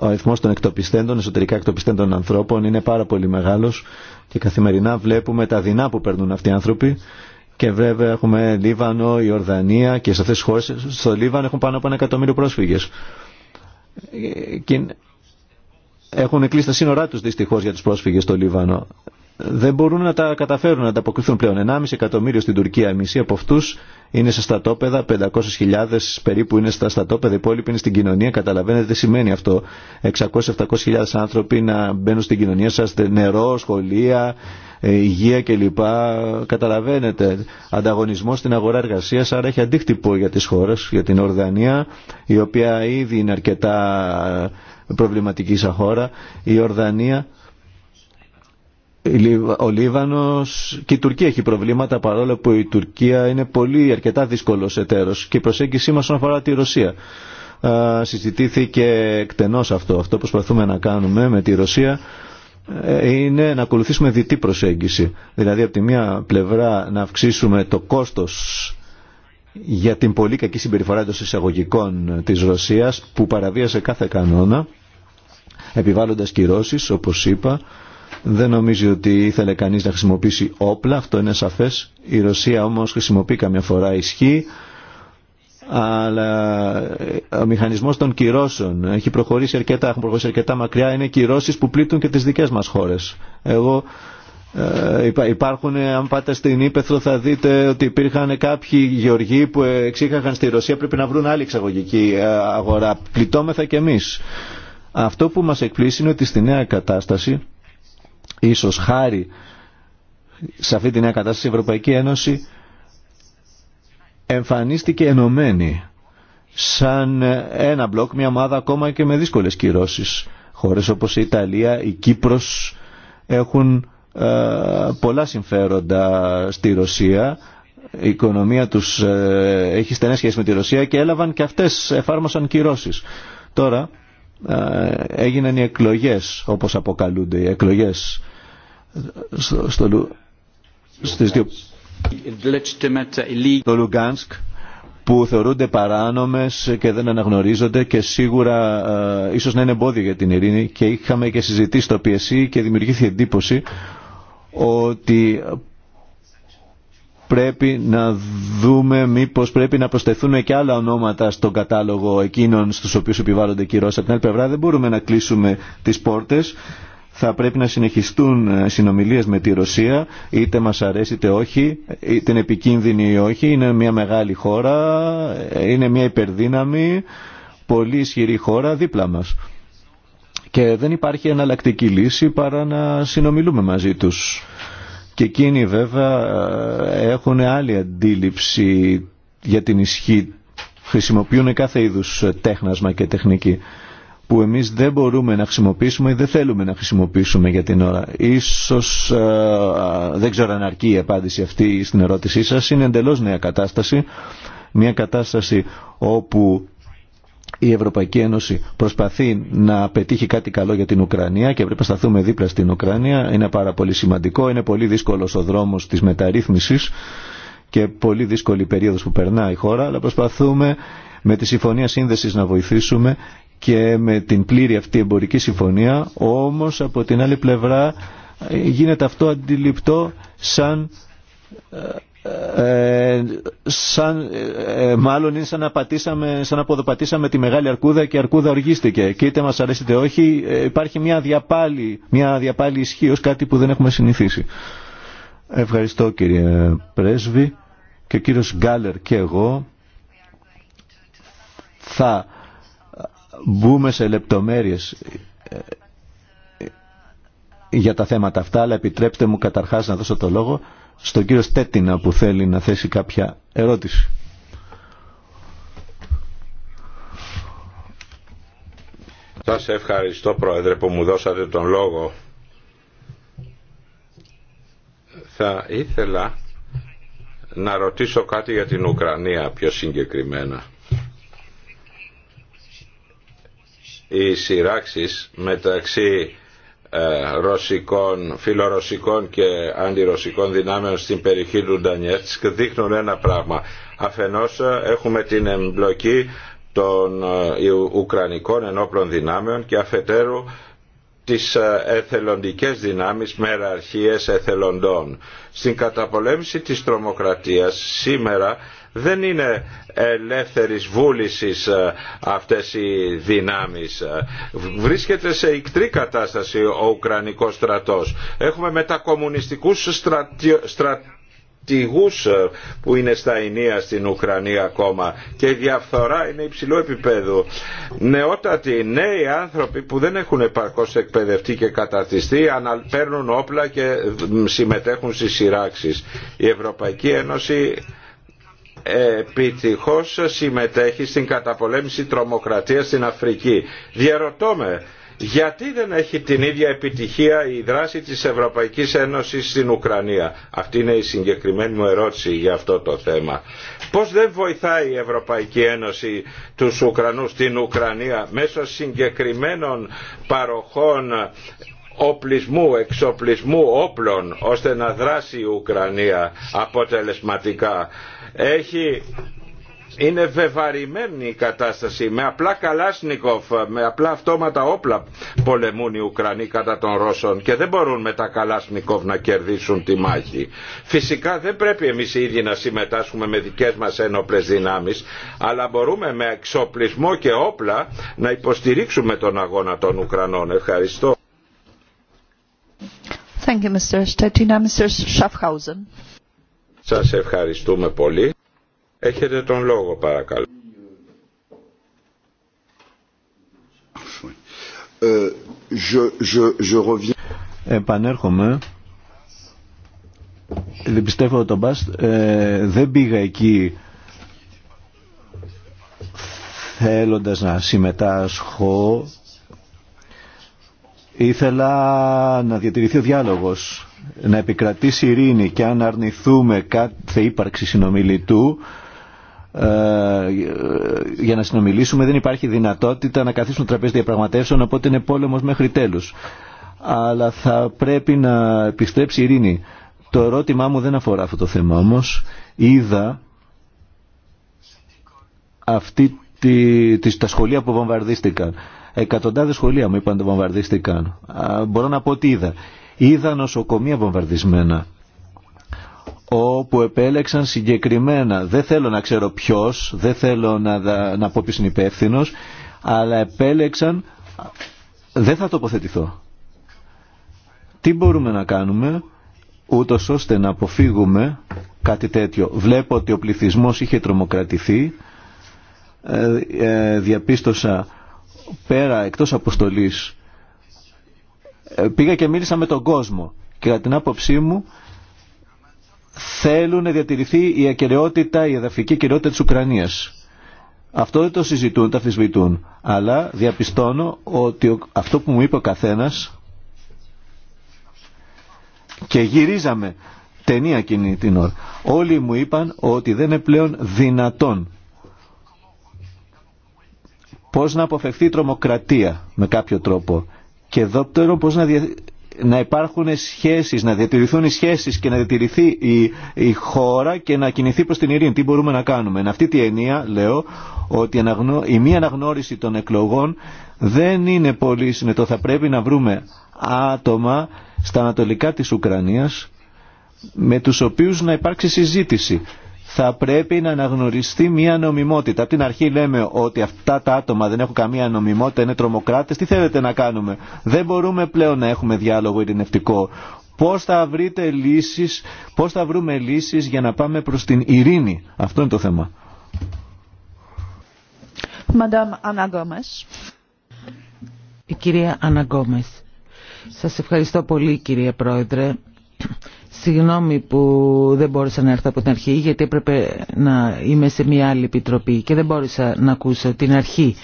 ο αριθμό των εκτοπιστέντων, εσωτερικά εκτοπιστέντων ανθρώπων είναι πάρα πολύ μεγάλος και καθημερινά βλέπουμε τα δεινά που παίρνουν αυτοί οι άνθρωποι και βέβαια έχουμε Λίβανο, Ιορδανία και σε αυτές τις χώρες, στο Λίβανο έχουν πάνω από ένα εκατομμύριο πρόσφυγες. Ε, έχουν κλείσει τα σύνορά τους δυστυχώς για τους πρόσφυγες στο Λίβανο δεν μπορούν να τα καταφέρουν να ανταποκριθούν πλέον. 1,5 εκατομμύριο στην Τουρκία, μισή από αυτού είναι σε στατόπεδα, 500.000 περίπου είναι στα στατόπεδα, οι υπόλοιποι είναι στην κοινωνία. Καταλαβαίνετε τι σημαίνει αυτό. 600-700.000 άνθρωποι να μπαίνουν στην κοινωνία σα, νερό, σχολεία, ε, υγεία κλπ. Καταλαβαίνετε. Ανταγωνισμό στην αγορά εργασία, άρα έχει αντίκτυπο για τι χώρε, για την Ορδανία, η οποία ήδη είναι αρκετά προβληματική σαν χώρα. Η Ορδανία ο Λίβανος και η Τουρκία έχει προβλήματα παρόλο που η Τουρκία είναι πολύ αρκετά δύσκολος εταίρος και η προσέγγιση μας όσον αφορά τη Ρωσία. Α, συζητήθηκε εκτενώς αυτό. Αυτό που προσπαθούμε να κάνουμε με τη Ρωσία ε, είναι να ακολουθήσουμε διτή προσέγγιση. Δηλαδή από τη μία πλευρά να αυξήσουμε το κόστος για την πολύ κακή συμπεριφορά των εισαγωγικών της Ρωσίας που παραβίασε κάθε κανόνα επιβάλλοντας κυρώσεις όπως είπα δεν νομίζει ότι ήθελε κανείς να χρησιμοποιήσει όπλα, αυτό είναι σαφές. Η Ρωσία όμως χρησιμοποιεί καμιά φορά ισχύ, αλλά ο μηχανισμός των κυρώσεων έχει προχωρήσει αρκετά, έχουν προχωρήσει αρκετά μακριά, είναι κυρώσεις που πλήττουν και τις δικές μας χώρες. Εγώ ε, υπάρχουν, ε, αν πάτε στην Ήπεθρο θα δείτε ότι υπήρχαν κάποιοι γεωργοί που εξήχαγαν στη Ρωσία πρέπει να βρουν άλλη εξαγωγική ε, αγορά. Πληττόμεθα κι εμείς. Αυτό που μας εκπλήσει είναι ότι στη νέα κατάσταση ίσως χάρη σε αυτή τη νέα κατάσταση η Ευρωπαϊκή Ένωση εμφανίστηκε ενωμένη σαν ένα μπλοκ, μια ομάδα ακόμα και με δύσκολες κυρώσεις. Χώρες όπως η Ιταλία, η Κύπρος έχουν ε, πολλά συμφέροντα στη Ρωσία. Η οικονομία τους ε, έχει στενές σχέσεις με τη Ρωσία και έλαβαν και αυτές εφάρμοσαν κυρώσεις. Τώρα ε, έγιναν οι εκλογές όπως αποκαλούνται οι εκλογές στο, στο, στις δύο το Λουγκάνσκ που θεωρούνται παράνομες και δεν αναγνωρίζονται και σίγουρα ε, ίσως να είναι εμπόδιο για την ειρήνη και είχαμε και συζητήσει στο PSC e και δημιουργήθηκε εντύπωση ότι πρέπει να δούμε μήπως πρέπει να προσθεθούν και άλλα ονόματα στον κατάλογο εκείνων στους οποίους επιβάλλονται κυρώσεις. Από την άλλη πλευρά δεν μπορούμε να κλείσουμε τις πόρτες. Θα πρέπει να συνεχιστούν ε, συνομιλίες με τη Ρωσία, είτε μας αρέσει είτε όχι, είτε είναι επικίνδυνη ή όχι. Είναι μια μεγάλη χώρα, ε, είναι μια υπερδύναμη, πολύ ισχυρή χώρα δίπλα μας. Και δεν υπάρχει εναλλακτική λύση παρά να συνομιλούμε μαζί τους και εκείνοι βέβαια ε, έχουν άλλη αντίληψη για την ισχύ. Χρησιμοποιούν κάθε είδους ε, τέχνασμα και τεχνική που εμείς δεν μπορούμε να χρησιμοποιήσουμε ή δεν θέλουμε να χρησιμοποιήσουμε για την ώρα. Ίσως ε, δεν ξέρω αν αρκεί η απάντηση αυτή στην ερώτησή σας. Είναι εντελώς νέα κατάσταση. Μια κατάσταση όπου η Ευρωπαϊκή Ένωση προσπαθεί να πετύχει κάτι καλό για την Ουκρανία και πρέπει να σταθούμε δίπλα στην Ουκρανία. Είναι πάρα πολύ σημαντικό, είναι πολύ δύσκολο ο δρόμο τη μεταρρύθμιση και πολύ δύσκολη η περίοδος που περνά η χώρα, αλλά προσπαθούμε με τη Συμφωνία σύνδεση να βοηθήσουμε και με την πλήρη αυτή εμπορική συμφωνία, όμω από την άλλη πλευρά γίνεται αυτό αντιληπτό σαν ε, ε, σαν, ε, μάλλον είναι σαν να, πατήσαμε, τη μεγάλη αρκούδα και η αρκούδα οργίστηκε. Και είτε μας αρέσει είτε όχι, ε, υπάρχει μια διαπάλη, μια διαπάλη κάτι που δεν έχουμε συνηθίσει. Ευχαριστώ κύριε Πρέσβη και ο κύριος Γκάλερ και εγώ θα μπούμε σε λεπτομέρειες για τα θέματα αυτά, αλλά επιτρέψτε μου καταρχάς να δώσω το λόγο στον κύριο Στέτινα που θέλει να θέσει κάποια ερώτηση. Σας ευχαριστώ Πρόεδρε που μου δώσατε τον λόγο. Θα ήθελα να ρωτήσω κάτι για την Ουκρανία πιο συγκεκριμένα. Οι σειράξει μεταξύ ε, ρωσικών, φιλορωσικών και αντιρωσικών δυνάμεων στην περιοχή του Ντανιέτσκ δείχνουν ένα πράγμα. Αφενός ε, έχουμε την εμπλοκή των ε, Ουκρανικών ενόπλων δυνάμεων και αφετέρου τις εθελοντικές δυνάμεις μεραρχίες εθελοντών. Στην καταπολέμηση της τρομοκρατίας σήμερα δεν είναι ελεύθερης βούλησης ε, αυτές οι δυνάμεις. Ε, βρίσκεται σε ικτρή κατάσταση ο Ουκρανικός στρατός. Έχουμε μετακομμουνιστικούς στρατηγού ε, που είναι στα ενία στην Ουκρανία ακόμα και η διαφθορά είναι υψηλού επίπεδου. Νεότατοι νέοι άνθρωποι που δεν έχουν επαρκώς εκπαιδευτεί και καταρτιστεί παίρνουν όπλα και συμμετέχουν στις σειράξεις. Η Ευρωπαϊκή Ένωση επιτυχώς συμμετέχει στην καταπολέμηση τρομοκρατίας στην Αφρική. Διαρωτώ με, γιατί δεν έχει την ίδια επιτυχία η δράση της Ευρωπαϊκής Ένωσης στην Ουκρανία. Αυτή είναι η συγκεκριμένη μου ερώτηση για αυτό το θέμα. Πώς δεν βοηθάει η Ευρωπαϊκή Ένωση τους Ουκρανούς στην Ουκρανία μέσω συγκεκριμένων παροχών οπλισμού, εξοπλισμού όπλων ώστε να δράσει η Ουκρανία αποτελεσματικά έχει είναι βεβαρημένη η κατάσταση. Με απλά καλάσνικοφ, με απλά αυτόματα όπλα πολεμούν οι Ουκρανοί κατά των Ρώσων και δεν μπορούν με τα καλάσνικοφ να κερδίσουν τη μάχη. Φυσικά δεν πρέπει εμείς οι ίδιοι να συμμετάσχουμε με δικές μας ένοπλες δυνάμεις, αλλά μπορούμε με εξοπλισμό και όπλα να υποστηρίξουμε τον αγώνα των Ουκρανών. Ευχαριστώ. Thank you, Mr. Σας ευχαριστούμε πολύ. Έχετε τον λόγο παρακαλώ. Επανέρχομαι. Πιστεύω τον Μπάστ ε, δεν πήγα εκεί θέλοντας να συμμετάσχω. Ήθελα να διατηρηθεί ο διάλογος να επικρατήσει ειρήνη και αν αρνηθούμε κάθε ύπαρξη συνομιλητού ε, για να συνομιλήσουμε δεν υπάρχει δυνατότητα να καθίσουν τραπέζι διαπραγματεύσεων οπότε είναι πόλεμος μέχρι τέλους αλλά θα πρέπει να επιστρέψει η ειρήνη το ερώτημά μου δεν αφορά αυτό το θέμα όμως είδα αυτή τη, τη, τα σχολεία που βομβαρδίστηκαν εκατοντάδες σχολεία μου είπαν ότι βομβαρδίστηκαν μπορώ να πω ότι είδα είδα νοσοκομεία βομβαρδισμένα όπου επέλεξαν συγκεκριμένα, δεν θέλω να ξέρω ποιος, δεν θέλω να, να πω ποιος είναι υπεύθυνο, αλλά επέλεξαν, δεν θα τοποθετηθώ. Τι μπορούμε να κάνουμε ούτω ώστε να αποφύγουμε κάτι τέτοιο. Βλέπω ότι ο πληθυσμός είχε τρομοκρατηθεί, ε, ε, διαπίστωσα πέρα εκτός αποστολής ε, πήγα και μίλησα με τον κόσμο και κατά την άποψή μου θέλουν να διατηρηθεί η ακαιρεότητα, η εδαφική κυριότητα της Ουκρανίας. Αυτό δεν το συζητούν, το αφισβητούν. Αλλά διαπιστώνω ότι αυτό που μου είπε ο καθένας και γυρίζαμε ταινία εκείνη την ώρα. Όλοι μου είπαν ότι δεν είναι πλέον δυνατόν. Πώς να αποφευθεί η τρομοκρατία με κάποιο τρόπο και δεύτερο, πώς να, να υπάρχουν σχέσεις, να διατηρηθούν οι σχέσεις και να διατηρηθεί η, χώρα και να κινηθεί προς την ειρήνη. Τι μπορούμε να κάνουμε. Εν αυτή τη ενία λέω ότι η μία αναγνώριση των εκλογών δεν είναι πολύ συνετό. Θα πρέπει να βρούμε άτομα στα ανατολικά της Ουκρανίας με τους οποίους να υπάρξει συζήτηση θα πρέπει να αναγνωριστεί μια νομιμότητα. Από την αρχή λέμε ότι αυτά τα άτομα δεν έχουν καμία νομιμότητα, είναι τρομοκράτε. Τι θέλετε να κάνουμε. Δεν μπορούμε πλέον να έχουμε διάλογο ειρηνευτικό. Πώ θα βρείτε λύσει, πώ θα βρούμε λύσει για να πάμε προ την ειρήνη. Αυτό είναι το θέμα. Η κυρία Αναγκόμες. Σας ευχαριστώ πολύ κυρία Πρόεδρε. Συγγνώμη που δεν μπόρεσα να έρθω από την αρχή γιατί έπρεπε να είμαι σε μια άλλη επιτροπή και δεν μπόρεσα να ακούσω την αρχή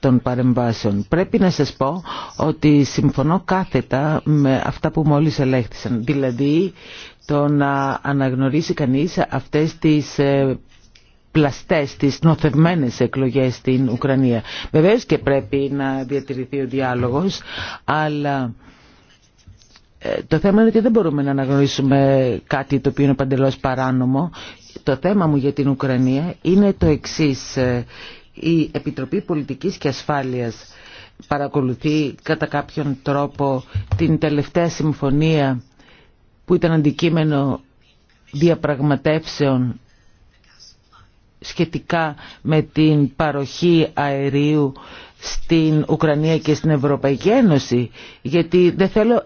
των παρεμβάσεων. Πρέπει να σας πω ότι συμφωνώ κάθετα με αυτά που μόλις ελέγχθησαν. Δηλαδή το να αναγνωρίσει κανείς αυτές τις ε, πλαστές, τις νοθευμένες εκλογές στην Ουκρανία. Βεβαίως και πρέπει να διατηρηθεί ο διάλογος, αλλά το θέμα είναι ότι δεν μπορούμε να αναγνωρίσουμε κάτι το οποίο είναι παντελώς παράνομο. Το θέμα μου για την Ουκρανία είναι το εξής. Η Επιτροπή Πολιτικής και Ασφάλειας παρακολουθεί κατά κάποιον τρόπο την τελευταία συμφωνία που ήταν αντικείμενο διαπραγματεύσεων σχετικά με την παροχή αερίου στην Ουκρανία και στην Ευρωπαϊκή Ένωση γιατί δεν θέλω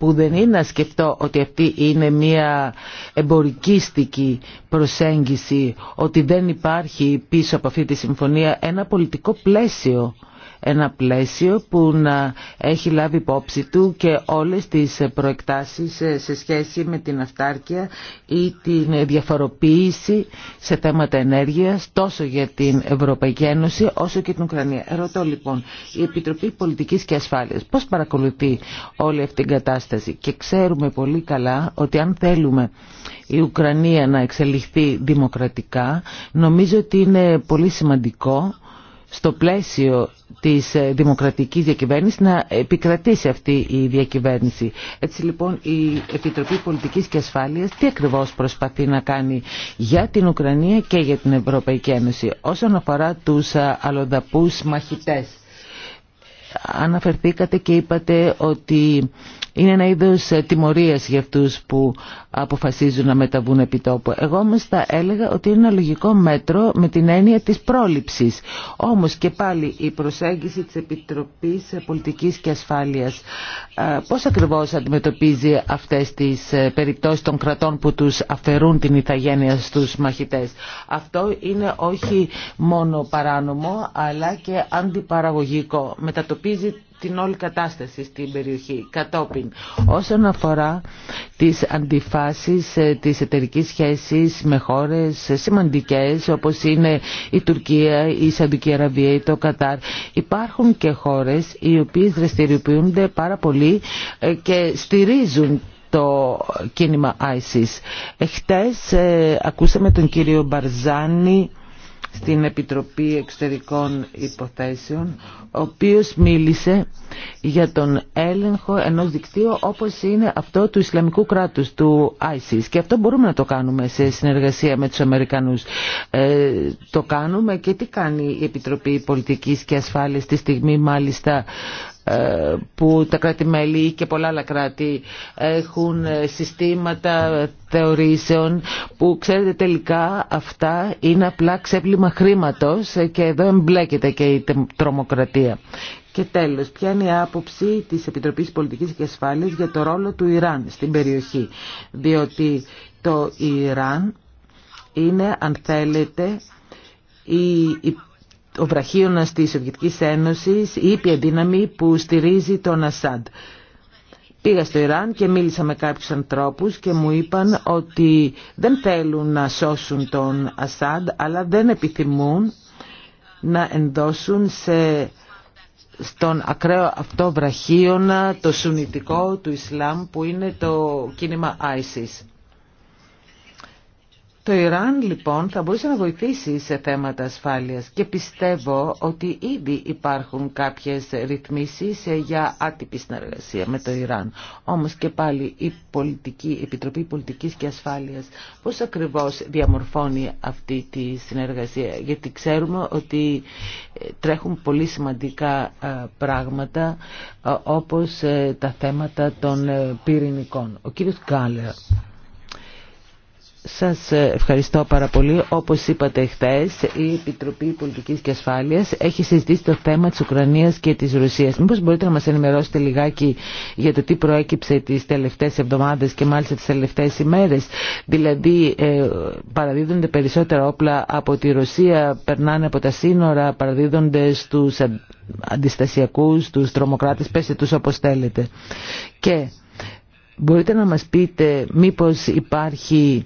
που δεν είναι να σκεφτώ ότι αυτή είναι μια εμπορικίστικη προσέγγιση, ότι δεν υπάρχει πίσω από αυτή τη συμφωνία ένα πολιτικό πλαίσιο ένα πλαίσιο που να έχει λάβει υπόψη του και όλες τις προεκτάσεις ε, σε σχέση με την αυτάρκεια ή την διαφοροποίηση σε θέματα ενέργειας τόσο για την Ευρωπαϊκή Ένωση όσο και την Ουκρανία. Ρωτώ λοιπόν, η Επιτροπή Πολιτικής και Ασφάλειας πώς παρακολουθεί όλη αυτή την κατάσταση και ξέρουμε πολύ καλά ότι αν θέλουμε η Ουκρανία να εξελιχθεί δημοκρατικά νομίζω ότι είναι πολύ σημαντικό στο πλαίσιο της ε, δημοκρατικής διακυβέρνησης να επικρατήσει αυτή η διακυβέρνηση. Έτσι λοιπόν η Επιτροπή Πολιτικής και Ασφάλειας τι ακριβώς προσπαθεί να κάνει για την Ουκρανία και για την Ευρωπαϊκή Ένωση όσον αφορά τους ε, αλλοδαπούς μαχητές. Αναφερθήκατε και είπατε ότι είναι ένα είδος ε, τιμωρίας για αυτούς που αποφασίζουν να μεταβούν επί τόπου. Εγώ όμως θα έλεγα ότι είναι ένα λογικό μέτρο με την έννοια της πρόληψης. Όμως και πάλι η προσέγγιση της Επιτροπής Πολιτικής και Ασφάλειας ε, πώς ακριβώς αντιμετωπίζει αυτές τις ε, περιπτώσεις των κρατών που τους αφαιρούν την ηθαγένεια στους μαχητές. Αυτό είναι όχι μόνο παράνομο αλλά και αντιπαραγωγικό. Μετατοπίζει την όλη κατάσταση στην περιοχή κατόπιν. Όσον αφορά τις αντιφάσεις ε, της εταιρικής σχέσης με χώρες σημαντικές όπως είναι η Τουρκία, η Σαντική Αραβία ή το Κατάρ υπάρχουν και χώρες οι οποίες δραστηριοποιούνται πάρα πολύ ε, και στηρίζουν το κίνημα ISIS. Εχθές ε, ακούσαμε τον κύριο Μπαρζάνη στην Επιτροπή Εξωτερικών Υποθέσεων, ο οποίος μίλησε για τον έλεγχο ενός δικτύου όπως είναι αυτό του Ισλαμικού κράτους, του ISIS. Και αυτό μπορούμε να το κάνουμε σε συνεργασία με τους Αμερικανούς. Ε, το κάνουμε και τι κάνει η Επιτροπή Πολιτικής και Ασφάλειας τη στιγμή μάλιστα ε, που τα κράτη-μέλη και πολλά άλλα κράτη έχουν ε, συστήματα θεωρήσεων που ξέρετε τελικά αυτά είναι απλά ξέπλυμα χρήματος ε, και εδώ εμπλέκεται και η τρομοκρατία. Και τέλος, ποια είναι η άποψη της Επιτροπής Πολιτικής και Ασφάλειας για το ρόλο του Ιράν στην περιοχή. Διότι το Ιράν είναι, αν θέλετε, η ο βραχίωνας της Σοβιετικής Ένωσης, η ήπια δύναμη που στηρίζει τον Ασάντ. Πήγα στο Ιράν και μίλησα με κάποιους ανθρώπους και μου είπαν ότι δεν θέλουν να σώσουν τον Ασάντ, αλλά δεν επιθυμούν να ενδώσουν σε, στον ακραίο αυτό βραχίωνα το σουνητικό του Ισλάμ που είναι το κίνημα ISIS. Το Ιράν λοιπόν θα μπορούσε να βοηθήσει σε θέματα ασφάλειας και πιστεύω ότι ήδη υπάρχουν κάποιες ρυθμίσεις για άτυπη συνεργασία με το Ιράν. Όμως και πάλι η πολιτική, Επιτροπή Πολιτικής και Ασφάλειας πώς ακριβώς διαμορφώνει αυτή τη συνεργασία γιατί ξέρουμε ότι ε, τρέχουν πολύ σημαντικά ε, πράγματα ε, όπως τα θέματα των πυρηνικών. Ο κύριος Γκάλερ. Σας ευχαριστώ πάρα πολύ. Όπως είπατε χθες, η Επιτροπή Πολιτικής και Ασφάλειας έχει συζητήσει το θέμα της Ουκρανίας και της Ρωσίας. Μήπως μπορείτε να μας ενημερώσετε λιγάκι για το τι προέκυψε τις τελευταίες εβδομάδες και μάλιστα τις τελευταίες ημέρες. Δηλαδή, ε, παραδίδονται περισσότερα όπλα από τη Ρωσία, περνάνε από τα σύνορα, παραδίδονται στους αντιστασιακούς, στους τρομοκράτες, πέστε τους όπως θέλετε. Και μπορείτε να μας πείτε μήπως υπάρχει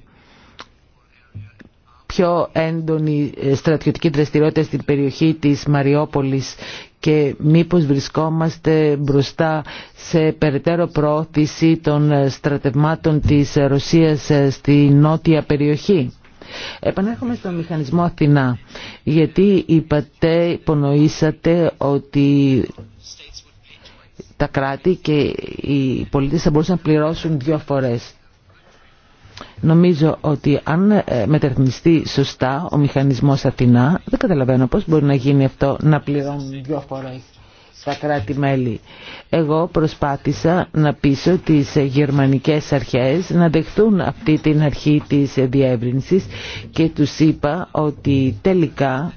πιο έντονη ε, στρατιωτική δραστηριότητα στην περιοχή της Μαριόπολης και μήπως βρισκόμαστε μπροστά σε περαιτέρω προώθηση των ε, στρατευμάτων της ε, Ρωσίας στη νότια περιοχή. Επανέρχομαι στον μηχανισμό Αθηνά, γιατί είπατε, υπονοήσατε ότι τα κράτη και οι πολίτες θα μπορούσαν να πληρώσουν δύο φορές. Νομίζω ότι αν ε, μεταρρυθμιστεί σωστά ο μηχανισμός Αθηνά, δεν καταλαβαίνω πώς μπορεί να γίνει αυτό να πληρώνουν δυο φορές τα κράτη-μέλη. Εγώ προσπάθησα να πείσω τις γερμανικές αρχές να δεχθούν αυτή την αρχή της διεύρυνσης και τους είπα ότι τελικά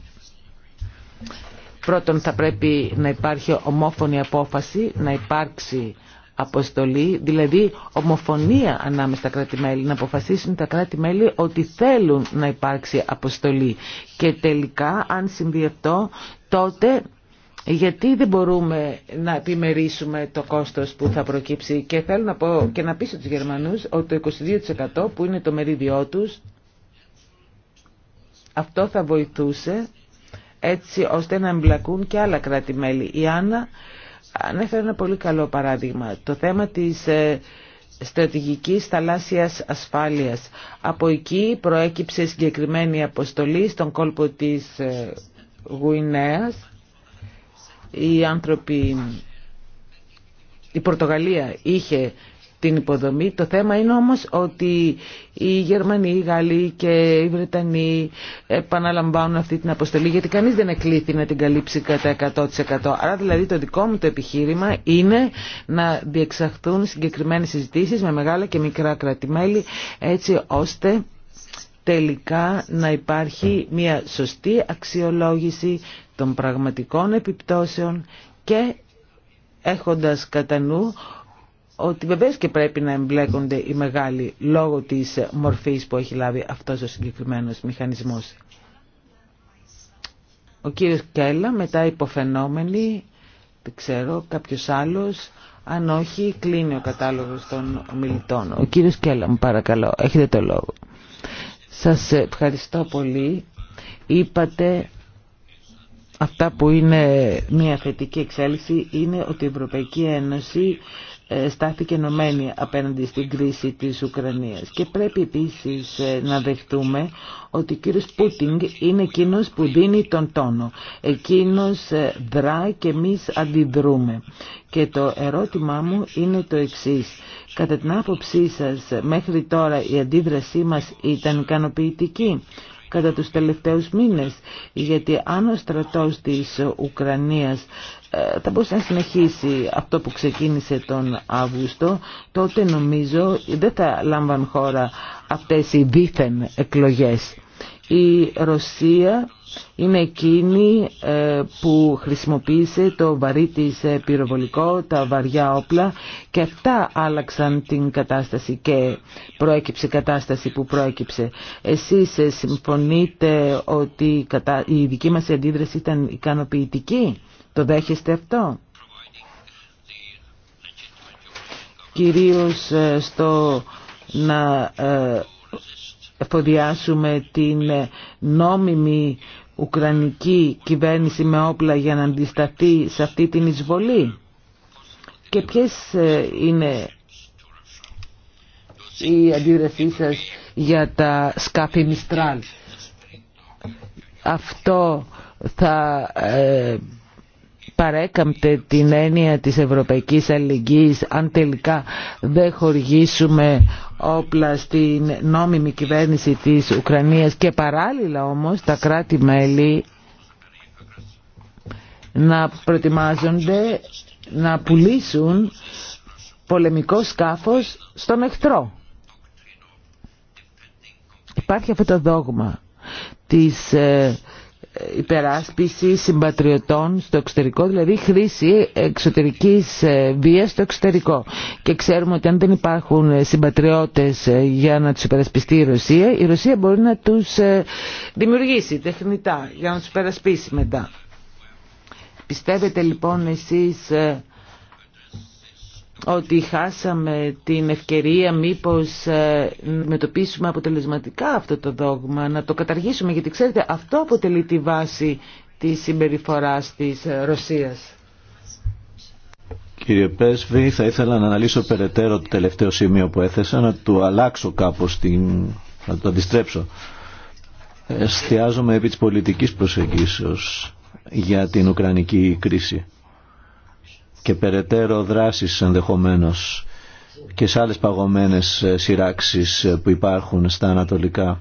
πρώτον θα πρέπει να υπάρχει ομόφωνη απόφαση, να υπάρξει αποστολή, δηλαδή ομοφωνία ανάμεσα στα κράτη-μέλη, να αποφασίσουν τα κράτη-μέλη ότι θέλουν να υπάρξει αποστολή. Και τελικά, αν συμβεί αυτό, τότε γιατί δεν μπορούμε να επιμερίσουμε το κόστος που θα προκύψει. Και θέλω να πω και να πείσω τους Γερμανούς ότι το 22% που είναι το μερίδιό τους, αυτό θα βοηθούσε έτσι ώστε να εμπλακούν και άλλα κράτη-μέλη ανέφερε ένα πολύ καλό παράδειγμα. Το θέμα της ε, στρατηγικής θαλάσσιας ασφάλειας. Από εκεί προέκυψε συγκεκριμένη αποστολή στον κόλπο της ε, Γουινέας. Οι άνθρωποι... Η Πορτογαλία είχε την υποδομή. Το θέμα είναι όμως ότι οι Γερμανοί, οι Γάλλοι και οι Βρετανοί επαναλαμβάνουν αυτή την αποστολή γιατί κανείς δεν εκλήθη να την καλύψει κατά 100%. Άρα δηλαδή το δικό μου το επιχείρημα είναι να διεξαχθούν συγκεκριμένες συζητήσεις με μεγάλα και μικρά κρατημέλη έτσι ώστε τελικά να υπάρχει μια σωστή αξιολόγηση των πραγματικών επιπτώσεων και έχοντας κατά νου ότι βεβαίω και πρέπει να εμπλέκονται οι μεγάλοι λόγω της μορφής που έχει λάβει αυτός ο συγκεκριμένος μηχανισμός. Ο κύριος Κέλλα, μετά υποφαινόμενοι, δεν ξέρω, κάποιος άλλος, αν όχι κλείνει ο κατάλογος των μιλητών. Ο κύριος Κέλλα, παρακαλώ, έχετε το λόγο. Σας ευχαριστώ πολύ. Είπατε αυτά που είναι μια θετική εξέλιξη είναι ότι η Ευρωπαϊκή Ένωση ε, στάθηκε ενωμένη απέναντι στην κρίση της Ουκρανίας. Και πρέπει επίσης ε, να δεχτούμε ότι ο κύριος Πούτινγκ είναι εκείνος που δίνει τον τόνο. Εκείνος ε, δρά και εμείς αντιδρούμε. Και το ερώτημά μου είναι το εξής. Κατά την άποψή σας μέχρι τώρα η αντίδρασή μας ήταν ικανοποιητική κατά τους τελευταίους μήνες γιατί αν ο στρατός της Ουκρανίας ε, θα μπορούσε να συνεχίσει αυτό που ξεκίνησε τον Αύγουστο, τότε νομίζω δεν θα λάμβαν χώρα αυτές οι δίθεν εκλογές. Η Ρωσία είναι εκείνη ε, που χρησιμοποίησε το βαρύ της ε, πυροβολικό, τα βαριά όπλα και αυτά άλλαξαν την κατάσταση και προέκυψε κατάσταση που προέκυψε. Εσείς συμφωνείτε ότι η δική μας αντίδραση ήταν ικανοποιητική το δέχεστε αυτό. Κυρίως ε, στο να ε, εφοδιάσουμε την ε, νόμιμη Ουκρανική κυβέρνηση με όπλα για να αντισταθεί σε αυτή την εισβολή. Και ποιες είναι οι αντίδρασή σας για τα σκάφη Μιστράλ. Αυτό θα παρέκαμπτε την έννοια της ευρωπαϊκής αλληλεγγύης αν τελικά δεν χορηγήσουμε όπλα στην νόμιμη κυβέρνηση της Ουκρανίας και παράλληλα όμως τα κράτη-μέλη να προετοιμάζονται να πουλήσουν πολεμικό σκάφος στον εχθρό. Υπάρχει αυτό το δόγμα της ε, υπεράσπιση συμπατριωτών στο εξωτερικό, δηλαδή χρήση εξωτερικής ε, βίας στο εξωτερικό. Και ξέρουμε ότι αν δεν υπάρχουν ε, συμπατριώτες ε, για να τους υπερασπιστεί η Ρωσία, η Ρωσία μπορεί να τους δημιουργήσει τεχνητά για να τους υπερασπίσει μετά. Πιστεύετε λοιπόν εσείς ότι χάσαμε την ευκαιρία μήπως να ε, μετωπίσουμε αποτελεσματικά αυτό το δόγμα, να το καταργήσουμε, γιατί ξέρετε αυτό αποτελεί τη βάση της συμπεριφοράς της ε, Ρωσίας. Κύριε Πέσβη, θα ήθελα να αναλύσω περαιτέρω το τελευταίο σημείο που έθεσα, να το αλλάξω κάπως, την... να το αντιστρέψω. Εστιάζομαι επί της πολιτικής προσεγγίσεως για την Ουκρανική κρίση και περαιτέρω δράσεις ενδεχομένως και σε άλλες παγωμένες ε, σειράξεις ε, που υπάρχουν στα ανατολικά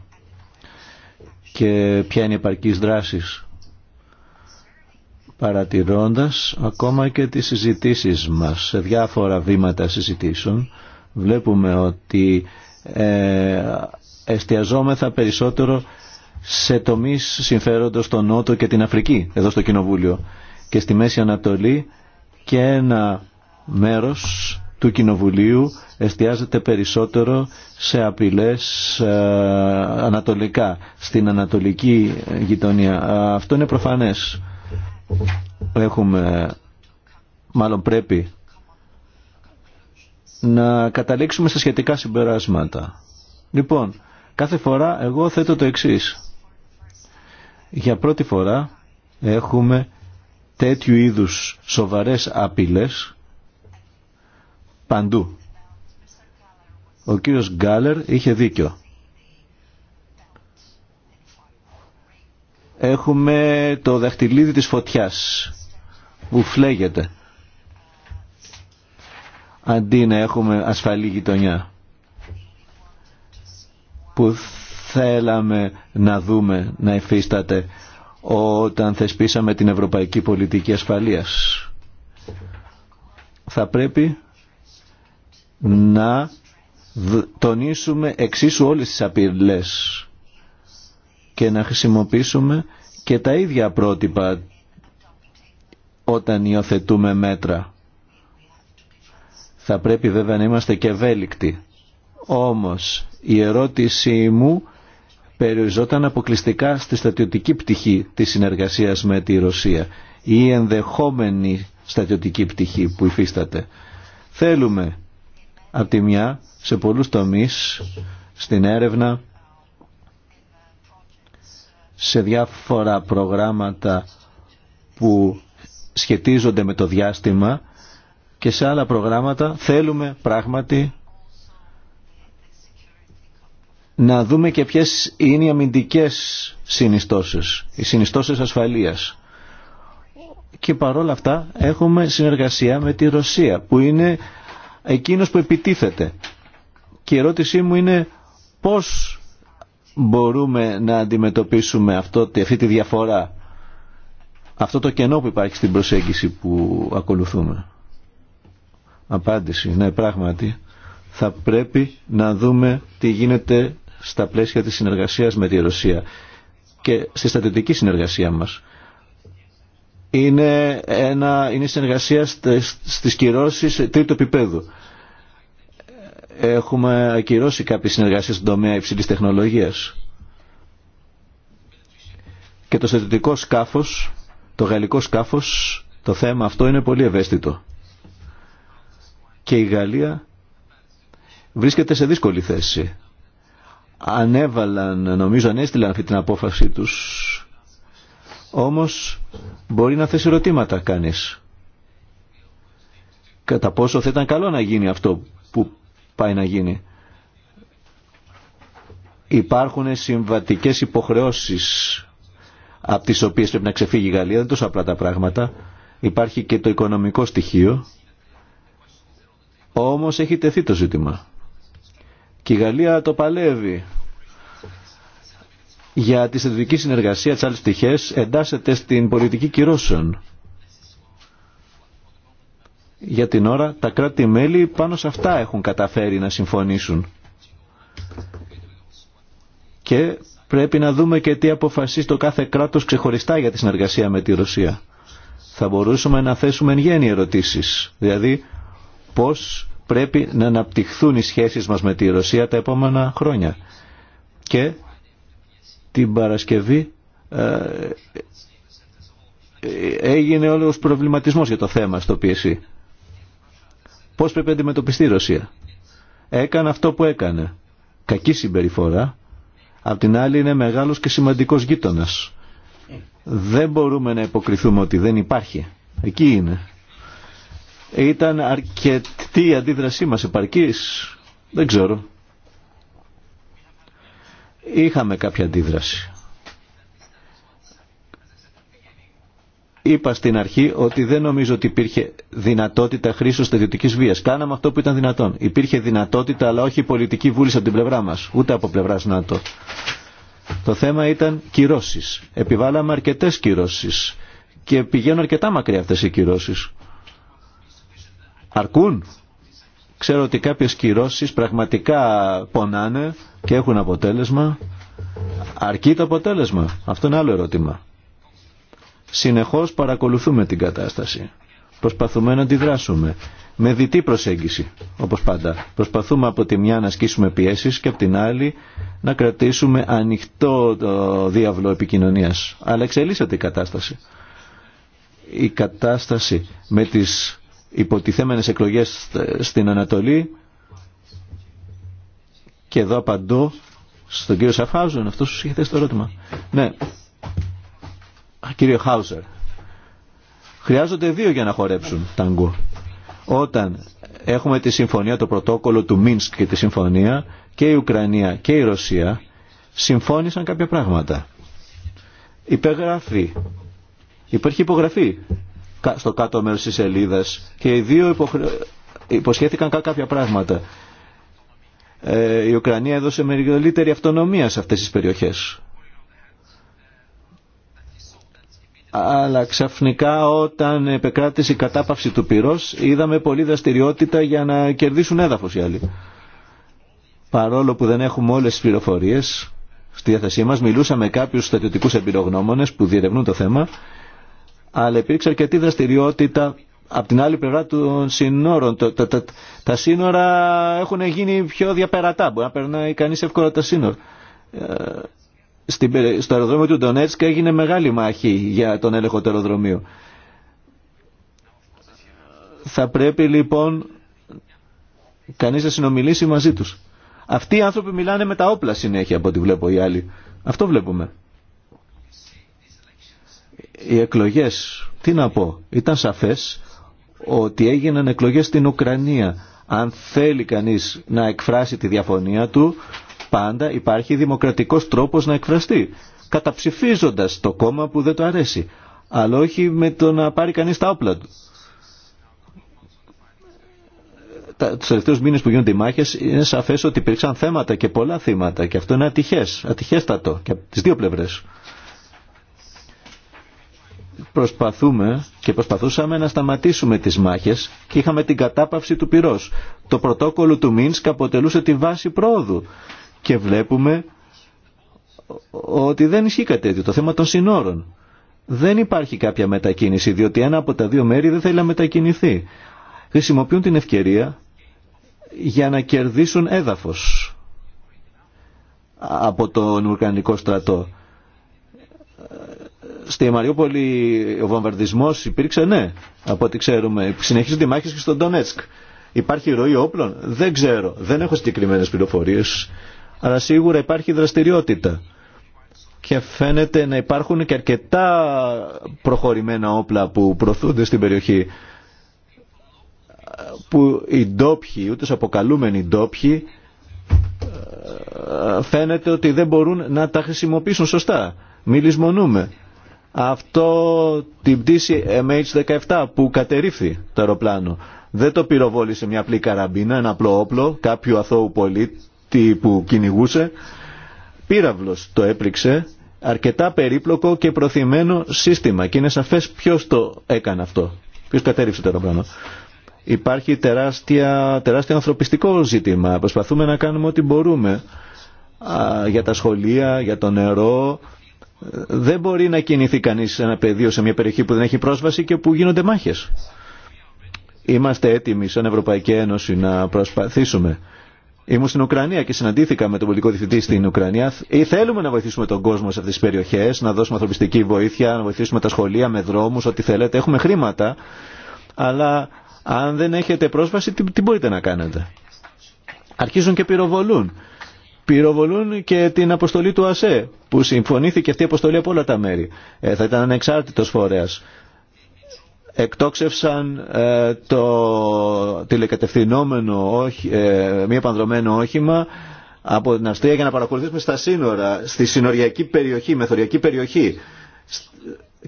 και ποια είναι η επαρκής δράσης παρατηρώντας ακόμα και τις συζητήσεις μας σε διάφορα βήματα συζητήσεων βλέπουμε ότι ε, εστιαζόμεθα περισσότερο σε τομείς συμφέροντος στον Νότο και την Αφρική εδώ στο Κοινοβούλιο και στη Μέση Ανατολή και ένα μέρος του Κοινοβουλίου εστιάζεται περισσότερο σε απειλές ε, ανατολικά, στην ανατολική γειτονία. Αυτό είναι προφανές. Έχουμε, μάλλον πρέπει, να καταλήξουμε σε σχετικά συμπεράσματα. Λοιπόν, κάθε φορά εγώ θέτω το εξής. Για πρώτη φορά έχουμε τέτοιου είδους σοβαρές απειλές παντού. Ο κύριος Γκάλερ είχε δίκιο. Έχουμε το δαχτυλίδι της φωτιάς που φλέγεται αντί να έχουμε ασφαλή γειτονιά που θέλαμε να δούμε να υφίσταται όταν θεσπίσαμε την Ευρωπαϊκή Πολιτική Ασφαλείας. Θα πρέπει να τονίσουμε εξίσου όλες τις απειλές και να χρησιμοποιήσουμε και τα ίδια πρότυπα όταν υιοθετούμε μέτρα. Θα πρέπει βέβαια να είμαστε και ευέλικτοι. Όμως η ερώτησή μου περιοριζόταν αποκλειστικά στη στατιωτική πτυχή της συνεργασίας με τη Ρωσία ή ενδεχόμενη στατιωτική πτυχή που υφίσταται. Θέλουμε από τη μια σε πολλούς τομείς στην έρευνα σε διάφορα προγράμματα που σχετίζονται με το διάστημα και σε άλλα προγράμματα θέλουμε πράγματι να δούμε και ποιες είναι οι αμυντικές συνιστώσεις, οι συνιστώσεις ασφαλείας. Και παρόλα αυτά έχουμε συνεργασία με τη Ρωσία που είναι εκείνος που επιτίθεται. Και η ερώτησή μου είναι πώς μπορούμε να αντιμετωπίσουμε αυτό, αυτή τη διαφορά, αυτό το κενό που υπάρχει στην προσέγγιση που ακολουθούμε. Απάντηση, ναι πράγματι θα πρέπει να δούμε τι γίνεται στα πλαίσια της συνεργασίας με τη Ρωσία και στη στατιωτική συνεργασία μας. Είναι, ένα, είναι συνεργασία στις κυρώσεις τρίτου επίπεδου. Έχουμε ακυρώσει κάποιες συνεργασίες στον τομέα υψηλής τεχνολογίας. Και το στρατιωτικό σκάφος, το γαλλικό σκάφος, το θέμα αυτό είναι πολύ ευαίσθητο. Και η Γαλλία βρίσκεται σε δύσκολη θέση ανέβαλαν, νομίζω ανέστειλαν αυτή την απόφαση τους, όμως μπορεί να θέσει ερωτήματα κανείς. Κατά πόσο θα ήταν καλό να γίνει αυτό που πάει να γίνει. Υπάρχουν συμβατικές υποχρεώσεις από τις οποίες πρέπει να ξεφύγει η Γαλλία, δεν τόσο απλά τα πράγματα. Υπάρχει και το οικονομικό στοιχείο. Όμως έχει τεθεί το ζήτημα. Και η Γαλλία το παλεύει. Για τη στρατιωτική συνεργασία της άλλης πτυχές εντάσσεται στην πολιτική κυρώσεων. Για την ώρα τα κράτη-μέλη πάνω σε αυτά έχουν καταφέρει να συμφωνήσουν. Και πρέπει να δούμε και τι αποφασίσει το κάθε κράτος ξεχωριστά για τη συνεργασία με τη Ρωσία. Θα μπορούσαμε να θέσουμε εν γέννη ερωτήσεις. Δηλαδή, πώς πρέπει να αναπτυχθούν οι σχέσεις μας με τη Ρωσία τα επόμενα χρόνια. Και την Παρασκευή ε, ε έγινε όλος προβληματισμός για το θέμα στο πιεσί. E. Πώς πρέπει να αντιμετωπιστεί η Ρωσία. Έκανε αυτό που έκανε. Κακή συμπεριφορά. Απ' την άλλη είναι μεγάλος και σημαντικός γείτονας. Δεν μπορούμε να υποκριθούμε ότι δεν υπάρχει. Εκεί είναι. Ήταν αρκετή η αντίδρασή μας επαρκής. Δεν ξέρω. Είχαμε κάποια αντίδραση. Είπα στην αρχή ότι δεν νομίζω ότι υπήρχε δυνατότητα χρήσης στρατιωτική βία. Κάναμε αυτό που ήταν δυνατόν. Υπήρχε δυνατότητα, αλλά όχι πολιτική βούληση από την πλευρά μα, ούτε από πλευρά ΝΑΤΟ. Το θέμα ήταν κυρώσει. Επιβάλαμε αρκετέ κυρώσει. Και πηγαίνουν αρκετά μακριά αυτέ οι κυρώσει αρκούν. Ξέρω ότι κάποιες κυρώσεις πραγματικά πονάνε και έχουν αποτέλεσμα. Αρκεί το αποτέλεσμα. Αυτό είναι άλλο ερώτημα. Συνεχώς παρακολουθούμε την κατάσταση. Προσπαθούμε να αντιδράσουμε. Με διτή προσέγγιση, όπως πάντα. Προσπαθούμε από τη μια να ασκήσουμε πιέσεις και από την άλλη να κρατήσουμε ανοιχτό το διάβλο επικοινωνίας. Αλλά εξελίσσεται η κατάσταση. Η κατάσταση με τις υποτιθέμενες εκλογές στην Ανατολή και εδώ απαντώ στον κύριο Σαφάουζεν, αυτός σου είχε θέσει το ερώτημα. Ναι, κύριο Χάουζερ, χρειάζονται δύο για να χορέψουν ταγκό. Όταν έχουμε τη συμφωνία, το πρωτόκολλο του Μίνσκ και τη συμφωνία και η Ουκρανία και η Ρωσία συμφώνησαν κάποια πράγματα. Υπεγράφει. Υπάρχει υπογραφή στο κάτω μέρος της σελίδα. και οι δύο υποσχέθηκαν κάποια πράγματα. Ε, η Ουκρανία έδωσε μεγαλύτερη αυτονομία σε αυτές τις περιοχές. αλλά ξαφνικά όταν επεκράτησε η κατάπαυση του πυρός είδαμε πολλή δραστηριότητα για να κερδίσουν έδαφος οι άλλοι. Παρόλο που δεν έχουμε όλες τις πληροφορίες στη διάθεσή μας, μιλούσαμε με κάποιους στατιωτικούς εμπειρογνώμονες που διερευνούν το θέμα αλλά υπήρξε αρκετή δραστηριότητα από την άλλη πλευρά των συνόρων. Τα, τα, τα σύνορα έχουν γίνει πιο διαπερατά. Μπορεί να περνάει κανείς εύκολα τα σύνορα. Ε, στην, στο αεροδρόμιο του Ντονέτσκ έγινε μεγάλη μάχη για τον έλεγχο του αεροδρομίου. Θα πρέπει λοιπόν κανείς να συνομιλήσει μαζί τους. Αυτοί οι άνθρωποι μιλάνε με τα όπλα συνέχεια από ό,τι βλέπω οι άλλοι. Αυτό βλέπουμε οι εκλογές, τι να πω, ήταν σαφές ότι έγιναν εκλογές στην Ουκρανία. Αν θέλει κανείς να εκφράσει τη διαφωνία του, πάντα υπάρχει δημοκρατικός τρόπος να εκφραστεί, καταψηφίζοντας το κόμμα που δεν το αρέσει, αλλά όχι με το να πάρει κανείς τα όπλα του. Τα, τους τελευταίους μήνες που γίνονται οι μάχες είναι σαφές ότι υπήρξαν θέματα και πολλά θύματα και αυτό είναι ατυχές, ατυχέστατο και από τις δύο πλευρές προσπαθούμε και προσπαθούσαμε να σταματήσουμε τις μάχες και είχαμε την κατάπαυση του πυρός. Το πρωτόκολλο του Μίνσκ αποτελούσε τη βάση πρόοδου και βλέπουμε ότι δεν ισχύει κάτι το θέμα των συνόρων. Δεν υπάρχει κάποια μετακίνηση, διότι ένα από τα δύο μέρη δεν θέλει να μετακινηθεί. Χρησιμοποιούν την ευκαιρία για να κερδίσουν έδαφος από τον Ουρκανικό στρατό. Στη Μαριούπολη ο βομβαρδισμός υπήρξε, ναι, από ό,τι ξέρουμε. Συνεχίζονται οι μάχες και στον Ντονέτσκ. Υπάρχει ροή όπλων, δεν ξέρω, δεν έχω συγκεκριμένε πληροφορίες, αλλά σίγουρα υπάρχει δραστηριότητα. Και φαίνεται να υπάρχουν και αρκετά προχωρημένα όπλα που προωθούνται στην περιοχή που οι ντόπιοι, ούτε αποκαλούμενοι ντόπιοι, φαίνεται ότι δεν μπορούν να τα χρησιμοποιήσουν σωστά. Μη λησμονούμε αυτό την πτήση MH17 που κατερρίφθη το αεροπλάνο. Δεν το πυροβόλησε μια απλή καραμπίνα, ένα απλό όπλο κάποιου αθώου πολίτη που κυνηγούσε. Πύραυλος το έπληξε, αρκετά περίπλοκο και προθυμένο σύστημα και είναι σαφές ποιος το έκανε αυτό, ποιος κατέρριψε το αεροπλάνο. Υπάρχει τεράστια, τεράστιο ανθρωπιστικό ζήτημα. Προσπαθούμε να κάνουμε ό,τι μπορούμε για τα σχολεία, για το νερό, δεν μπορεί να κινηθεί κανείς σε ένα πεδίο, σε μια περιοχή που δεν έχει πρόσβαση και που γίνονται μάχες. Είμαστε έτοιμοι σαν Ευρωπαϊκή Ένωση να προσπαθήσουμε. Ήμουν στην Ουκρανία και συναντήθηκα με τον πολιτικό διευθυντή στην Ουκρανία. Ή ε, θέλουμε να βοηθήσουμε τον κόσμο σε αυτέ τι περιοχέ, να δώσουμε ανθρωπιστική βοήθεια, να βοηθήσουμε τα σχολεία με δρόμου, ό,τι θέλετε. Έχουμε χρήματα. Αλλά αν δεν έχετε πρόσβαση, τι, τι μπορείτε να κάνετε. Αρχίζουν και πυροβολούν. Πυροβολούν και την αποστολή του ΑΣΕ που συμφωνήθηκε αυτή η αποστολή από όλα τα μέρη. Ε, θα ήταν ανεξάρτητος φορέας. Εκτόξευσαν ε, το τηλεκατευθυνόμενο, όχι, ε, μη επανδρομένο όχημα από την Αυστρία για να παρακολουθήσουμε στα σύνορα, στη συνοριακή περιοχή, μεθοριακή περιοχή.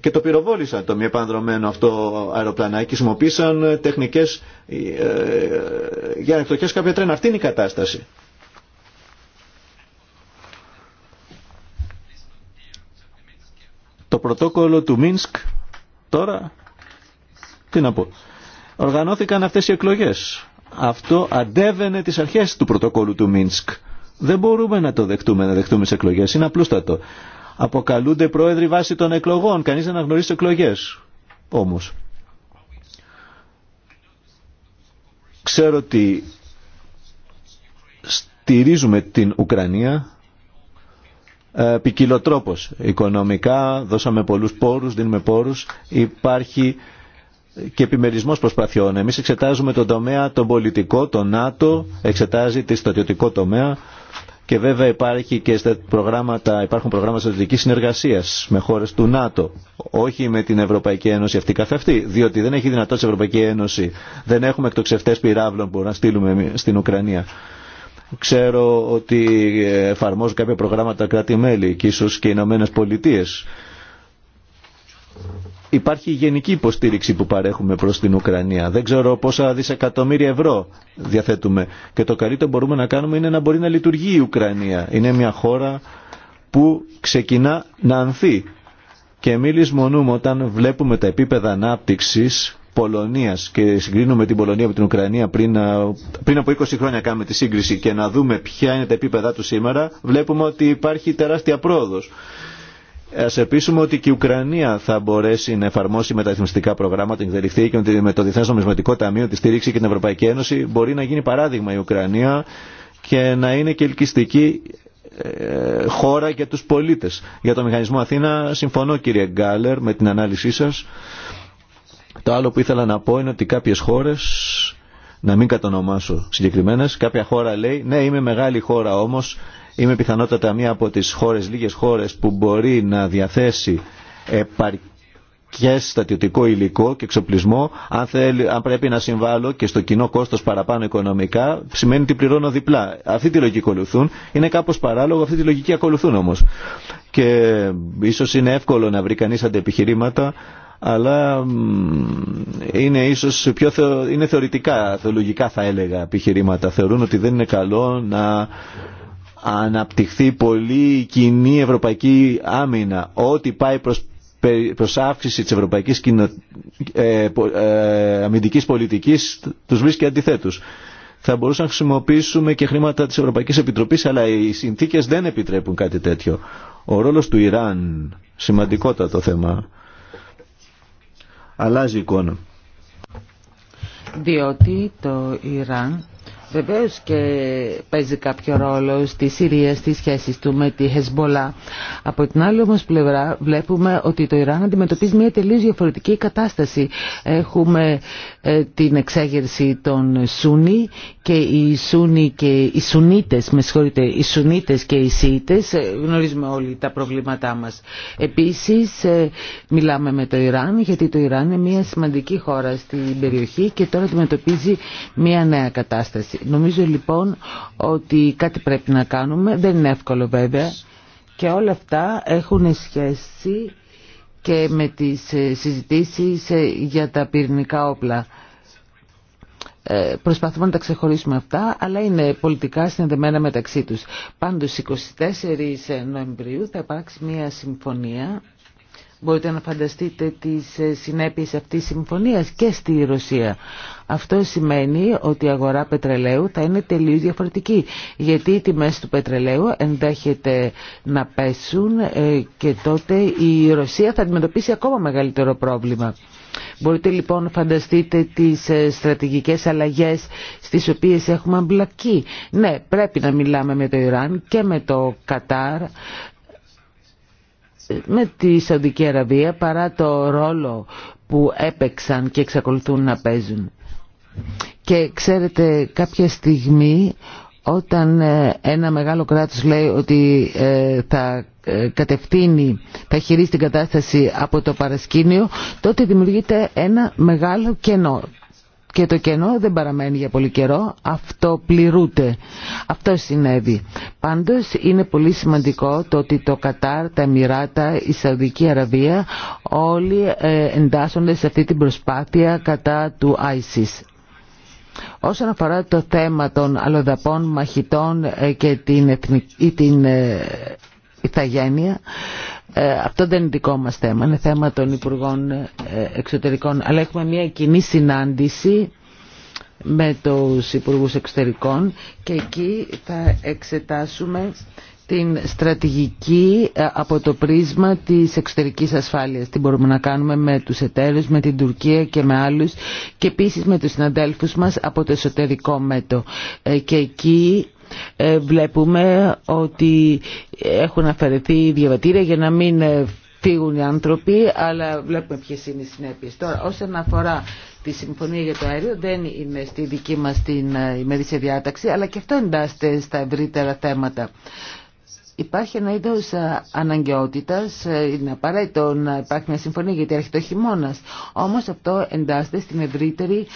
Και το πυροβόλησαν το μη επανδρομένο αυτό αεροπλανάκι, χρησιμοποίησαν τεχνικές ε, για να εκτοχέσουν κάποια τρένα. Αυτή είναι η κατάσταση. Το πρωτόκολλο του Μίνσκ τώρα, τι να πω, οργανώθηκαν αυτές οι εκλογές. Αυτό αντέβαινε τις αρχές του πρωτοκόλλου του Μίνσκ. Δεν μπορούμε να το δεχτούμε, να δεχτούμε τις εκλογές. Είναι απλούστατο. Αποκαλούνται πρόεδροι βάσει των εκλογών. Κανείς δεν αναγνωρίζει τις εκλογές. Όμως. Ξέρω ότι στηρίζουμε την Ουκρανία ε, ποικιλοτρόπος. Οικονομικά δώσαμε πολλούς πόρους, δίνουμε πόρους. Υπάρχει και επιμερισμός προσπαθειών. Εμείς εξετάζουμε τον τομέα, τον πολιτικό, τον ΝΑΤΟ, εξετάζει τη στρατιωτικό τομέα και βέβαια υπάρχει και στα προγράμματα, υπάρχουν προγράμματα στρατιωτικής συνεργασίας με χώρες του ΝΑΤΟ, όχι με την Ευρωπαϊκή Ένωση αυτή καθ' αυτή, διότι δεν έχει δυνατότητα η Ευρωπαϊκή Ένωση, δεν έχουμε εκτοξευτές πυράβλων που να στείλουμε στην Ουκρανία. Ξέρω ότι εφαρμόζουν κάποια προγράμματα κράτη-μέλη και ίσως και οι Ηνωμένε Πολιτείε. Υπάρχει γενική υποστήριξη που παρέχουμε προς την Ουκρανία. Δεν ξέρω πόσα δισεκατομμύρια ευρώ διαθέτουμε. Και το καλύτερο που μπορούμε να κάνουμε είναι να μπορεί να λειτουργεί η Ουκρανία. Είναι μια χώρα που ξεκινά να ανθεί. Και εμεί λησμονούμε όταν βλέπουμε τα επίπεδα ανάπτυξης Πολωνίας και συγκρίνουμε την Πολωνία με την Ουκρανία πριν, πριν από 20 χρόνια κάνουμε τη σύγκριση και να δούμε ποια είναι τα επίπεδα του σήμερα, βλέπουμε ότι υπάρχει τεράστια πρόοδος. Ας ελπίσουμε ότι και η Ουκρανία θα μπορέσει να εφαρμόσει μεταρρυθμιστικά προγράμματα, εκδεληφθεί και με το Διεθνές Νομισματικό Ταμείο, τη στήριξη και την Ευρωπαϊκή Ένωση μπορεί να γίνει παράδειγμα η Ουκρανία και να είναι και ελκυστική ε, χώρα για τους πολίτες. Για το μηχανισμό Αθήνα συμφωνώ κύριε Γκάλερ με την ανάλυση σας το άλλο που ήθελα να πω είναι ότι κάποιες χώρες, να μην κατονομάσω συγκεκριμένες, κάποια χώρα λέει ναι είμαι μεγάλη χώρα όμως, είμαι πιθανότατα μία από τις χώρες, λίγες χώρες που μπορεί να διαθέσει επαρκές στατιωτικό υλικό και εξοπλισμό αν, θέλει, αν πρέπει να συμβάλλω και στο κοινό κόστος παραπάνω οικονομικά σημαίνει ότι πληρώνω διπλά. Αυτή τη λογική ακολουθούν. Είναι κάπως παράλογο, αυτή τη λογική ακολουθούν όμως. Και ίσως είναι εύκολο να βρει κανείς αντεπιχειρήματα αλλά είναι ίσως πιο είναι θεωρητικά, θεολογικά θα έλεγα επιχειρήματα. Θεωρούν ότι δεν είναι καλό να αναπτυχθεί πολύ κοινή ευρωπαϊκή άμυνα. Ό,τι πάει προς, προς αύξηση της ευρωπαϊκής κοινο... ε, ε, πολιτικής τους βρίσκει αντιθέτους. Θα μπορούσαν να χρησιμοποιήσουμε και χρήματα της Ευρωπαϊκής Επιτροπής, αλλά οι συνθήκες δεν επιτρέπουν κάτι τέτοιο. Ο ρόλος του Ιράν, σημαντικότατο θέμα αλλάζει η εικόνα. Διότι το Ιράν Βεβαίω, και παίζει κάποιο ρόλο στη Συρία, στη σχέση του με τη Χεσμπολά. Από την άλλη όμως πλευρά βλέπουμε ότι το Ιράν αντιμετωπίζει μια τελείως διαφορετική κατάσταση. Έχουμε ε, την εξέγερση των Σούνι και οι Σούνι και οι Σουνίτες, με συγχωρείτε, οι Σουνίτες και οι Σίτες, ε, γνωρίζουμε όλοι τα προβλήματά μας. Επίσης ε, μιλάμε με το Ιράν γιατί το Ιράν είναι μια σημαντική χώρα στην περιοχή και τώρα αντιμετωπίζει μια νέα κατάσταση. Νομίζω λοιπόν ότι κάτι πρέπει να κάνουμε, δεν είναι εύκολο βέβαια και όλα αυτά έχουν σχέση και με τις ε, συζητήσεις ε, για τα πυρηνικά όπλα. Ε, προσπαθούμε να τα ξεχωρίσουμε αυτά, αλλά είναι πολιτικά συνδεμένα μεταξύ τους. Πάντως, 24 Νοεμβρίου θα υπάρξει μια συμφωνία Μπορείτε να φανταστείτε τις ε, συνέπειες αυτής της συμφωνίας και στη Ρωσία. Αυτό σημαίνει ότι η αγορά πετρελαίου θα είναι τελείως διαφορετική γιατί οι τιμές του πετρελαίου ενδέχεται να πέσουν ε, και τότε η Ρωσία θα αντιμετωπίσει ακόμα μεγαλύτερο πρόβλημα. Μπορείτε λοιπόν να φανταστείτε τις ε, στρατηγικές αλλαγές στις οποίες έχουμε μπλακεί. Ναι, πρέπει να μιλάμε με το Ιράν και με το Κατάρ με τη Σαουδική Αραβία παρά το ρόλο που έπαιξαν και εξακολουθούν να παίζουν. Και ξέρετε κάποια στιγμή όταν ε, ένα μεγάλο κράτος λέει ότι ε, θα ε, κατευθύνει, θα χειρίσει την κατάσταση από το παρασκήνιο, τότε δημιουργείται ένα μεγάλο κενό και το κενό δεν παραμένει για πολύ καιρό, αυτό πληρούται. Αυτό συνέβη. Πάντως είναι πολύ σημαντικό το ότι το Κατάρ, τα Εμμυράτα, η Σαουδική Αραβία όλοι ε, εντάσσονται σε αυτή την προσπάθεια κατά του ISIS. Όσον αφορά το θέμα των αλλοδαπών μαχητών ε, και την, εθνική, την ε, ηθαγένεια. Ε, αυτό δεν είναι δικό μας θέμα, είναι θέμα των Υπουργών ε, Εξωτερικών. Αλλά έχουμε μια κοινή συνάντηση με τους Υπουργούς Εξωτερικών και εκεί θα εξετάσουμε την στρατηγική ε, από το πρίσμα της εξωτερικής ασφάλειας. Τι μπορούμε να κάνουμε με τους εταίρους, με την Τουρκία και με άλλους και επίσης με τους συναντέλφους μας από το εσωτερικό μέτω. Και εκεί ε, βλέπουμε ότι έχουν αφαιρεθεί διαβατήρια για να μην ε, φύγουν οι άνθρωποι, αλλά βλέπουμε ποιες είναι οι συνέπειες. Τώρα, όσον αφορά τη συμφωνία για το αέριο, δεν είναι στη δική μας την ε, ημερήσια διάταξη, αλλά και αυτό εντάσσεται στα ευρύτερα θέματα. Υπάρχει ένα είδο αναγκαιότητα, είναι απαραίτητο να υπάρχει μια συμφωνία γιατί έρχεται ο χειμώνα. Όμω αυτό εντάσσεται στην ευρύτερη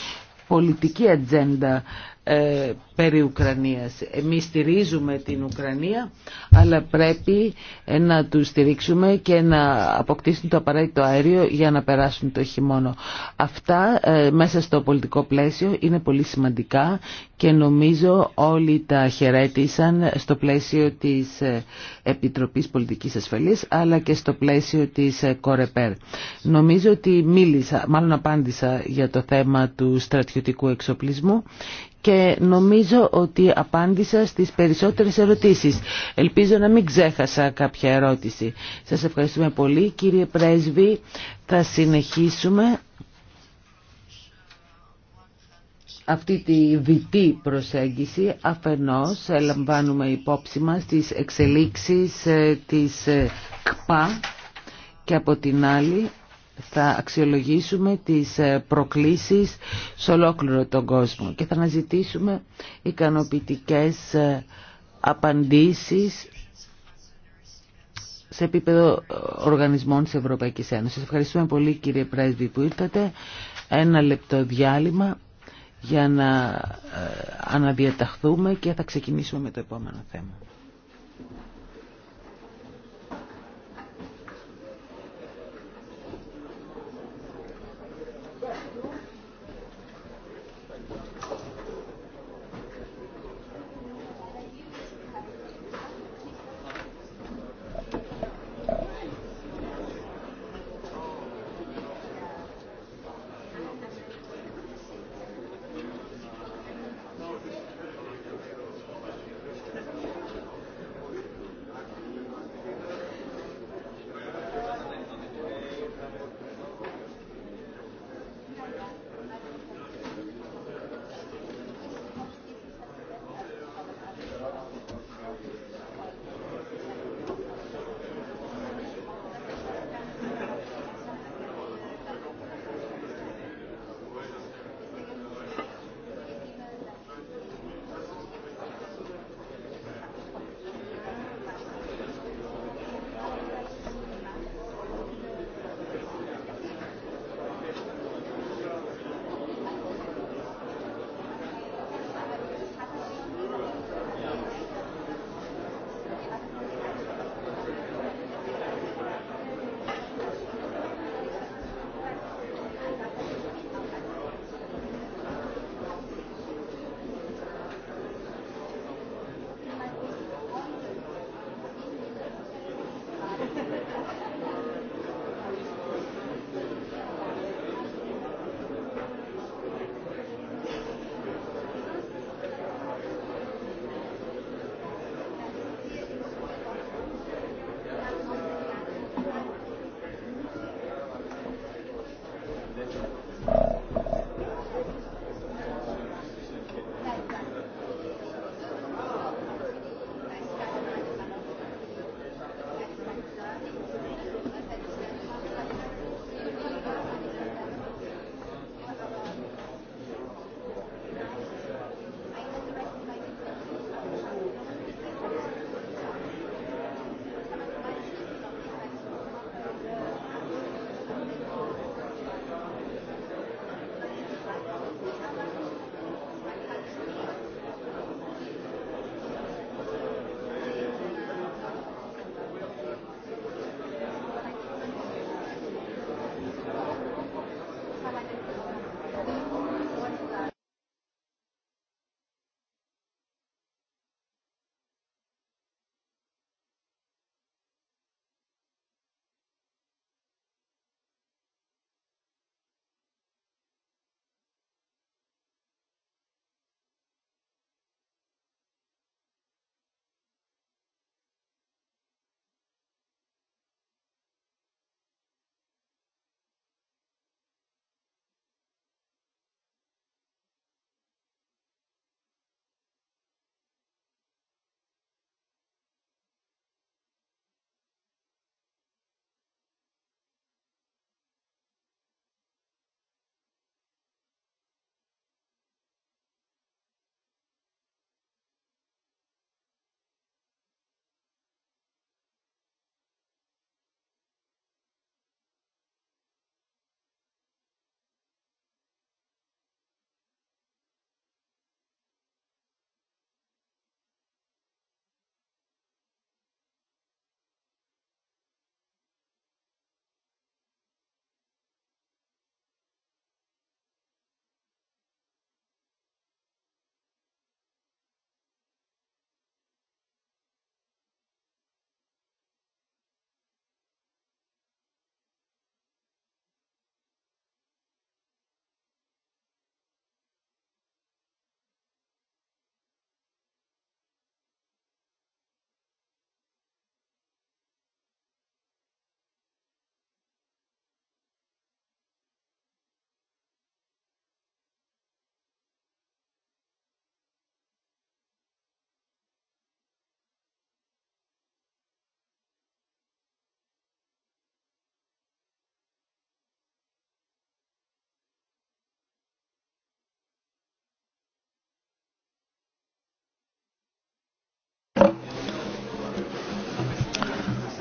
πολιτική ατζέντα ε, περί Ουκρανίας. Εμείς στηρίζουμε την Ουκρανία αλλά πρέπει ε, να τους στηρίξουμε και να αποκτήσουν το απαραίτητο αέριο για να περάσουν το χειμώνο. Αυτά ε, μέσα στο πολιτικό πλαίσιο είναι πολύ σημαντικά και νομίζω όλοι τα χαιρέτησαν στο πλαίσιο της ε, Επιτροπής Πολιτικής Ασφαλείας αλλά και στο πλαίσιο της Κορεπέρ. Νομίζω ότι μίλησα, μάλλον απάντησα για το θέμα του στρατιωτικού εξοπλισμού και νομίζω ότι απάντησα στις περισσότερες ερωτήσεις. Ελπίζω να μην ξέχασα κάποια ερώτηση. Σας ευχαριστούμε πολύ. Κύριε Πρέσβη, θα συνεχίσουμε αυτή τη βιτή προσέγγιση αφενός λαμβάνουμε υπόψη μας τις εξελίξεις ε, της ε, ΚΠΑ και από την άλλη θα αξιολογήσουμε τις ε, προκλήσεις σε ολόκληρο τον κόσμο και θα αναζητήσουμε ικανοποιητικές ε, απαντήσεις σε επίπεδο οργανισμών της Ευρωπαϊκής Ένωσης. Ευχαριστούμε πολύ κύριε Πρέσβη που ήρθατε. Ένα λεπτό διάλειμμα για να ε, αναδιαταχθούμε και θα ξεκινήσουμε με το επόμενο θέμα.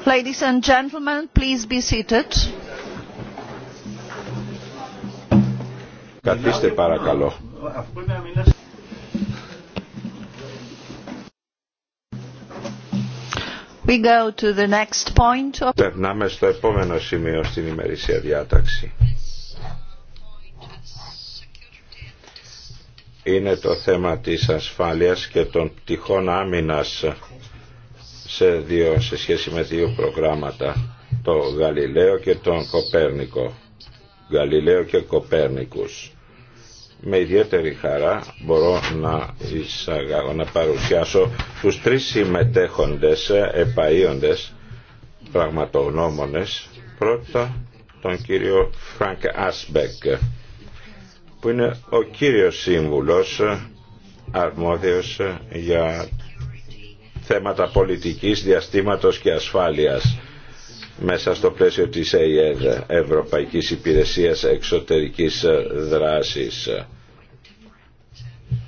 Ladies and gentlemen, please be seated. Καθίστε παρακαλώ. We go to the next point of... Περνάμε στο επόμενο σημείο στην ημερήσια διάταξη. Είναι το θέμα της ασφάλειας και των πτυχών άμυνας σε, δύο, σε σχέση με δύο προγράμματα, το Γαλιλαίο και τον Κοπέρνικο. Γαλιλαίο και Κοπέρνικους. Με ιδιαίτερη χαρά μπορώ να, να παρουσιάσω τους τρεις συμμετέχοντες, επαΐοντες, πραγματογνώμονες. Πρώτα τον κύριο Φρανκ Ασμπεκ, που είναι ο κύριος σύμβουλος αρμόδιος για θέματα πολιτικής, διαστήματος και ασφάλειας μέσα στο πλαίσιο της ΕΕΔ, Ευρωπαϊκής Υπηρεσίας Εξωτερικής Δράσης.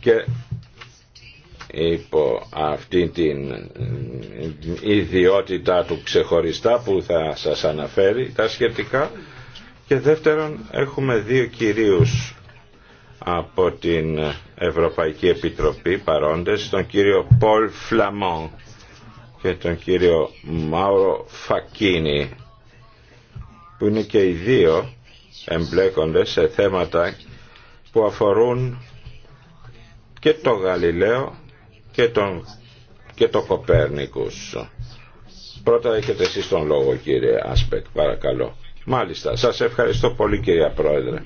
Και υπό αυτή την ιδιότητα του ξεχωριστά που θα σας αναφέρει τα σχετικά και δεύτερον έχουμε δύο κυρίους από την Ευρωπαϊκή Επιτροπή παρόντες, τον κύριο Πολ Φλαμόν και τον κύριο Μάουρο Φακίνη, που είναι και οι δύο εμπλέκονται σε θέματα που αφορούν και το Γαλιλαίο και, τον, και το Κοπέρνικους. Πρώτα έχετε εσείς τον λόγο κύριε Άσπεκ, παρακαλώ. Μάλιστα, σας ευχαριστώ πολύ κύριε Πρόεδρε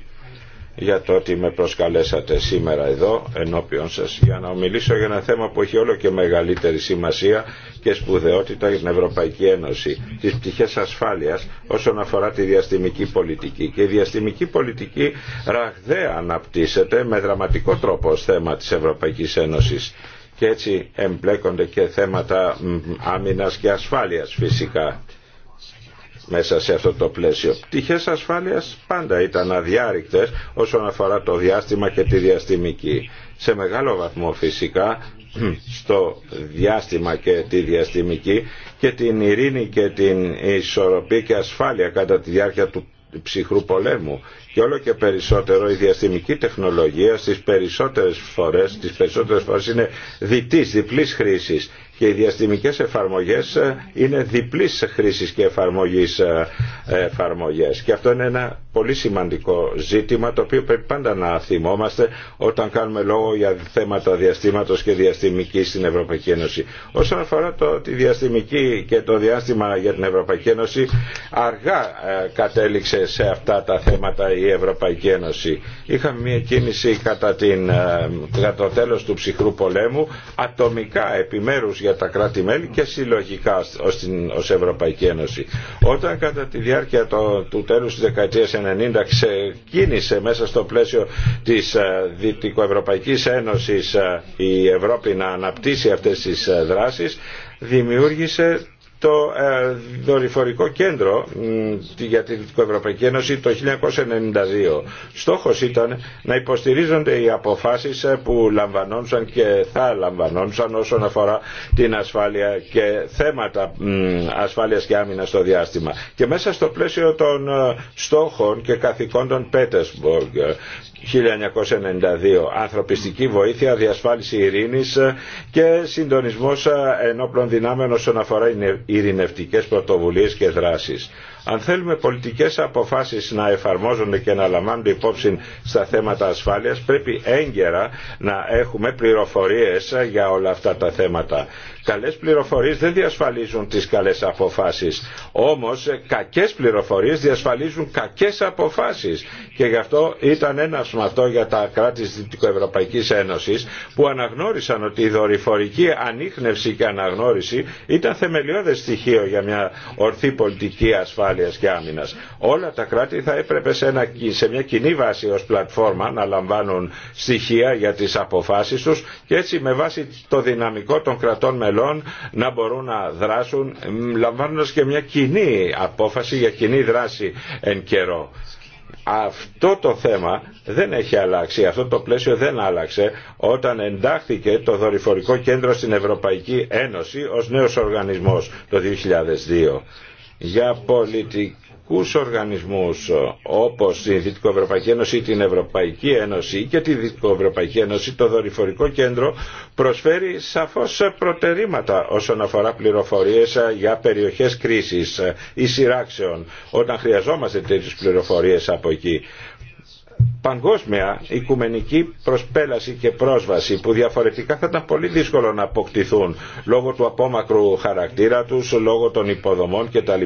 για το ότι με προσκαλέσατε σήμερα εδώ ενώπιον σας για να ομιλήσω για ένα θέμα που έχει όλο και μεγαλύτερη σημασία και σπουδαιότητα για την Ευρωπαϊκή Ένωση, τις πτυχές ασφάλειας όσον αφορά τη διαστημική πολιτική. Και η διαστημική πολιτική ραγδαία αναπτύσσεται με δραματικό τρόπο ως θέμα της Ευρωπαϊκής Ένωσης και έτσι εμπλέκονται και θέματα άμυνας και ασφάλειας φυσικά μέσα σε αυτό το πλαίσιο. Πτυχές ασφάλειας πάντα ήταν αδιάρρηκτες όσον αφορά το διάστημα και τη διαστημική. Σε μεγάλο βαθμό φυσικά [clears throat] στο διάστημα και τη διαστημική και την ειρήνη και την ισορροπία και ασφάλεια κατά τη διάρκεια του ψυχρού πολέμου και όλο και περισσότερο η διαστημική τεχνολογία στις περισσότερες φορές, περισσότερες φορές είναι διτής, διπλής χρήσης και οι διαστημικές εφαρμογές ε, είναι διπλής χρήσης και εφαρμογής ε, εφαρμογές. Και αυτό είναι ένα πολύ σημαντικό ζήτημα το οποίο πρέπει πάντα να θυμόμαστε όταν κάνουμε λόγο για θέματα διαστήματος και διαστημική στην Ευρωπαϊκή Ένωση. Όσον αφορά το, τη διαστημική και το διάστημα για την Ευρωπαϊκή Ένωση αργά ε, κατέληξε σε αυτά τα θέματα η Ευρωπαϊκή Ένωση. Είχαμε μια κίνηση κατά, την, ε, κατά το τέλος του ψυχρού πολέμου ατομικά επιμέρους για τα κράτη-μέλη και συλλογικά ως Ευρωπαϊκή Ένωση. Όταν κατά τη διάρκεια του τέλους της δεκαετίας 90 ξεκίνησε μέσα στο πλαίσιο της ε, Δυτικοευρωπαϊκής Ένωσης ε, η Ευρώπη να αναπτύσσει αυτές τις ε, δράσεις, δημιούργησε το ε, δορυφορικό κέντρο για την Ευρωπαϊκή Ένωση το 1992. Στόχος ήταν να υποστηρίζονται οι αποφάσεις ε, που λαμβανόντουσαν και θα λαμβανόντουσαν όσον αφορά την ασφάλεια και θέματα ασφάλειας και άμυνας στο διάστημα. Και μέσα στο πλαίσιο των ε, στόχων και καθηκόντων Πέτερσμποργκ 1992 ανθρωπιστική βοήθεια, διασφάλιση Ειρηνη και συντονισμό ενόπλων δυνάμεων όσον αφορά ειρηνευτικέ πρωτοβουλίε και δράσει. Αν θέλουμε πολιτικές αποφάσεις να εφαρμόζονται και να λαμβάνονται υπόψη στα θέματα ασφάλειας, πρέπει έγκαιρα να έχουμε πληροφορίες για όλα αυτά τα θέματα. Καλές πληροφορίες δεν διασφαλίζουν τις καλές αποφάσεις. Όμως κακές πληροφορίες διασφαλίζουν κακές αποφάσεις. Και γι' αυτό ήταν ένα αυτό για τα κράτη της Δυτικοευρωπαϊκής Ένωσης που αναγνώρισαν ότι η δορυφορική ανείχνευση και αναγνώριση ήταν θεμελιώδες στοιχείο για μια ορθή πολιτική ασφάλεια ασφάλειας Όλα τα κράτη θα έπρεπε σε, σε μια κοινή βάση ως πλατφόρμα να λαμβάνουν στοιχεία για τις αποφάσεις τους και έτσι με βάση το δυναμικό των κρατών μελών να μπορούν να δράσουν λαμβάνοντας και μια κοινή απόφαση για κοινή δράση εν καιρό. Αυτό το θέμα δεν έχει αλλάξει, αυτό το πλαίσιο δεν άλλαξε όταν εντάχθηκε το δορυφορικό κέντρο στην Ευρωπαϊκή Ένωση ως νέος οργανισμός το 2002 για πολιτικούς οργανισμούς όπως η Δυτικοευρωπαϊκή Ένωση ή την Ευρωπαϊκή Ένωση και τη Δυτικοευρωπαϊκή Ένωση το δορυφορικό κέντρο προσφέρει σαφώς προτερήματα όσον αφορά πληροφορίες για περιοχές κρίσης ή σειράξεων όταν χρειαζόμαστε τέτοιες πληροφορίες από εκεί παγκόσμια οικουμενική προσπέλαση και πρόσβαση που διαφορετικά θα ήταν πολύ δύσκολο να αποκτηθούν λόγω του απόμακρου χαρακτήρα τους, λόγω των υποδομών κτλ.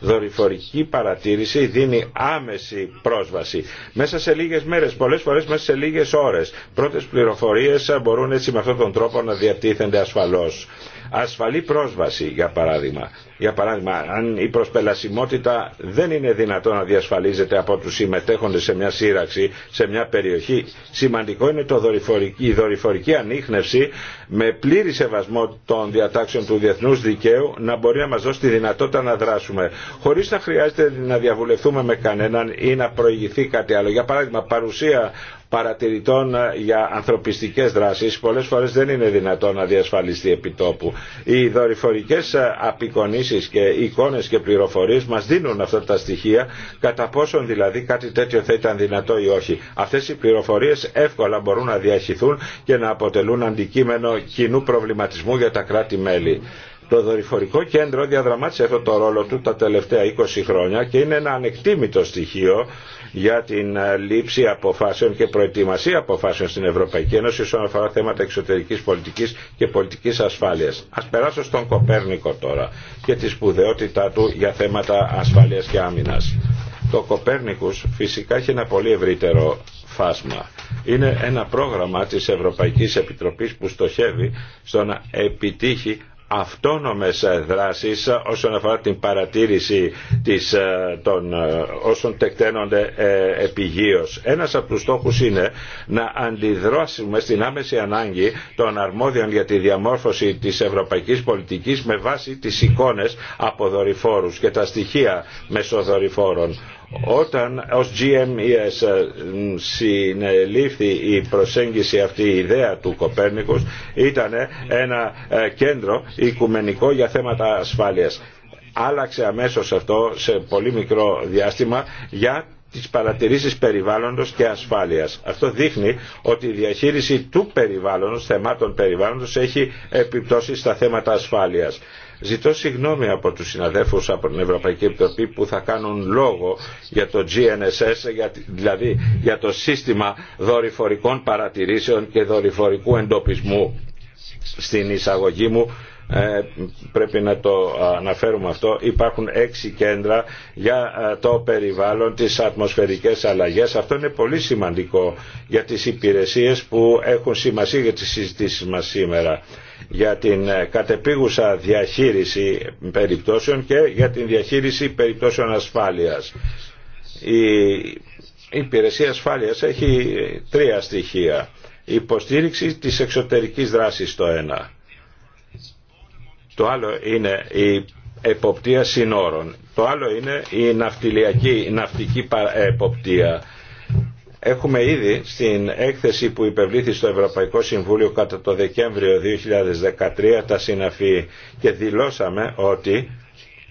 Δορυφορική παρατήρηση δίνει άμεση πρόσβαση. Μέσα σε λίγες μέρες, πολλές φορές μέσα σε λίγες ώρες. Πρώτες πληροφορίες μπορούν έτσι με αυτόν τον τρόπο να διατίθενται ασφαλώς ασφαλή πρόσβαση για παράδειγμα. Για παράδειγμα, αν η προσπελασιμότητα δεν είναι δυνατόν να διασφαλίζεται από τους συμμετέχοντες σε μια σύραξη, σε μια περιοχή, σημαντικό είναι το δορυφορική, η δορυφορική ανείχνευση με πλήρη σεβασμό των διατάξεων του διεθνούς δικαίου να μπορεί να μας δώσει τη δυνατότητα να δράσουμε, χωρίς να χρειάζεται να διαβουλευτούμε με κανέναν ή να προηγηθεί κάτι άλλο. Για παράδειγμα, παρουσία παρατηρητών ε, για ανθρωπιστικές δράσεις πολλές φορές δεν είναι δυνατόν να διασφαλιστεί επιτόπου. Οι δορυφορικές ε, απεικονίσεις και εικόνες και πληροφορίες μας δίνουν αυτά τα στοιχεία κατά πόσον δηλαδή κάτι τέτοιο θα ήταν δυνατό ή όχι. Αυτές οι πληροφορίες εύκολα μπορούν να διαχυθούν και να αποτελούν αντικείμενο κοινού προβληματισμού για τα κράτη-μέλη. Το δορυφορικό κέντρο διαδραμάτισε αυτό το ρόλο του τα τελευταία 20 χρόνια και είναι ένα ανεκτήμητο στοιχείο για την ε, λήψη αποφάσεων και προετοιμασία αποφάσεων στην Ευρωπαϊκή Ένωση όσον αφορά θέματα εξωτερικής πολιτικής και πολιτικής ασφάλειας. Ας περάσω στον Κοπέρνικο τώρα και τη σπουδαιότητά του για θέματα ασφάλειας και άμυνας. Το Κοπέρνικος φυσικά έχει ένα πολύ ευρύτερο φάσμα. Είναι ένα πρόγραμμα της Ευρωπαϊκής Επιτροπής που στοχεύει στο να επιτύχει αυτόνομες ε, δράσεις όσον αφορά την παρατήρηση της, ε, των, ε, όσων τεκταίνονται επιγείως. Ένας από τους στόχους είναι να αντιδράσουμε στην άμεση ανάγκη των αρμόδιων για τη διαμόρφωση της ευρωπαϊκής πολιτικής με βάση τις εικόνες από δορυφόρους και τα στοιχεία μεσοδορυφόρων. Όταν ως GMES ε, συνελήφθη η προσέγγιση αυτή η ιδέα του Κοπέρνικους ήταν ένα ε, κέντρο οικουμενικό για θέματα ασφάλειας. Άλλαξε αμέσως αυτό σε πολύ μικρό διάστημα για τις παρατηρήσεις περιβάλλοντος και ασφάλειας. Αυτό δείχνει ότι η διαχείριση του περιβάλλοντος, θεμάτων περιβάλλοντος, έχει επιπτώσει στα θέματα ασφάλειας. Ζητώ συγγνώμη από τους συναδέλφους από την Ευρωπαϊκή Επιτροπή που θα κάνουν λόγο για το GNSS, δηλαδή για το σύστημα δορυφορικών παρατηρήσεων και δορυφορικού εντοπισμού στην εισαγωγή μου ε, πρέπει να το αναφέρουμε αυτό, υπάρχουν έξι κέντρα για ε, το περιβάλλον, τις ατμοσφαιρικές αλλαγές. Αυτό είναι πολύ σημαντικό για τις υπηρεσίες που έχουν σημασία για τις συζητήσεις μας σήμερα για την ε, κατεπίγουσα διαχείριση περιπτώσεων και για την διαχείριση περιπτώσεων ασφάλειας. Η υπηρεσία ασφάλειας έχει τρία στοιχεία. υποστήριξη της εξωτερικής δράσης το ένα το άλλο είναι η εποπτεία συνόρων. Το άλλο είναι η ναυτιλιακή, η ναυτική εποπτεία. Έχουμε ήδη στην έκθεση που υπευλήθη στο Ευρωπαϊκό Συμβούλιο κατά το Δεκέμβριο 2013 τα συναφή και δηλώσαμε ότι,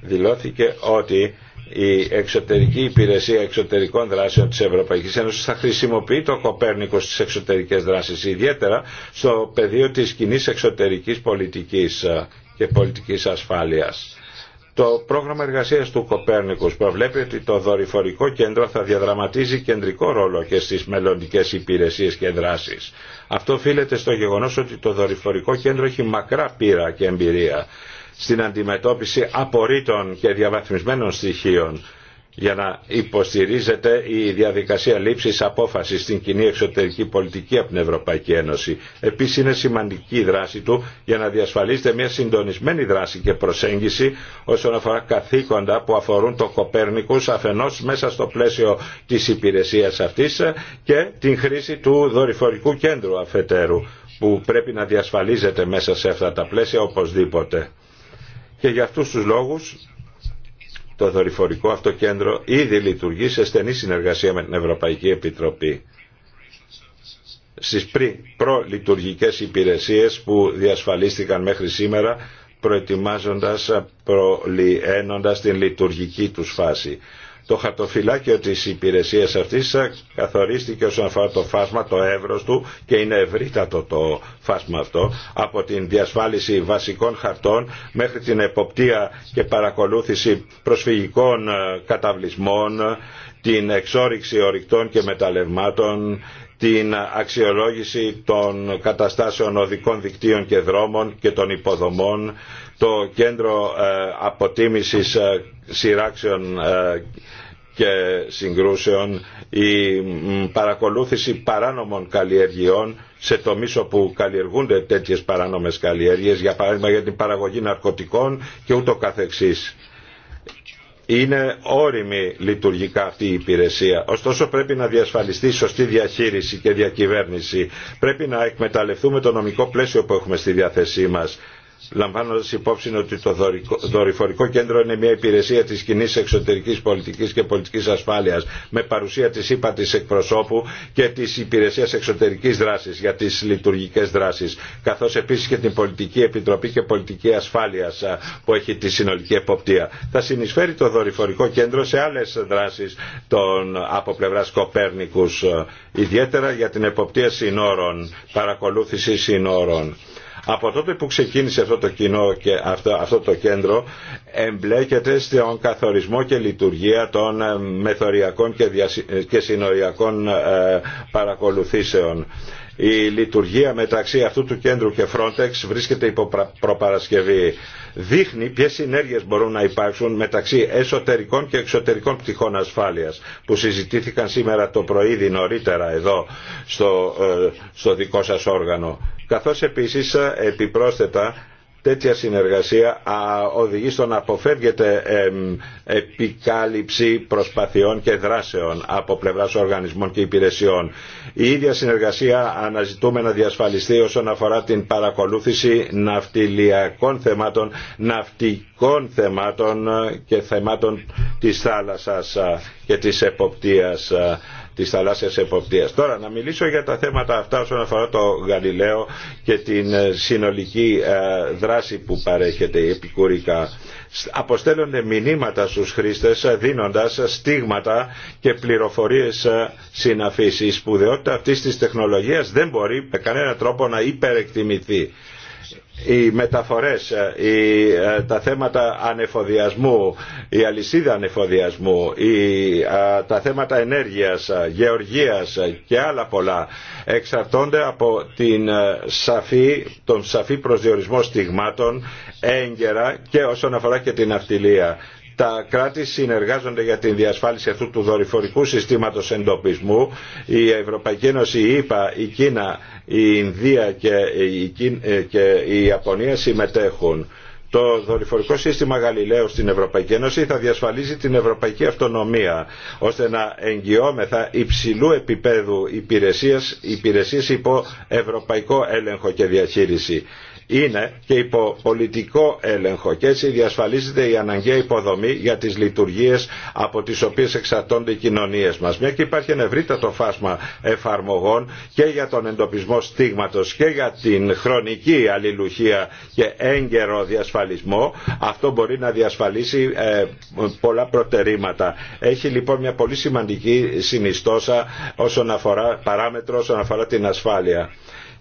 δηλώθηκε ότι η εξωτερική υπηρεσία εξωτερικών δράσεων της Ευρωπαϊκής Ένωσης θα χρησιμοποιεί το Κοπέρνικο στις εξωτερικές δράσεις, ιδιαίτερα στο πεδίο της κοινή εξωτερικής πολιτικής και πολιτικής ασφάλειας. Το πρόγραμμα εργασίας του Κοπέρνικους προβλέπει ότι το δορυφορικό κέντρο θα διαδραματίζει κεντρικό ρόλο και στις μελλοντικές υπηρεσίες και δράσεις. Αυτό οφείλεται στο γεγονός ότι το δορυφορικό κέντρο έχει μακρά πείρα και εμπειρία στην αντιμετώπιση απορρίτων και διαβαθμισμένων στοιχείων για να υποστηρίζεται η διαδικασία λήψης απόφασης στην κοινή εξωτερική πολιτική από την Ευρωπαϊκή Ένωση. Επίσης είναι σημαντική η δράση του για να διασφαλίσετε μια συντονισμένη δράση και προσέγγιση όσον αφορά καθήκοντα που αφορούν το Κοπέρνικους αφενός μέσα στο πλαίσιο της υπηρεσίας αυτής και την χρήση του δορυφορικού κέντρου αφετέρου που πρέπει να διασφαλίζεται μέσα σε αυτά τα πλαίσια οπωσδήποτε. Και για αυτούς τους λόγους το δορυφορικό αυτό κέντρο ήδη λειτουργεί σε στενή συνεργασία με την Ευρωπαϊκή Επιτροπή στις προλειτουργικές υπηρεσίες που διασφαλίστηκαν μέχρι σήμερα προετοιμάζοντας, προλιένοντας την λειτουργική τους φάση. Το χαρτοφυλάκιο της υπηρεσίας αυτής καθορίστηκε όσον αφορά το φάσμα, το εύρος του και είναι ευρύτατο το φάσμα αυτό από την διασφάλιση βασικών χαρτών μέχρι την εποπτεία και παρακολούθηση προσφυγικών ε, καταβλισμών την εξόριξη ορυκτών και μεταλλευμάτων, την αξιολόγηση των καταστάσεων οδικών δικτύων και δρόμων και των υποδομών, το κέντρο ε, αποτίμησης ε, σειράξεων και συγκρούσεων, η παρακολούθηση παράνομων καλλιεργειών σε τομείς όπου καλλιεργούνται τέτοιες παράνομες καλλιέργειες, για παράδειγμα για την παραγωγή ναρκωτικών και ούτω καθεξής. Είναι όριμη λειτουργικά αυτή η υπηρεσία. Ωστόσο πρέπει να διασφαλιστεί σωστή διαχείριση και διακυβέρνηση. Πρέπει να εκμεταλλευτούμε το νομικό πλαίσιο που έχουμε στη διάθεσή μας Λαμβάνοντα υπόψη ότι το δορυφορικό κέντρο είναι μια υπηρεσία τη κοινή εξωτερική πολιτική και πολιτική ασφάλεια, με παρουσία τη ΥΠΑ της εκπροσώπου και τη υπηρεσία εξωτερική δράση για τι λειτουργικέ δράσει, καθώ επίση και την πολιτική επιτροπή και πολιτική ασφάλεια που έχει τη συνολική εποπτεία. Θα συνεισφέρει το δορυφορικό κέντρο σε άλλε δράσει των, από πλευρά Κοπέρνικου, ιδιαίτερα για την εποπτεία συνόρων, παρακολούθηση συνόρων. Από τότε που ξεκίνησε αυτό το κοινό και αυτό, το κέντρο εμπλέκεται στον καθορισμό και λειτουργία των ε, μεθοριακών και, ε, και συνοριακών ε, παρακολουθήσεων. Η λειτουργία μεταξύ αυτού του κέντρου και Frontex βρίσκεται υπό προπαρασκευή. Δείχνει ποιες συνέργειες μπορούν να υπάρξουν μεταξύ εσωτερικών και εξωτερικών πτυχών ασφάλειας που συζητήθηκαν σήμερα το πρωί νωρίτερα εδώ στο, στο δικό σας όργανο καθώς επίσης επιπρόσθετα τέτοια συνεργασία οδηγεί στο να αποφεύγεται επικάλυψη προσπαθειών και δράσεων από πλευράς οργανισμών και υπηρεσιών. Η ίδια συνεργασία αναζητούμε να διασφαλιστεί όσον αφορά την παρακολούθηση ναυτιλιακών θεμάτων, ναυτικών θεμάτων ε, και θεμάτων της θάλασσας ε, και της εποπτείας. Ε. Τη θαλάσσια εποπτεία. Τώρα να μιλήσω για τα θέματα αυτά όσον αφορά το Γαλιλαίο και την ε, συνολική ε, δράση που παρέχεται επικουρικά. Αποστέλλονται μηνύματα στους χρήστε, ε, δίνοντας στίγματα και πληροφορίες συναφή. Η σπουδαιότητα αυτή της τεχνολογία δεν μπορεί με κανένα τρόπο να υπερεκτιμηθεί οι μεταφορές, ε, οι, ε, τα θέματα ανεφοδιασμού, η αλυσίδα ανεφοδιασμού, η, ε, τα θέματα ενέργειας, γεωργίας και άλλα πολλά εξαρτώνται από την σαφή, τον σαφή προσδιορισμό στιγμάτων έγκαιρα και όσον αφορά και την αυτιλία τα κράτη συνεργάζονται για την διασφάλιση αυτού του δορυφορικού συστήματος εντοπισμού. Η Ευρωπαϊκή Ένωση, η ΕΠΑ, η Κίνα, η Ινδία ε, και η Ιαπωνία συμμετέχουν. Το δορυφορικό σύστημα Γαλιλαίου στην Ευρωπαϊκή Ένωση θα διασφαλίζει την ευρωπαϊκή αυτονομία, ώστε να εγγυόμεθα υψηλού επίπεδου υπηρεσίες, υπηρεσίες υπό ευρωπαϊκό έλεγχο και διαχείριση είναι και υπό πολιτικό έλεγχο και έτσι διασφαλίζεται η αναγκαία υποδομή για τις λειτουργίες από τις οποίες εξαρτώνται οι κοινωνίες μας. Μια και υπάρχει ένα ευρύτατο φάσμα εφαρμογών και για τον εντοπισμό στίγματος και για την χρονική αλληλουχία και έγκαιρο διασφαλισμό, αυτό μπορεί να διασφαλίσει ε, πολλά προτερήματα. Έχει λοιπόν μια πολύ σημαντική συνιστόσα όσον αφορά, παράμετρο όσον αφορά την ασφάλεια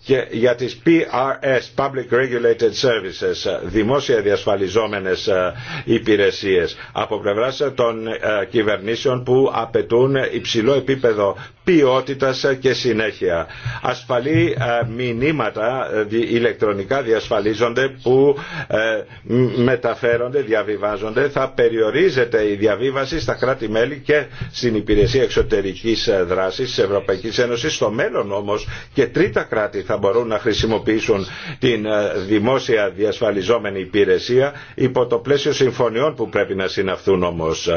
και για τις PRS, Public Regulated Services, ε, δημόσια διασφαλιζόμενες ε, υπηρεσίες από πλευράς ε, των κυβερνήσεων που απαιτούν υψηλό επίπεδο ποιότητας και συνέχεια. Ασφαλή μηνύματα ηλεκτρονικά διασφαλίζονται που μεταφέρονται, διαβιβάζονται. Θα περιορίζεται η διαβίβαση στα κράτη-μέλη και στην υπηρεσία εξωτερικής δράσης της Ευρωπαϊκής Ένωσης. Στο μέλλον όμως και τρίτα κράτη μπορούν να χρησιμοποιήσουν την ε, δημόσια διασφαλιζόμενη υπηρεσία υπό το πλαίσιο συμφωνιών που πρέπει να συναυθούν όμως.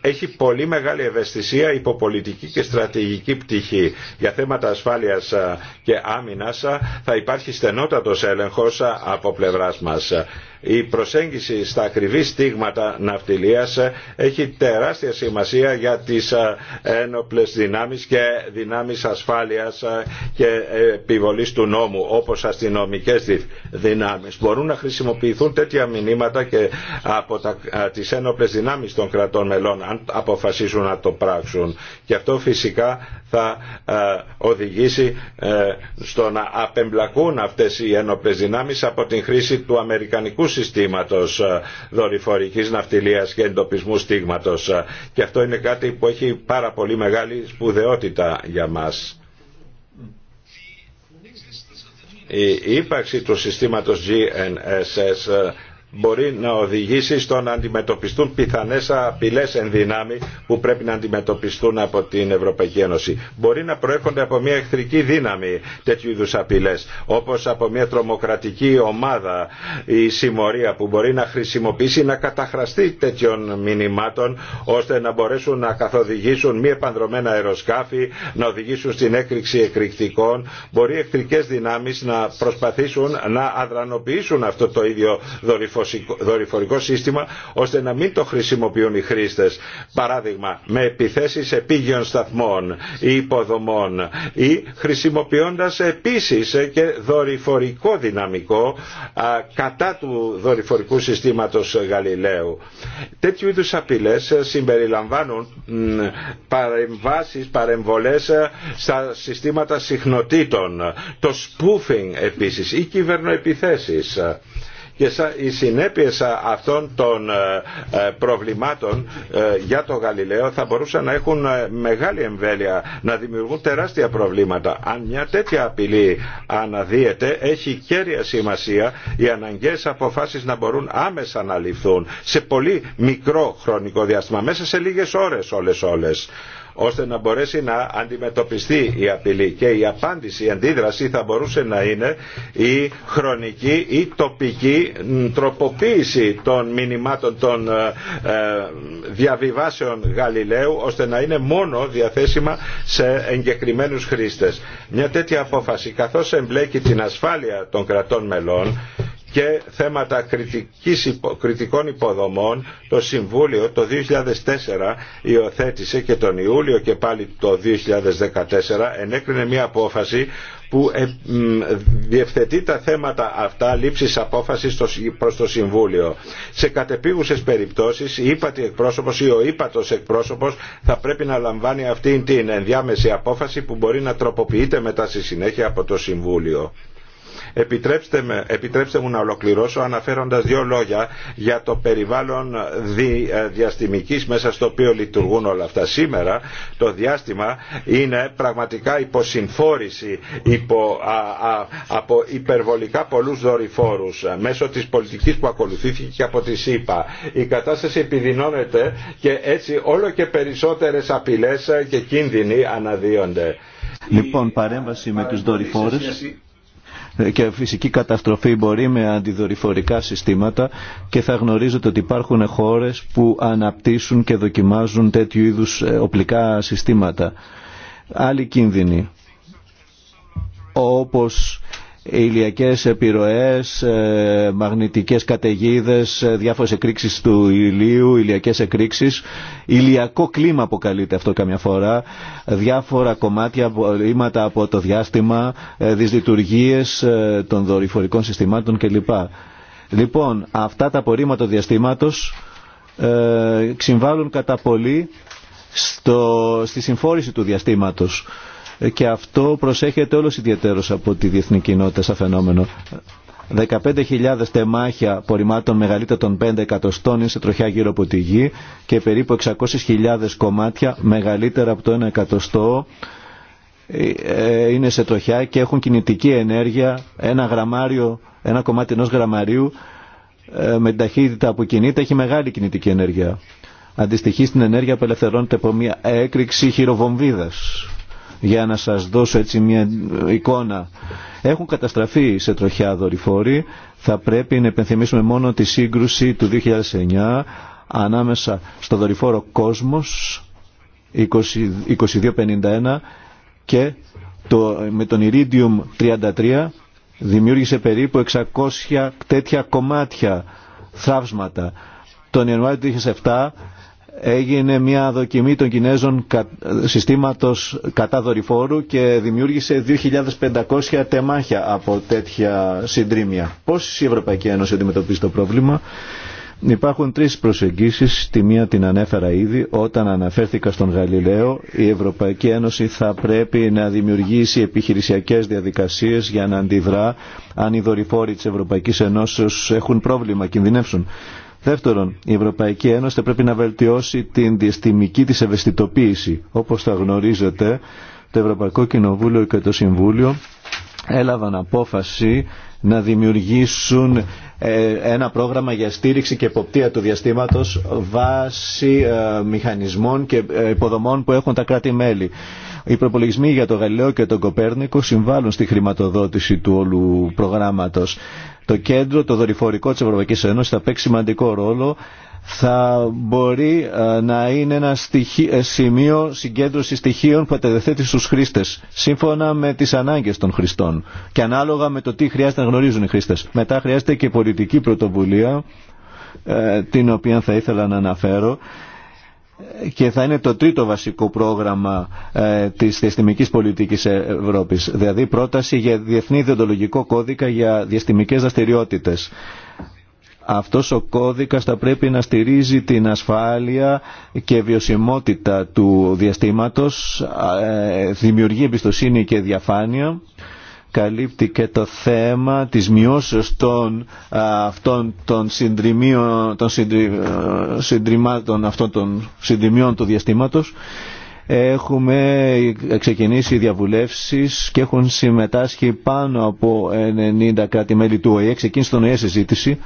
Έχει πολύ μεγάλη ευαισθησία υπό πολιτική και στρατηγική πτυχή. Για θέματα ασφάλειας ε, και άμυνας ε, θα υπάρχει στενότατος έλεγχος από πλευράς μας η προσέγγιση στα ακριβή στίγματα ναυτιλίας έχει τεράστια σημασία για τις ε, ένοπλες δυνάμεις και δυνάμεις ασφάλειας ε, και επιβολής του νόμου όπως αστυνομικές δυνάμεις. Μπορούν να χρησιμοποιηθούν τέτοια μηνύματα και από τα, ε, τις ένοπλες δυνάμεις των κρατών μελών αν αποφασίσουν να το πράξουν. Και αυτό φυσικά θα ε, οδηγήσει ε, στο να απεμπλακούν αυτές οι ένοπλες δυνάμεις από την χρήση του αμερικανικού συστήματος ε, δορυφορικής ναυτιλίας και εντοπισμού στίγματος. Και αυτό είναι κάτι που έχει πάρα πολύ μεγάλη σπουδαιότητα για μας. Η ύπαρξη του συστήματος GNSS μπορεί να οδηγήσει στο να αντιμετωπιστούν πιθανέ απειλέ εν δυνάμει που πρέπει να αντιμετωπιστούν από την Ευρωπαϊκή Ένωση. Μπορεί να προέρχονται από μια εχθρική δύναμη τέτοιου είδου απειλέ, όπω από μια τρομοκρατική ομάδα ή συμμορία που μπορεί να χρησιμοποιήσει να καταχραστεί τέτοιων μηνυμάτων ώστε να μπορέσουν να καθοδηγήσουν μη επανδρομένα αεροσκάφη, να οδηγήσουν στην έκρηξη εκρηκτικών. Μπορεί εχθρικέ δυνάμει να προσπαθήσουν να αδρανοποιήσουν αυτό το ίδιο δορυφό δορυφορικό σύστημα ώστε να μην το χρησιμοποιούν οι χρήστες. Παράδειγμα, με επιθέσεις επίγειων σταθμών ή υποδομών ή χρησιμοποιώντας επίσης και δορυφορικό δυναμικό κατά του δορυφορικού συστήματος Γαλιλαίου. Τέτοιου είδους απειλές συμπεριλαμβάνουν παρεμβάσεις, παρεμβολές στα συστήματα συχνοτήτων, το spoofing επίσης ή κυβερνοεπιθέσεις και οι συνέπειες αυτών των ε, ε, προβλημάτων ε, για το Γαλιλαίο θα μπορούσαν να έχουν μεγάλη εμβέλεια, να δημιουργούν τεράστια προβλήματα. Αν μια τέτοια απειλή αναδύεται, έχει κέρια σημασία οι αναγκαίες αποφάσεις να μπορούν άμεσα να ληφθούν σε πολύ μικρό χρονικό διάστημα, μέσα σε λίγες ώρες όλες όλες ώστε να μπορέσει να αντιμετωπιστεί η απειλή και η απάντηση, η αντίδραση θα μπορούσε να είναι η χρονική ή τοπική τροποποίηση των μηνυμάτων των ε, ε, διαβιβάσεων Γαλιλαίου ώστε να είναι μόνο διαθέσιμα σε εγκεκριμένους χρήστες. Μια τέτοια απόφαση καθώς εμπλέκει την ασφάλεια των κρατών μελών και θέματα κριτικών υποδομών το Συμβούλιο το 2004 υιοθέτησε και τον Ιούλιο και πάλι το 2014 ενέκρινε μια απόφαση που ε, διευθετεί τα θέματα αυτά λήψης απόφασης προς το Συμβούλιο. Σε κατεπίγουσες περιπτώσεις η ύπατη εκπρόσωπος ή ο ύπατος εκπρόσωπος θα πρέπει να λαμβάνει αυτή την ενδιάμεση απόφαση που μπορεί να τροποποιείται μετά στη συνέχεια από το Συμβούλιο. Επιτρέψτε, με, επιτρέψτε μου να ολοκληρώσω αναφέροντας δύο λόγια για το περιβάλλον δι, ε, διαστημικής μέσα στο οποίο λειτουργούν όλα αυτά. Σήμερα το διάστημα είναι πραγματικά υποσυμφόρηση υπό, από υπερβολικά πολλούς δορυφόρους ε, μέσω της πολιτικής που ακολουθήθηκε και από τη ΣΥΠΑ. Η κατάσταση επιδεινώνεται και έτσι όλο και περισσότερες απειλές ε, και κίνδυνοι αναδύονται. Λοιπόν, παρέμβαση με τους και φυσική καταστροφή μπορεί με αντιδορυφορικά συστήματα και θα γνωρίζετε ότι υπάρχουν χώρες που αναπτύσσουν και δοκιμάζουν τέτοιου είδους ε, οπλικά συστήματα. Άλλοι κίνδυνοι όπως ηλιακές επιρροές, ε, μαγνητικές καταιγίδε, ε, διάφορες εκρήξεις του ηλίου, ηλιακές εκρήξεις, ηλιακό κλίμα αποκαλείται αυτό καμιά φορά, διάφορα κομμάτια, ρήματα από το διάστημα, ε, δυσλειτουργίες των δορυφορικών συστημάτων κλπ. Λοιπόν, αυτά τα απορρίμματα του διαστήματος ε, συμβάλλουν κατά πολύ στο, στη συμφόρηση του διαστήματος και αυτό προσέχεται όλος ιδιαίτερος από τη διεθνή κοινότητα σαν φαινόμενο. 15.000 τεμάχια πορυμάτων μεγαλύτερα των 5 εκατοστών είναι σε τροχιά γύρω από τη γη και περίπου 600.000 κομμάτια μεγαλύτερα από το 1 εκατοστό ε, είναι σε τροχιά και έχουν κινητική ενέργεια ένα, γραμμάριο, ένα κομμάτι ενός γραμμαρίου ε, με την ταχύτητα που κινείται έχει μεγάλη κινητική ενέργεια. Αντιστοιχεί στην ενέργεια που ελευθερώνεται από μια έκρηξη χειροβομβίδας για να σας δώσω έτσι μια εικόνα. Έχουν καταστραφεί σε τροχιά δορυφόροι. Θα πρέπει να επενθυμίσουμε μόνο τη σύγκρουση του 2009 ανάμεσα στο δορυφόρο Κόσμος 2251 και το, με τον Iridium 33 δημιούργησε περίπου 600 τέτοια κομμάτια θραύσματα. Τον Ιανουάριο του 2007 έγινε μια δοκιμή των Κινέζων συστήματος κατά δορυφόρου και δημιούργησε 2.500 τεμάχια από τέτοια συντρίμια. Πώς η Ευρωπαϊκή Ένωση αντιμετωπίζει το πρόβλημα. Υπάρχουν τρεις προσεγγίσεις, τη μία την ανέφερα ήδη, όταν αναφέρθηκα στον Γαλιλαίο, η Ευρωπαϊκή Ένωση θα πρέπει να δημιουργήσει επιχειρησιακές διαδικασίες για να αντιδρά αν οι δορυφόροι της Ευρωπαϊκής Ένωσης έχουν πρόβλημα, κινδυνεύσουν. Δεύτερον, η Ευρωπαϊκή Ένωση πρέπει να βελτιώσει την διαστημική της ευαισθητοποίηση. Όπως θα γνωρίζετε, το Ευρωπαϊκό Κοινοβούλιο και το Συμβούλιο έλαβαν απόφαση να δημιουργήσουν ε, ένα πρόγραμμα για στήριξη και εποπτεία του διαστήματος βάσει ε, μηχανισμών και ε, υποδομών που έχουν τα κράτη-μέλη. Οι προπολογισμοί για το Γαλλιό και τον Κοπέρνικο συμβάλλουν στη χρηματοδότηση του όλου προγράμματος. Το κέντρο, το δορυφορικό της Ευρωπαϊκής Ένωσης θα παίξει σημαντικό ρόλο θα μπορεί ε, να είναι ένα ε, σημείο συγκέντρωση στοιχείων που ατεδεθέτει στους χρήστες σύμφωνα με τις ανάγκες των χρηστών και ανάλογα με το τι χρειάζεται να γνωρίζουν οι χρήστες. Μετά χρειάζεται και πολιτική πρωτοβουλία ε, την οποία θα ήθελα να αναφέρω και θα είναι το τρίτο βασικό πρόγραμμα ε, της διαστημικής πολιτικής Ευρώπης. Δηλαδή πρόταση για διεθνή διοντολογικό κώδικα για διαστημικές δραστηριότητε. Αυτός ο κώδικας θα πρέπει να στηρίζει την ασφάλεια και βιωσιμότητα του διαστήματος, ε, δημιουργεί εμπιστοσύνη και διαφάνεια καλύπτει και το θέμα της μειώσεως των, αυτών των, συντριμίων, των αυτών των συντριμιών του διαστήματος. Έχουμε ξεκινήσει διαβουλεύσεις και έχουν συμμετάσχει πάνω από 90 κράτη-μέλη του ΟΗΕ. Ξεκίνησε τον ΟΗΕ συζήτηση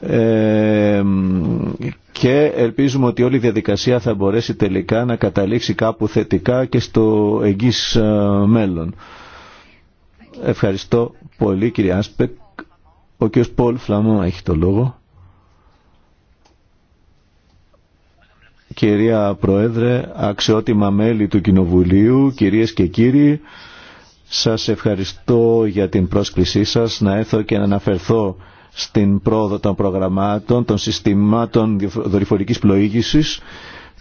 ε, και ελπίζουμε ότι όλη η διαδικασία θα μπορέσει τελικά να καταλήξει κάπου θετικά και στο εγγύς ε, μέλλον. Ευχαριστώ πολύ κύριε Άσπεκ. Ο κύριος Πολ Φλαμό έχει το λόγο. Κυρία Προέδρε, αξιότιμα μέλη του Κοινοβουλίου, κυρίες και κύριοι, σας ευχαριστώ για την πρόσκλησή σας να έρθω και να αναφερθώ στην πρόοδο των προγραμμάτων, των συστημάτων δορυφορικής πλοήγησης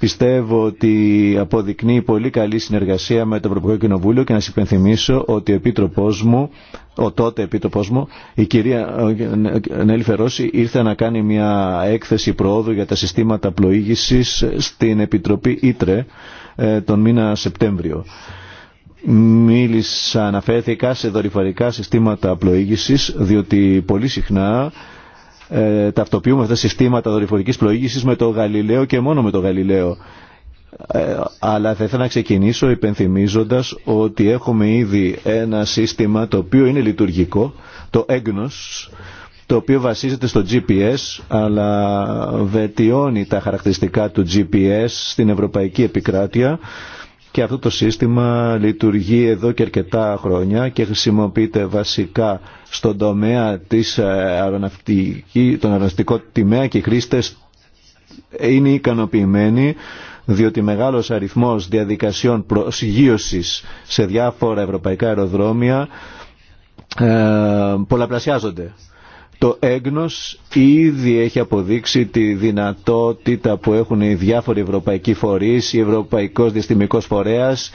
Πιστεύω ότι αποδεικνύει πολύ καλή συνεργασία με το Ευρωπαϊκό Κοινοβούλιο και να σα υπενθυμίσω ότι ο επίτροπός μου, ο τότε επίτροπός μου, η κυρία Νέλη Φερόση ήρθε να κάνει μια έκθεση προόδου για τα συστήματα πλοήγησης στην Επιτροπή Ήτρε ε, τον μήνα Σεπτέμβριο. Μίλησα, αναφέρθηκα σε δορυφορικά συστήματα πλοήγησης, διότι πολύ συχνά τα ε, ταυτοποιούμε αυτά τα συστήματα δορυφορικής πλοήγησης με το Γαλιλαίο και μόνο με το Γαλιλαίο. Ε, αλλά θα ήθελα να ξεκινήσω υπενθυμίζοντας ότι έχουμε ήδη ένα σύστημα το οποίο είναι λειτουργικό, το EGNOS, το οποίο βασίζεται στο GPS αλλά βετιώνει τα χαρακτηριστικά του GPS στην ευρωπαϊκή επικράτεια και αυτό το σύστημα λειτουργεί εδώ και αρκετά χρόνια και χρησιμοποιείται βασικά στον τομέα της ε, αεροναυτικής, τον αεροναυτικό τομέα και οι χρήστες είναι ικανοποιημένοι διότι μεγάλος αριθμός διαδικασιών προσγείωσης σε διάφορα ευρωπαϊκά αεροδρόμια ε, πολλαπλασιάζονται το έγνος ήδη έχει αποδείξει τη δυνατότητα που έχουν οι διάφοροι ευρωπαϊκοί φορείς, η Ευρωπαϊκός Διαστημικός Φορέας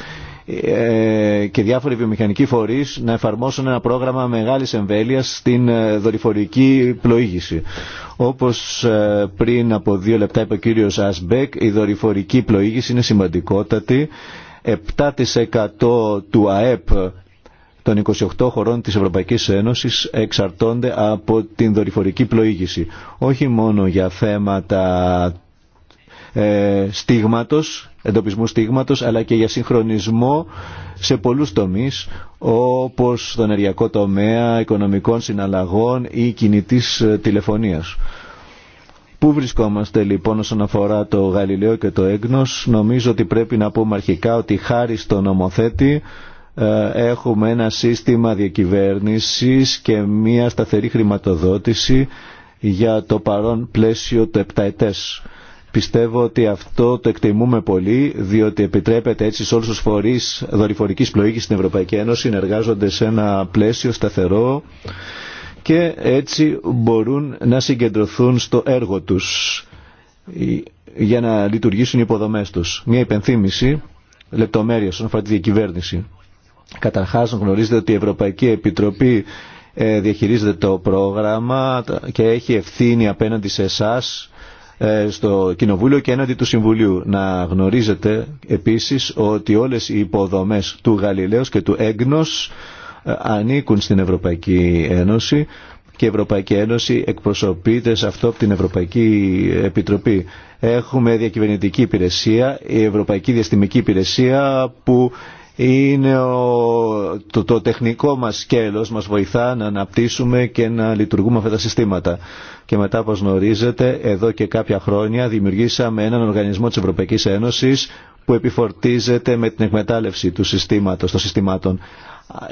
ε, και διάφοροι βιομηχανικοί φορείς να εφαρμόσουν ένα πρόγραμμα μεγάλης εμβέλειας στην ε, δορυφορική πλοήγηση. Όπως ε, πριν από δύο λεπτά είπε ο κύριος Ασμπέκ, η δορυφορική πλοήγηση είναι σημαντικότατη. 7% του ΑΕΠ των 28 χωρών της Ευρωπαϊκής Ένωσης εξαρτώνται από την δορυφορική πλοήγηση. Όχι μόνο για θέματα ε, στίγματος, εντοπισμού στίγματος, αλλά και για συγχρονισμό σε πολλούς τομείς, όπως το ενεργειακό τομέα, οικονομικών συναλλαγών ή κινητής ε, τηλεφωνίας. Πού βρισκόμαστε λοιπόν όσον αφορά το Γαλιλαίο και το Έγνος. Νομίζω ότι πρέπει να πούμε αρχικά ότι χάρη στο νομοθέτη ε, έχουμε ένα σύστημα διακυβέρνησης και μια σταθερή χρηματοδότηση για το παρόν πλαίσιο το επταετές. Πιστεύω ότι αυτό το εκτιμούμε πολύ, διότι επιτρέπεται έτσι σε όλους τους φορείς δορυφορικής πλοήγης στην Ευρωπαϊκή Ένωση συνεργάζονται σε ένα πλαίσιο σταθερό και έτσι μπορούν να συγκεντρωθούν στο έργο τους για να λειτουργήσουν οι υποδομές τους. Μια υπενθύμηση λεπτομέρειας όσον αφορά τη διακυβέρνηση. Καταρχάς γνωρίζετε ότι η Ευρωπαϊκή Επιτροπή ε, διαχειρίζεται το πρόγραμμα και έχει ευθύνη απέναντι σε εσά ε, στο Κοινοβούλιο και έναντι του Συμβουλίου. Να γνωρίζετε επίσης ότι όλες οι υποδομές του Γαλιλαίος και του Έγνος ε, ανήκουν στην Ευρωπαϊκή Ένωση και η Ευρωπαϊκή Ένωση εκπροσωπείται σε αυτό από την Ευρωπαϊκή Επιτροπή. Έχουμε διακυβερνητική υπηρεσία, η Ευρωπαϊκή Διαστημική Υπηρεσία που είναι το, το τεχνικό μας σκέλος, μας βοηθά να αναπτύσσουμε και να λειτουργούμε αυτά τα συστήματα. Και μετά, όπως γνωρίζετε, εδώ και κάποια χρόνια δημιουργήσαμε έναν οργανισμό της Ευρωπαϊκής Ένωσης που επιφορτίζεται με την εκμετάλλευση του συστήματος, των συστημάτων.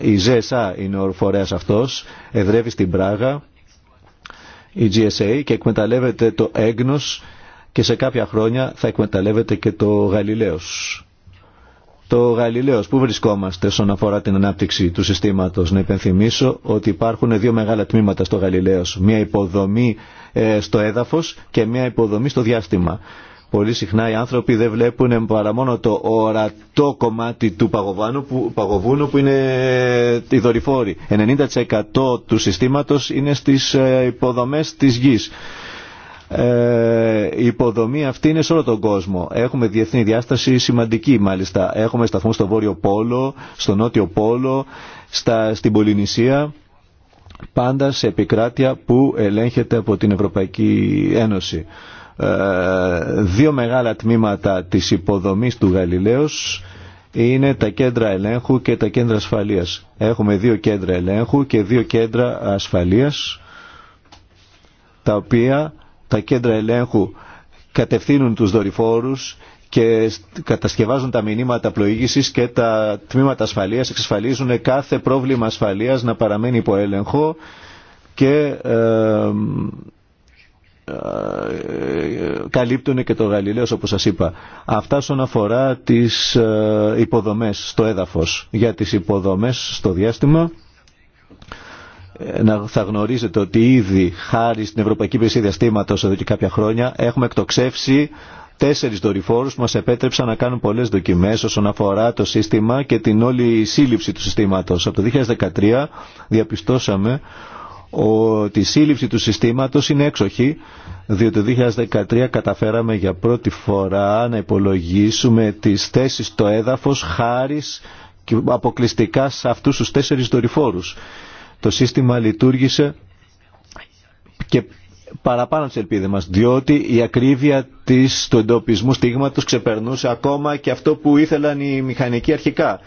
Η ΖΕΣΑ είναι ο φορέας αυτός, εδρεύει στην Πράγα, η GSA και εκμεταλλεύεται το έγνος και σε κάποια χρόνια θα εκμεταλλεύεται και το Γαλιλαίος. Το Γαλιλαίος. Πού βρισκόμαστε όσον αφορά την ανάπτυξη του συστήματος. Να υπενθυμίσω ότι υπάρχουν δύο μεγάλα τμήματα στο Γαλιλαίος. Μία υποδομή ε, στο έδαφος και μία υποδομή στο διάστημα. Πολύ συχνά οι άνθρωποι δεν βλέπουν παρά μόνο το ορατό κομμάτι του παγωβάνου που, παγωβούνου που είναι ε, οι ανθρωποι δεν βλεπουν παρα μονο το ορατο κομματι του που παγωβουνου που ειναι οι δορυφοροι 90% του συστήματος είναι στις ε, υποδομές της γης. Ε, η υποδομή αυτή είναι σε όλο τον κόσμο. Έχουμε διεθνή διάσταση σημαντική μάλιστα. Έχουμε σταθμού στο Βόρειο Πόλο, στο Νότιο Πόλο, στα, στην Πολυνησία, πάντα σε επικράτεια που ελέγχεται από την Ευρωπαϊκή Ένωση. Ε, δύο μεγάλα τμήματα της υποδομής του Γαλιλαίος είναι τα κέντρα ελέγχου και τα κέντρα ασφαλείας. Έχουμε δύο κέντρα ελέγχου και δύο κέντρα ασφαλείας τα οποία τα κέντρα ελέγχου κατευθύνουν τους δορυφόρους και κατασκευάζουν τα μηνύματα πλοήγησης και τα τμήματα ασφαλείας εξασφαλίζουν κάθε πρόβλημα ασφαλείας να παραμένει υπό έλεγχο και ε, ε καλύπτουν και το Γαλιλαίος όπως σας είπα. Αυτά όσον αφορά τις ε, υποδομές στο έδαφος. Για τις υποδομές στο διάστημα ε, θα γνωρίζετε ότι ήδη χάρη στην Ευρωπαϊκή Υπηρεσία Διαστήματος εδώ και κάποια χρόνια έχουμε εκτοξεύσει τέσσερις δορυφόρους που μας επέτρεψαν να κάνουν πολλές δοκιμές όσον αφορά το σύστημα και την όλη σύλληψη του συστήματος. Από το 2013 διαπιστώσαμε ότι η σύλληψη του συστήματος είναι έξοχη διότι το 2013 καταφέραμε για πρώτη φορά να υπολογίσουμε τις θέσεις στο έδαφος χάρη αποκλειστικά σε αυτούς τους τέσσερις δορυφόρους. Το σύστημα λειτουργήσε και παραπάνω τις ελπίδες μας, διότι η ακρίβεια της, του εντοπισμού στίγματος ξεπερνούσε ακόμα και αυτό που ήθελαν οι μηχανικοί αρχικά.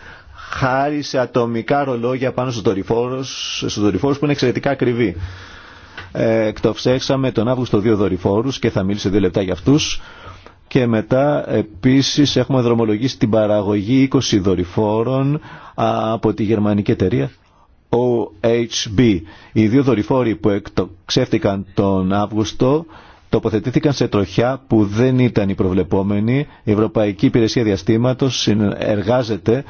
Χάρη σε ατομικά ρολόγια πάνω στους δορυφόρους, στους δορυφόρους που είναι εξαιρετικά ακριβοί. Ε, εκτοψέξαμε τον Αύγουστο δύο δορυφόρους και θα μίλησε δύο λεπτά για αυτούς. Και μετά επίσης έχουμε δρομολογήσει την παραγωγή 20 δορυφόρων από τη γερμανική εταιρεία OHB. Οι δύο δορυφόροι που εκτοξεύτηκαν τον Αύγουστο τοποθετήθηκαν σε τροχιά που δεν ήταν η προβλεπόμενη. Η Ευρωπαϊκή Υπηρεσία Διαστήματος εργάζεται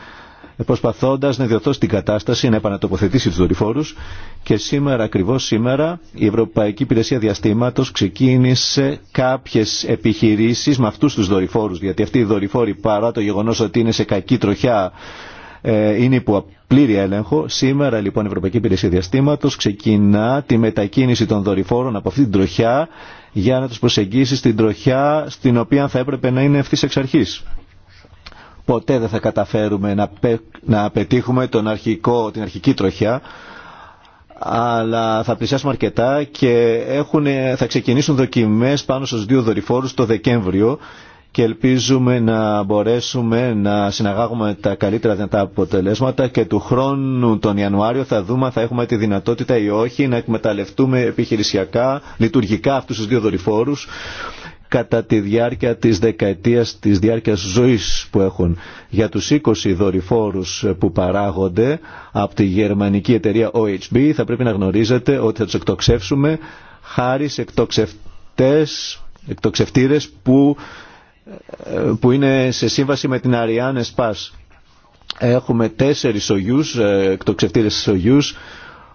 προσπαθώντας να διορθώσει την κατάσταση, να επανατοποθετήσει τους δορυφόρους και σήμερα, ακριβώς σήμερα, η Ευρωπαϊκή Υπηρεσία Διαστήματος ξεκίνησε κάποιες επιχειρήσεις με αυτούς τους δορυφόρους, γιατί αυτοί οι δορυφόροι παρά το γεγονός ότι είναι σε κακή τροχιά ε, είναι υπό πλήρη έλεγχο. Σήμερα λοιπόν η Ευρωπαϊκή Υπηρεσία Διαστήματος ξεκινά τη μετακίνηση των δορυφόρων από αυτή την τροχιά για να τους προσεγγίσει στην τροχιά στην οποία θα έπρεπε να είναι ευθύς εξ αρχής. Ποτέ δεν θα καταφέρουμε να, να πετύχουμε τον αρχικό, την αρχική τροχιά αλλά θα πλησιάσουμε αρκετά και έχουν, θα ξεκινήσουν δοκιμές πάνω στους δύο δορυφόρους το Δεκέμβριο και ελπίζουμε να μπορέσουμε να συναγάγουμε τα καλύτερα δυνατά αποτελέσματα και του χρόνου τον Ιανουάριο θα δούμε αν θα έχουμε τη δυνατότητα ή όχι να εκμεταλλευτούμε επιχειρησιακά, λειτουργικά αυτούς τους δύο δορυφόρους κατά τη διάρκεια της δεκαετίας της διάρκειας ζωής που έχουν. Για τους 20 δορυφόρους που παράγονται από τη γερμανική εταιρεία OHB θα πρέπει να γνωρίζετε ότι θα τους εκτοξεύσουμε χάρη σε εκτοξευτές εκτοξευτήρες που που είναι σε σύμβαση με την Ariane Σπάς. Έχουμε τέσσερις σογιούς, ε, εκτοξευτήρες σογιούς.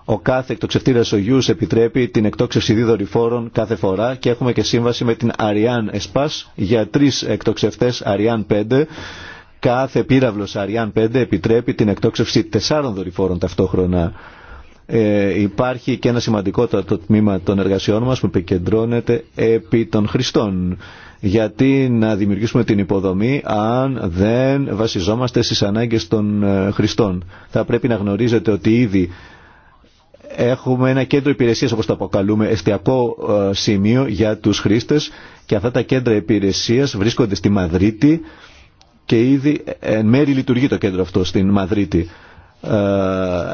Ο κάθε εκτοξευτήρας σογιούς επιτρέπει την εκτόξευση δύο δορυφόρων κάθε φορά και έχουμε και σύμβαση με την Ariane Εσπάς για τρεις εκτοξευτές Ariane 5. Κάθε πύραυλος Αριάν 5 επιτρέπει την εκτόξευση τεσσάρων δορυφόρων ταυτόχρονα. Ε, υπάρχει και ένα σημαντικότατο τμήμα των εργασιών μας που επικεντρώνεται επί των χρηστών γιατί να δημιουργήσουμε την υποδομή αν δεν βασιζόμαστε στις ανάγκες των ε, χρηστών. Θα πρέπει να γνωρίζετε ότι ήδη έχουμε ένα κέντρο υπηρεσίας όπως το αποκαλούμε, εστιακό ε, σημείο για τους χρήστες και αυτά τα κέντρα υπηρεσίας βρίσκονται στη Μαδρίτη και ήδη ε, εν μέρη λειτουργεί το κέντρο αυτό στην Μαδρίτη.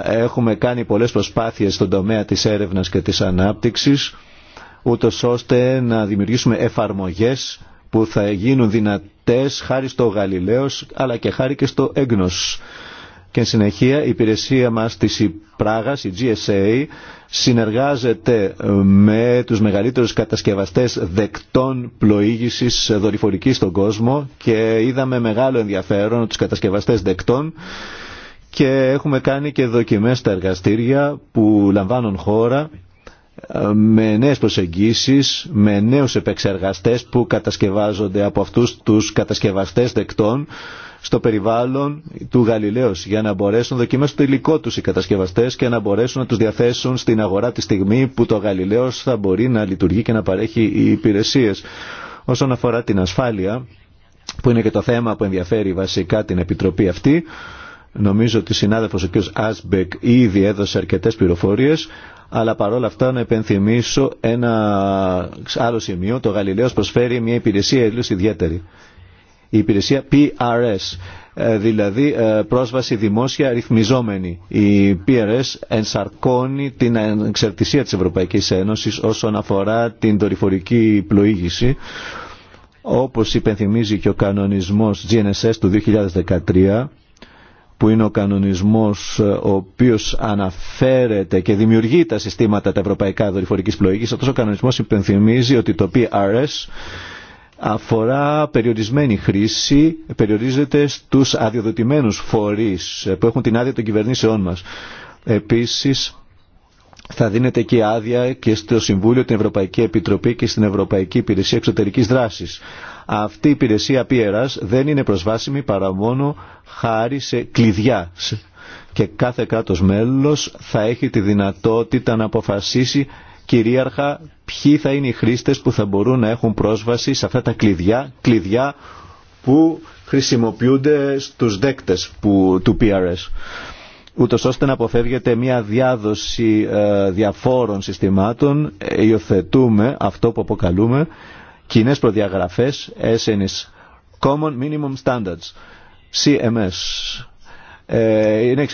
Έχουμε κάνει πολλές προσπάθειες στον τομέα της έρευνας και της ανάπτυξης ούτως ώστε να δημιουργήσουμε εφαρμογές που θα γίνουν δυνατές χάρη στο Γαλιλαίος αλλά και χάρη και στο έγνος. Και εν συνεχεία η υπηρεσία μας της Πράγας, η GSA, συνεργάζεται με τους μεγαλύτερους κατασκευαστές δεκτών πλοήγησης δορυφορικής στον κόσμο και είδαμε μεγάλο ενδιαφέρον τους κατασκευαστές δεκτών και έχουμε κάνει και δοκιμές στα εργαστήρια που λαμβάνουν χώρα ε, με νέες προσεγγίσεις, με νέους επεξεργαστές που κατασκευάζονται από αυτούς τους κατασκευαστές δεκτών στο περιβάλλον του Γαλιλαίος για να μπορέσουν να δοκιμάσουν το υλικό τους οι κατασκευαστές και να μπορέσουν να τους διαθέσουν στην αγορά τη στιγμή που το Γαλιλαίος θα μπορεί να λειτουργεί και να παρέχει οι υπηρεσίες. Όσον αφορά την ασφάλεια, που είναι και το θέμα που ενδιαφέρει βασικά την Επιτροπή αυτή, Νομίζω ότι η συνάδελφος ο κ. Άσμπεκ ήδη έδωσε αρκετές πληροφορίες αλλά παρόλα αυτά να επενθυμίσω ένα άλλο σημείο. Το Γαλιλαίος προσφέρει μια υπηρεσία εντελώς ιδιαίτερη. Η υπηρεσία PRS, ε, δηλαδή ε, πρόσβαση δημόσια ρυθμιζόμενη. Η PRS ενσαρκώνει την εξαρτησία της Ευρωπαϊκής Ένωσης όσον αφορά την δορυφορική πλοήγηση, όπως υπενθυμίζει και ο κανονισμός GNSS του 2013, που είναι ο κανονισμός ε, ο οποίος αναφέρεται και δημιουργεί τα συστήματα τα ευρωπαϊκά δορυφορικής πλοήγης, αυτός ο κανονισμός υπενθυμίζει ότι το PRS αφορά περιορισμένη χρήση, περιορίζεται στους αδειοδοτημένους φορείς ε, που έχουν την άδεια των κυβερνήσεών μας. Επίσης, θα δίνεται και άδεια και στο Συμβούλιο, την Ευρωπαϊκή Επιτροπή και στην Ευρωπαϊκή Υπηρεσία Εξωτερικής Δράσης αυτή η υπηρεσία πιεράς δεν είναι προσβάσιμη παρά μόνο χάρη σε κλειδιά και κάθε κράτος μέλος θα έχει τη δυνατότητα να αποφασίσει κυρίαρχα ποιοι θα είναι οι χρήστες που θα μπορούν να έχουν πρόσβαση σε αυτά τα κλειδιά, κλειδιά που χρησιμοποιούνται στους δέκτες του PRS ούτως ώστε να αποφεύγεται μια διάδοση ε, διαφόρων συστημάτων, ε, υιοθετούμε αυτό που αποκαλούμε κοινέ προδιαγραφές SNS, Common Minimum Standards, CMS. Ε, είναι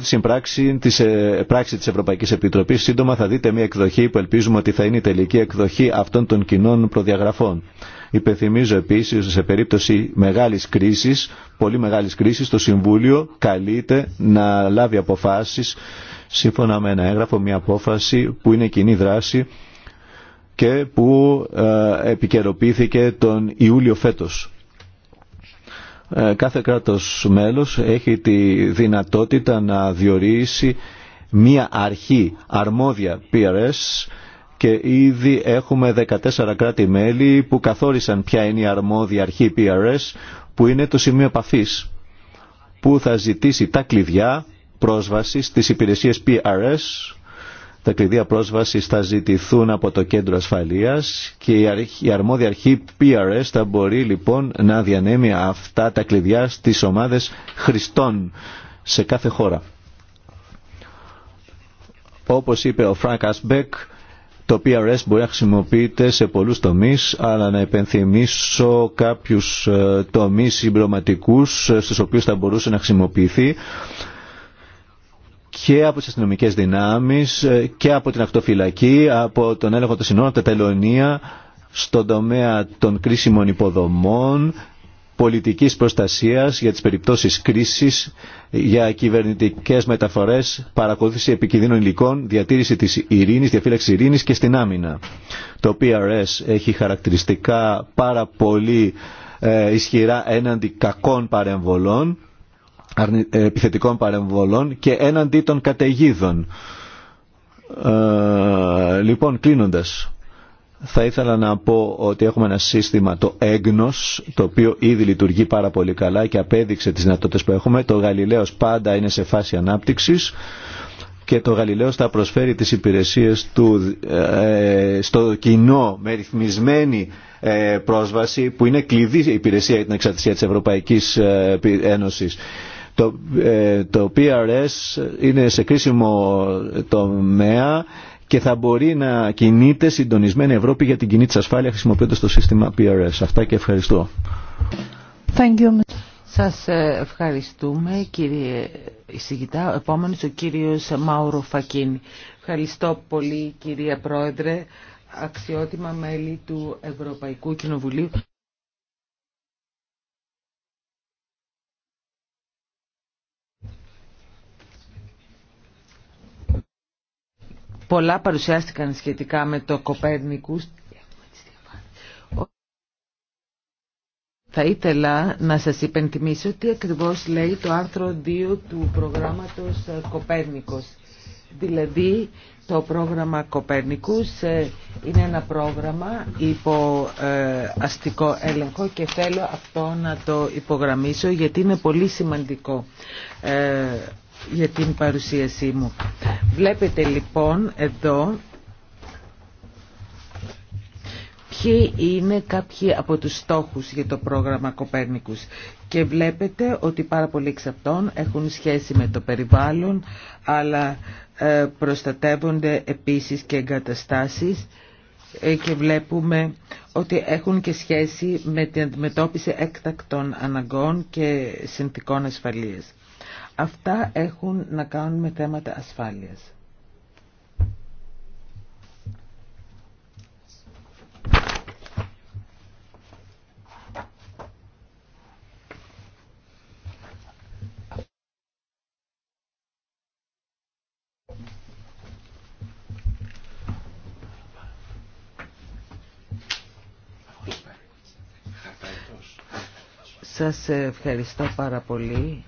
στην πράξη της, ε, πράξη της Ευρωπαϊκής Επιτροπής. Σύντομα θα δείτε μια εκδοχή που ελπίζουμε ότι θα είναι η τελική εκδοχή αυτών των κοινών προδιαγραφών. Υπενθυμίζω επίσης ότι σε περίπτωση μεγάλης κρίσης, πολύ μεγάλης κρίσης, το Συμβούλιο καλείται να λάβει αποφάσεις σύμφωνα με ένα έγγραφο, μια απόφαση που είναι κοινή δράση και που ε, επικαιροποιήθηκε τον Ιούλιο φέτος. Ε, κάθε κράτος μέλος έχει τη δυνατότητα να διορίσει μία αρχή αρμόδια PRS και ήδη έχουμε 14 κράτη-μέλη που καθόρισαν ποια είναι η αρμόδια αρχή PRS που είναι το σημείο επαφής που θα ζητήσει τα κλειδιά πρόσβαση στις υπηρεσίες PRS τα κλειδία πρόσβασης θα ζητηθούν από το κέντρο ασφαλείας και η αρμόδια αρχή PRS θα μπορεί λοιπόν να διανέμει αυτά τα κλειδιά στις ομάδες χρηστών σε κάθε χώρα. Όπως είπε ο Φρανκ Ασμπεκ, το PRS μπορεί να χρησιμοποιείται σε πολλούς τομείς, αλλά να επενθυμίσω κάποιους ε, τομείς συμπληρωματικού ε, στους οποίους θα μπορούσε να χρησιμοποιηθεί και από τι αστυνομικέ δυνάμεις ε, και από την ακτοφυλακή, από τον έλεγχο των συνόρων, από τα τελωνία, στον τομέα των κρίσιμων υποδομών, πολιτικής προστασίας για τις περιπτώσεις κρίσης, για κυβερνητικέ μεταφορές, παρακολούθηση επικίνδυνων υλικών, διατήρηση της Ειρήνη, διαφύλαξη Ειρηνή και στην άμυνα. Το PRS έχει χαρακτηριστικά πάρα πολύ ε, ισχυρά έναντι κακών παρεμβολών ε, επιθετικών παρεμβολών και έναντι των καταιγίδων. Ε, λοιπόν, κλείνοντας, θα ήθελα να πω ότι έχουμε ένα σύστημα, το έγνος, το οποίο ήδη λειτουργεί πάρα πολύ καλά και απέδειξε τις δυνατότητες που έχουμε. Το Γαλιλαίος πάντα είναι σε φάση ανάπτυξης και το Γαλιλαίος θα προσφέρει τις υπηρεσίες του ε, στο κοινό με ρυθμισμένη πρόσβαση που είναι κλειδί υπηρεσία για την εξαρτησία της Ευρωπαϊκής Ένωσης. Το, ε, το PRS είναι σε κρίσιμο τομέα και θα μπορεί να κινείται συντονισμένη Ευρώπη για την κοινή της ασφάλεια χρησιμοποιώντας το σύστημα PRS. Αυτά και ευχαριστώ. Thank you. Σας ε, ευχαριστούμε κύριε Ισηγητά. Ο επόμενος ο κύριος Μάουρο Φακίνη. Ευχαριστώ πολύ κυρία Πρόεδρε, αξιότιμα μέλη του Ευρωπαϊκού Κοινοβουλίου. Πολλά παρουσιάστηκαν σχετικά με το Κοπέρνικους. Θα ήθελα να σας υπενθυμίσω τι ακριβώς λέει το άρθρο 2 του προγράμματος ε, Κοπέρνικος. Δηλαδή το πρόγραμμα Κοπέρνικους ε, είναι ένα πρόγραμμα υπό ε, αστικό έλεγχο και θέλω αυτό να το υπογραμμίσω γιατί είναι πολύ σημαντικό για την παρουσίασή μου. Βλέπετε λοιπόν εδώ ποιοι είναι κάποιοι από τους στόχους για το πρόγραμμα Κοπέρνικους. Και βλέπετε ότι πάρα πολλοί εξ αυτών έχουν σχέση με το περιβάλλον, αλλά ε, προστατεύονται επίσης και εγκαταστάσεις ε, και βλέπουμε ότι έχουν και σχέση με την αντιμετώπιση έκτακτων αναγκών και συνθηκών ασφαλείας. Αυτά έχουν να κάνουν με θέματα ασφάλειας. Σας ευχαριστώ πάρα πολύ.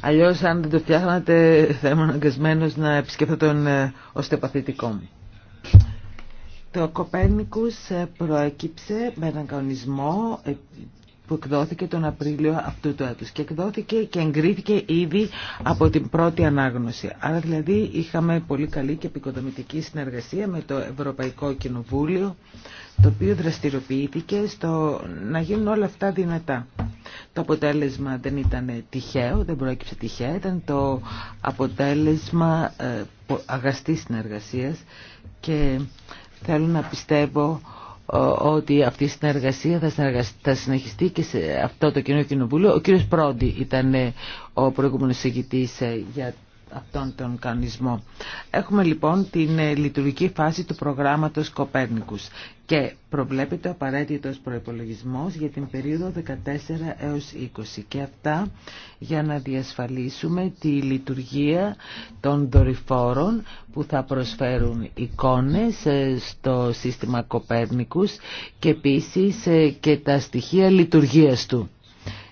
Αλλιώς αν δεν το φτιάχνατε θα ήμουν αγκασμένος να επισκεφθώ τον ε, οστεοπαθητικό μου. Το Κοπέρνικους ε, προέκυψε με έναν κανονισμό ε, που εκδόθηκε τον Απρίλιο αυτού του έτους και εκδόθηκε και εγκρίθηκε ήδη από την πρώτη ανάγνωση. Άρα δηλαδή είχαμε πολύ καλή και επικοδομητική συνεργασία με το Ευρωπαϊκό Κοινοβούλιο το οποίο δραστηριοποιήθηκε στο να γίνουν όλα αυτά δυνατά. Το αποτέλεσμα δεν ήταν τυχαίο, δεν πρόκειψε τυχαία, ήταν το αποτέλεσμα ε, αγαστής συνεργασίας και θέλω να πιστεύω ότι αυτή η συνεργασία θα, θα συνεχιστεί και σε αυτό το κοινό κοινοβούλιο. Ο κύριος Πρόντι ήταν ε, ο προηγούμενος συγκητής ε, για αυτόν τον κανονισμό. Έχουμε λοιπόν την ε, λειτουργική φάση του προγράμματος Κοπέρνικους και προβλέπεται ο απαραίτητος προϋπολογισμός για την περίοδο 14 έως 20 και αυτά για να διασφαλίσουμε τη λειτουργία των δορυφόρων που θα προσφέρουν εικόνες ε, στο σύστημα Κοπέρνικους και επίσης ε, και τα στοιχεία λειτουργίας του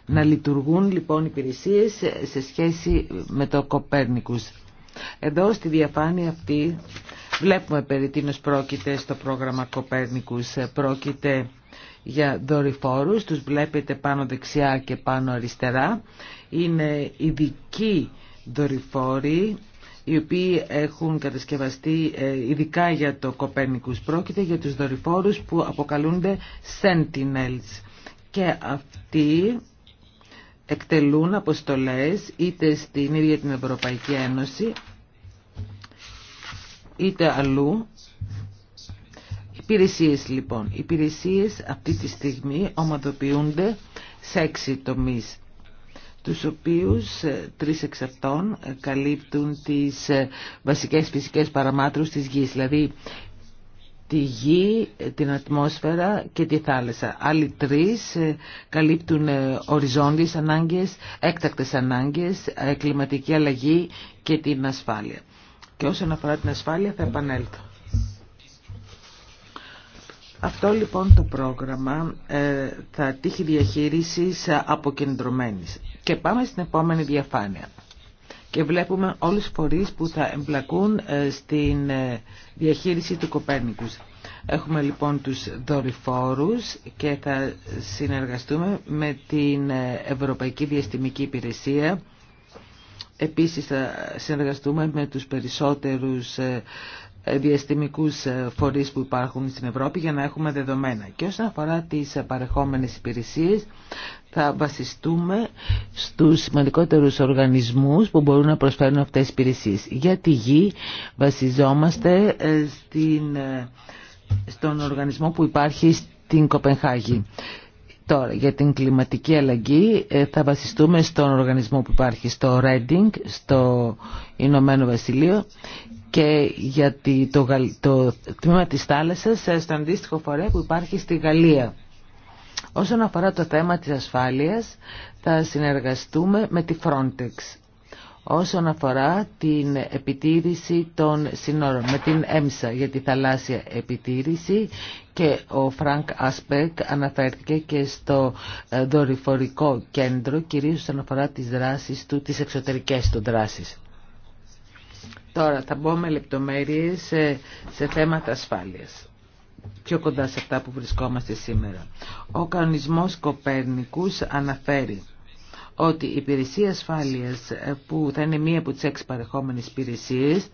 να λειτουργούν λοιπόν υπηρεσίες σε σχέση με το Κοπέρνικους. Εδώ στη διαφάνεια αυτή βλέπουμε περί τίνος πρόκειται στο πρόγραμμα Κοπέρνικους. Πρόκειται για δορυφόρους, τους βλέπετε πάνω δεξιά και πάνω αριστερά. Είναι ειδικοί δορυφόροι οι οποίοι έχουν κατασκευαστεί ε, ειδικά για το Κοπέρνικους. Πρόκειται για τους δορυφόρους που αποκαλούνται Sentinels. Και αυτοί εκτελούν αποστολές είτε στην ίδια την Ευρωπαϊκή Ένωση είτε αλλού. Υπηρεσίες λοιπόν. Οι υπηρεσίες αυτή τη στιγμή ομαδοποιούνται σε έξι τομείς τους οποίους ε, τρεις εξ αυτών ε, καλύπτουν τις ε, βασικές φυσικές παραμάτρους της γης, δηλαδή τη γη, την ατμόσφαιρα και τη θάλασσα. Άλλοι τρεις ε, καλύπτουν ε, οριζόντιες ανάγκες, έκτακτες ανάγκες, ε, κλιματική αλλαγή και την ασφάλεια. Και όσον αφορά την ασφάλεια θα επανέλθω. Αυτό λοιπόν το πρόγραμμα θα τύχει διαχείρισης αποκεντρωμένης. Και πάμε στην επόμενη διαφάνεια και βλέπουμε όλους τους φορείς που θα εμπλακούν ε, στην ε, διαχείριση του Κοπέρνικους. Έχουμε λοιπόν τους δορυφόρους και θα συνεργαστούμε με την ε, Ευρωπαϊκή Διαστημική Υπηρεσία. Επίσης θα συνεργαστούμε με τους περισσότερους διαστημικούς φορείς που υπάρχουν στην Ευρώπη για να έχουμε δεδομένα. Και όσον αφορά τις παρεχόμενες υπηρεσίες θα βασιστούμε στους σημαντικότερους οργανισμούς που μπορούν να προσφέρουν αυτές τις υπηρεσίες. Για τη γη βασιζόμαστε ε, ε, στον οργανισμό που υπάρχει στην Κοπενχάγη. Τώρα, για την κλιματική αλλαγή ε, θα βασιστούμε στον οργανισμό που υπάρχει στο Reading, στο Ηνωμένο Βασιλείο και για το, το, τμήμα της θάλασσας στον αντίστοιχο φορέα που υπάρχει στη Γαλλία. Όσον αφορά το θέμα της ασφάλειας, θα συνεργαστούμε με τη Frontex. Όσον αφορά την επιτήρηση των συνόρων με την ΕΜΣΑ για τη θαλάσσια επιτήρηση και ο Φρανκ Ασπέκ αναφέρθηκε και στο ε, δορυφορικό κέντρο, κυρίως όσον αφορά τις δράσεις του, τις εξωτερικές του δράσεις. Τώρα θα μπω με λεπτομέρειες σε, σε θέματα ασφάλειας πιο κοντά σε αυτά που βρισκόμαστε σήμερα. Ο κανονισμός Κοπέρνικους αναφέρει ότι η υπηρεσία ασφάλειας ε, που θα είναι μία από τις έξι παρεχόμενες υπηρεσίες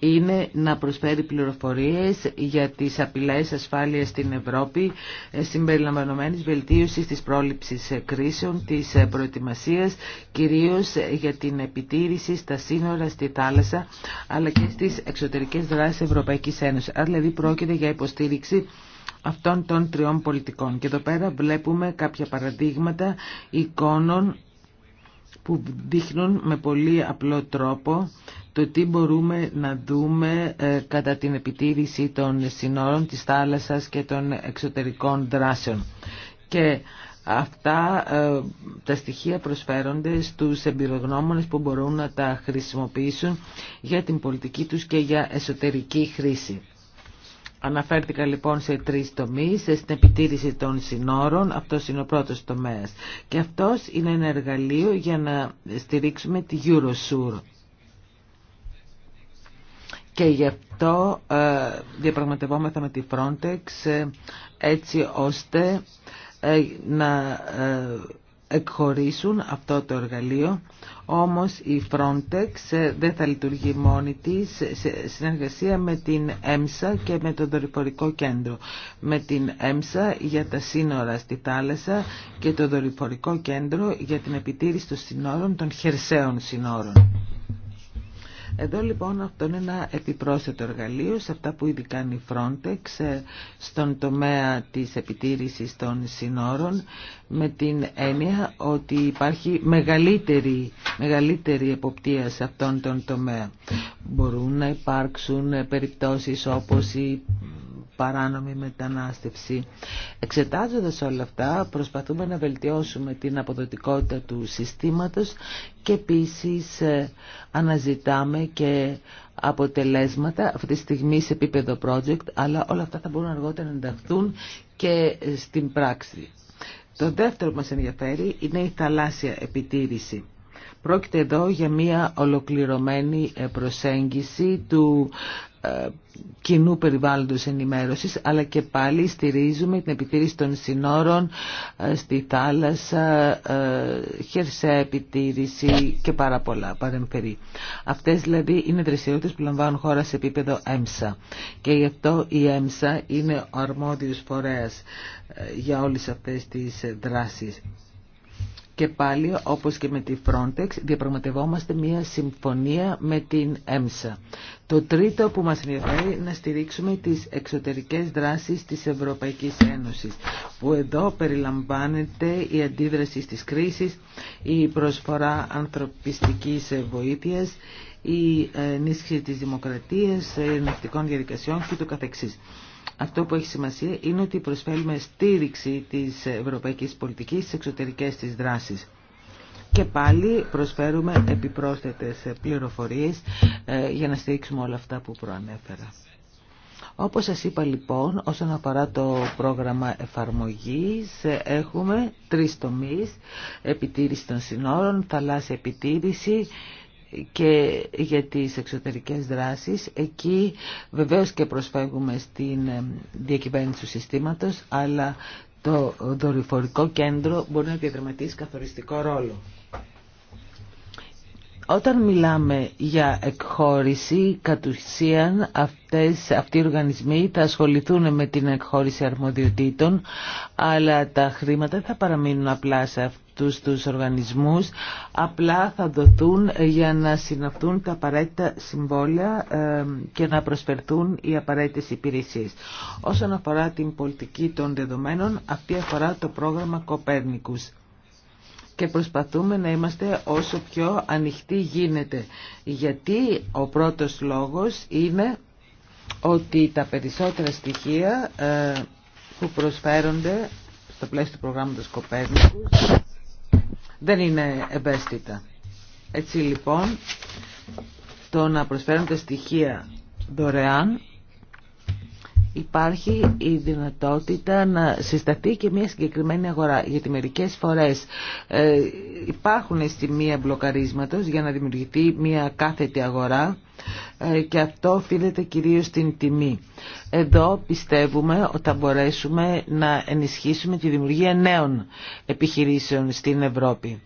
είναι να προσφέρει πληροφορίες για τις απειλές ασφάλειας στην Ευρώπη ε, συμπεριλαμβανομένης βελτίωσης της πρόληψης κρίσεων, της ε, προετοιμασίας κυρίως ε, για την επιτήρηση στα σύνορα, στη θάλασσα αλλά και στις εξωτερικές δράσεις Ευρωπαϊκής Ένωσης. Άρα δηλαδή πρόκειται για υποστήριξη αυτών των τριών πολιτικών. Και εδώ πέρα βλέπουμε κάποια παραδείγματα εικόνων που δείχνουν με πολύ απλό τρόπο το τι μπορούμε να δούμε ε, κατά την επιτήρηση των συνόρων της θάλασσας και των εξωτερικών δράσεων. Και αυτά ε, τα στοιχεία προσφέρονται στους εμπειρογνώμονες που μπορούν να τα χρησιμοποιήσουν για την πολιτική τους και για εσωτερική χρήση. Αναφέρθηκα λοιπόν σε τρεις τομείς, στην επιτήρηση των συνόρων, αυτό είναι ο πρώτος τομέας. Και αυτός είναι ένα εργαλείο για να στηρίξουμε τη Eurosur. Και γι' αυτό ε, διαπραγματευόμεθα με τη Frontex ε, έτσι ώστε ε, να εκχωρήσουν αυτό το εργαλείο, όμως η Frontex ε, δεν θα λειτουργεί μόνη της σε συνεργασία με την ΕΜΣΑ και με το Δορυφορικό Κέντρο. Με την ΕΜΣΑ για τα σύνορα στη θάλασσα και το Δορυφορικό Κέντρο για την επιτήρηση των σύνορων, των χερσαίων σύνορων. Εδώ λοιπόν αυτό είναι ένα επιπρόσθετο εργαλείο σε αυτά που ήδη κάνει η Frontex ε, στον τομέα της επιτήρησης των συνόρων με την έννοια ότι υπάρχει μεγαλύτερη, μεγαλύτερη εποπτεία σε αυτόν τον τομέα. Μπορούν να υπάρξουν περιπτώσεις όπως η παράνομη μετανάστευση. Εξετάζοντας όλα αυτά προσπαθούμε να βελτιώσουμε την αποδοτικότητα του συστήματος και επίσης ε, αναζητάμε και αποτελέσματα αυτή τη στιγμή σε επίπεδο project αλλά όλα αυτά θα μπορούν αργότερα να ενταχθούν και ε, στην πράξη. Το δεύτερο που μας ενδιαφέρει είναι η θαλάσσια επιτήρηση. Πρόκειται εδώ για μια ολοκληρωμένη ε, προσέγγιση του ε, κοινού περιβάλλοντος ενημέρωσης αλλά και πάλι στηρίζουμε την επιτήρηση των συνόρων ε, στη θάλασσα, ε, χερσαία επιτήρηση και πάρα πολλά παρεμφερή. Αυτές δηλαδή είναι δραστηριότητες που λαμβάνουν χώρα σε επίπεδο ΕΜΣΑ και γι' αυτό η ΕΜΣΑ είναι ο αρμόδιος φορέας για όλες αυτές τις δράσεις. Και πάλι, όπως και με τη Frontex, διαπραγματευόμαστε μία συμφωνία με την ΕΜΣΑ. Το τρίτο που μας ενδιαφέρει να στηρίξουμε τις εξωτερικές δράσεις της Ευρωπαϊκής Ένωσης, που εδώ περιλαμβάνεται η αντίδραση στις κρίσεις, η προσφορά ανθρωπιστικής βοήθειας, η ενίσχυση της δημοκρατίας, ενευτικών διαδικασιών και το καθεξής. Αυτό που έχει σημασία είναι ότι προσφέρουμε στήριξη της ευρωπαϊκής πολιτικής στις εξωτερικές της δράσεις. Και πάλι προσφέρουμε επιπρόσθετες πληροφορίες ε, για να στηρίξουμε όλα αυτά που προανέφερα. Όπως σας είπα λοιπόν, όσον αφορά το πρόγραμμα εφαρμογής, ε, έχουμε τρεις τομείς, επιτήρηση των συνόρων, θαλάσσια επιτήρηση, και για τις εξωτερικές δράσεις. Εκεί βεβαίως και προσφέγουμε στην ε, διακυβέρνηση του συστήματος, αλλά το δορυφορικό κέντρο μπορεί να διαδραματίσει καθοριστικό ρόλο. Όταν μιλάμε για εκχώρηση, κατ' ουσίαν αυτές, αυτοί οι οργανισμοί θα ασχοληθούν με την εκχώρηση αρμοδιοτήτων, αλλά τα χρήματα θα παραμείνουν απλά σε αυτά αυτούς τους οργανισμούς απλά θα δοθούν για να συναυτούν τα απαραίτητα συμβόλαια και να προσφερθούν οι απαραίτητες υπηρεσίες. Όσον αφορά την πολιτική των δεδομένων, αυτή αφορά το πρόγραμμα Κοπέρνικους και προσπαθούμε να είμαστε όσο πιο ανοιχτοί γίνεται. Γιατί ο πρώτος λόγος είναι ότι τα περισσότερα στοιχεία ε, που προσφέρονται στο πλαίσιο του προγράμματος Κοπέρνικου δεν είναι εμπέστητα. Έτσι λοιπόν, το να προσφέρουν τα στοιχεία δωρεάν υπάρχει η δυνατότητα να συσταθεί και μια συγκεκριμένη αγορά γιατί μερικές φορές ε, υπάρχουν στη μία μπλοκαρίσματος για να δημιουργηθεί μια κάθετη αγορά ε, και αυτό οφείλεται κυρίως στην τιμή. Εδώ πιστεύουμε ότι θα μπορέσουμε να ενισχύσουμε τη δημιουργία νέων επιχειρήσεων στην Ευρώπη.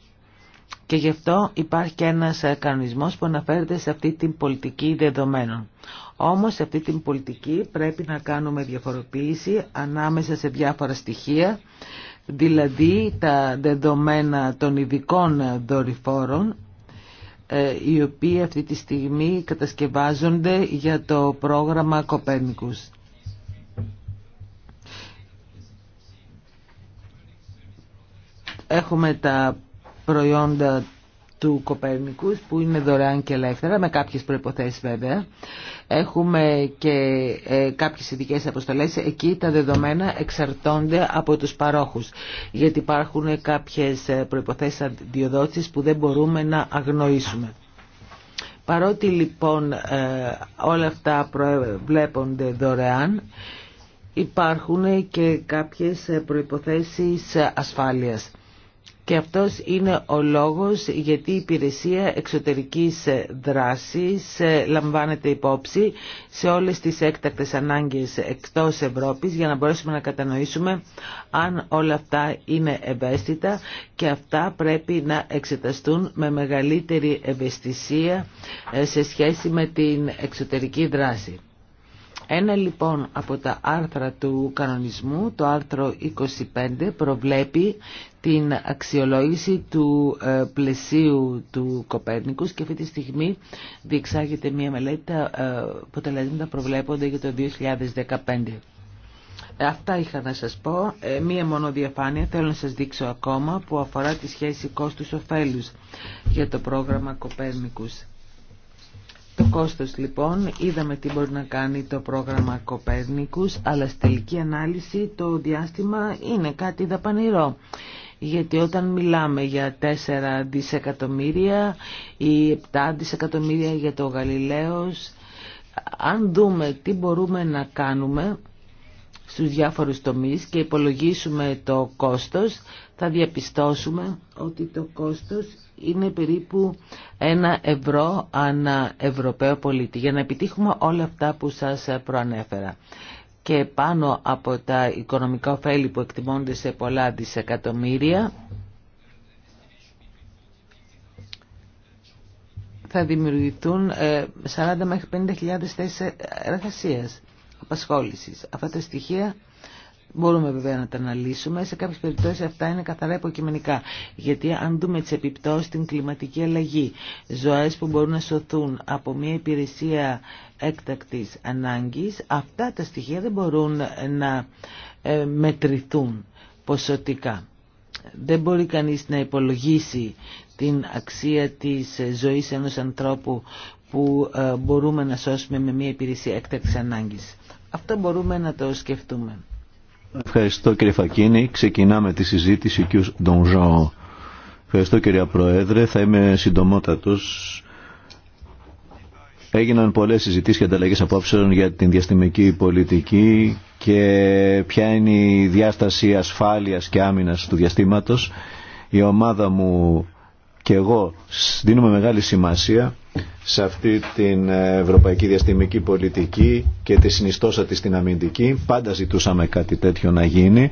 Και γι' αυτό υπάρχει και ένας κανονισμός που αναφέρεται σε αυτή την πολιτική δεδομένων. Όμως σε αυτή την πολιτική πρέπει να κάνουμε διαφοροποίηση ανάμεσα σε διάφορα στοιχεία, δηλαδή τα δεδομένα των ειδικών δορυφόρων ε, οι οποίοι αυτή τη στιγμή κατασκευάζονται για το πρόγραμμα Κοπέρνικους. Έχουμε τα προϊόντα του Κοπέρνικου που είναι δωρεάν και ελεύθερα με κάποιες προϋποθέσεις βέβαια. Έχουμε και ε, κάποιες ειδικέ αποστολές. Εκεί τα δεδομένα εξαρτώνται από τους παρόχους γιατί υπάρχουν κάποιες ε, προϋποθέσεις αντιοδότησης που δεν μπορούμε να αγνοήσουμε. Παρότι λοιπόν ε, όλα αυτά βλέπονται δωρεάν υπάρχουν και κάποιες ε, προϋποθέσεις ασφάλειας. Και αυτός είναι ο λόγος γιατί η υπηρεσία εξωτερικής δράσης ε, λαμβάνεται υπόψη σε όλες τις έκτακτες ανάγκες εκτός Ευρώπης για να μπορέσουμε να κατανοήσουμε αν όλα αυτά είναι ευαίσθητα και αυτά πρέπει να εξεταστούν με μεγαλύτερη ευαισθησία ε, σε σχέση με την εξωτερική δράση. Ένα λοιπόν από τα άρθρα του κανονισμού, το άρθρο 25, προβλέπει την αξιολόγηση του ε, πλαισίου του Κοπέρνικους και αυτή τη στιγμή διεξάγεται μια μελέτη τα ε, αποτελέσματα προβλέπονται για το 2015. Αυτά είχα να σας πω. Ε, μία μόνο διαφάνεια θέλω να σας δείξω ακόμα που αφορά τη σχέση κόστους-οφέλους για το πρόγραμμα Κοπέρνικους. Το κόστος λοιπόν, είδαμε τι μπορεί να κάνει το πρόγραμμα Κοπέρνικους, αλλά στη τελική ανάλυση το διάστημα είναι κάτι δαπανηρό γιατί όταν μιλάμε για 4 δισεκατομμύρια ή 7 δισεκατομμύρια για το Γαλιλαίος, αν δούμε τι μπορούμε να κάνουμε στους διάφορους τομείς και υπολογίσουμε το κόστος, θα διαπιστώσουμε ότι το κόστος είναι περίπου ένα ευρώ ανά Ευρωπαίο πολίτη για να επιτύχουμε όλα αυτά που σας προανέφερα και πάνω από τα οικονομικά ωφέλη που εκτιμώνται σε πολλά δισεκατομμύρια θα δημιουργηθούν 40 ε, μέχρι 50.000 θέσεις εργασίας, απασχόλησης. Αυτά τα στοιχεία μπορούμε βέβαια να τα αναλύσουμε. Σε κάποιες περιπτώσεις αυτά είναι καθαρά υποκειμενικά. Γιατί αν δούμε τις επιπτώσεις στην κλιματική αλλαγή, ζωές που μπορούν να σωθούν από μια υπηρεσία έκτακτης ανάγκης, αυτά τα στοιχεία δεν μπορούν να ε, μετρηθούν ποσοτικά. Δεν μπορεί κανείς να υπολογίσει την αξία της ζωής ενός ανθρώπου που ε, μπορούμε να σώσουμε με μια υπηρεσία έκτακτης ανάγκης. Αυτό μπορούμε να το σκεφτούμε. Ευχαριστώ κύριε Φακίνη. Ξεκινάμε τη συζήτηση κ. Ντονζόν. Ευχαριστώ κύριε Πρόεδρε. Θα είμαι συντομότατος. Έγιναν πολλές συζητήσεις και ανταλλαγές απόψεων για την διαστημική πολιτική και ποια είναι η διάσταση ασφάλειας και άμυνας του διαστήματος. Η ομάδα μου και εγώ δίνουμε μεγάλη σημασία σε αυτή την ευρωπαϊκή διαστημική πολιτική και τη συνιστόσα της στην αμυντική. Πάντα ζητούσαμε κάτι τέτοιο να γίνει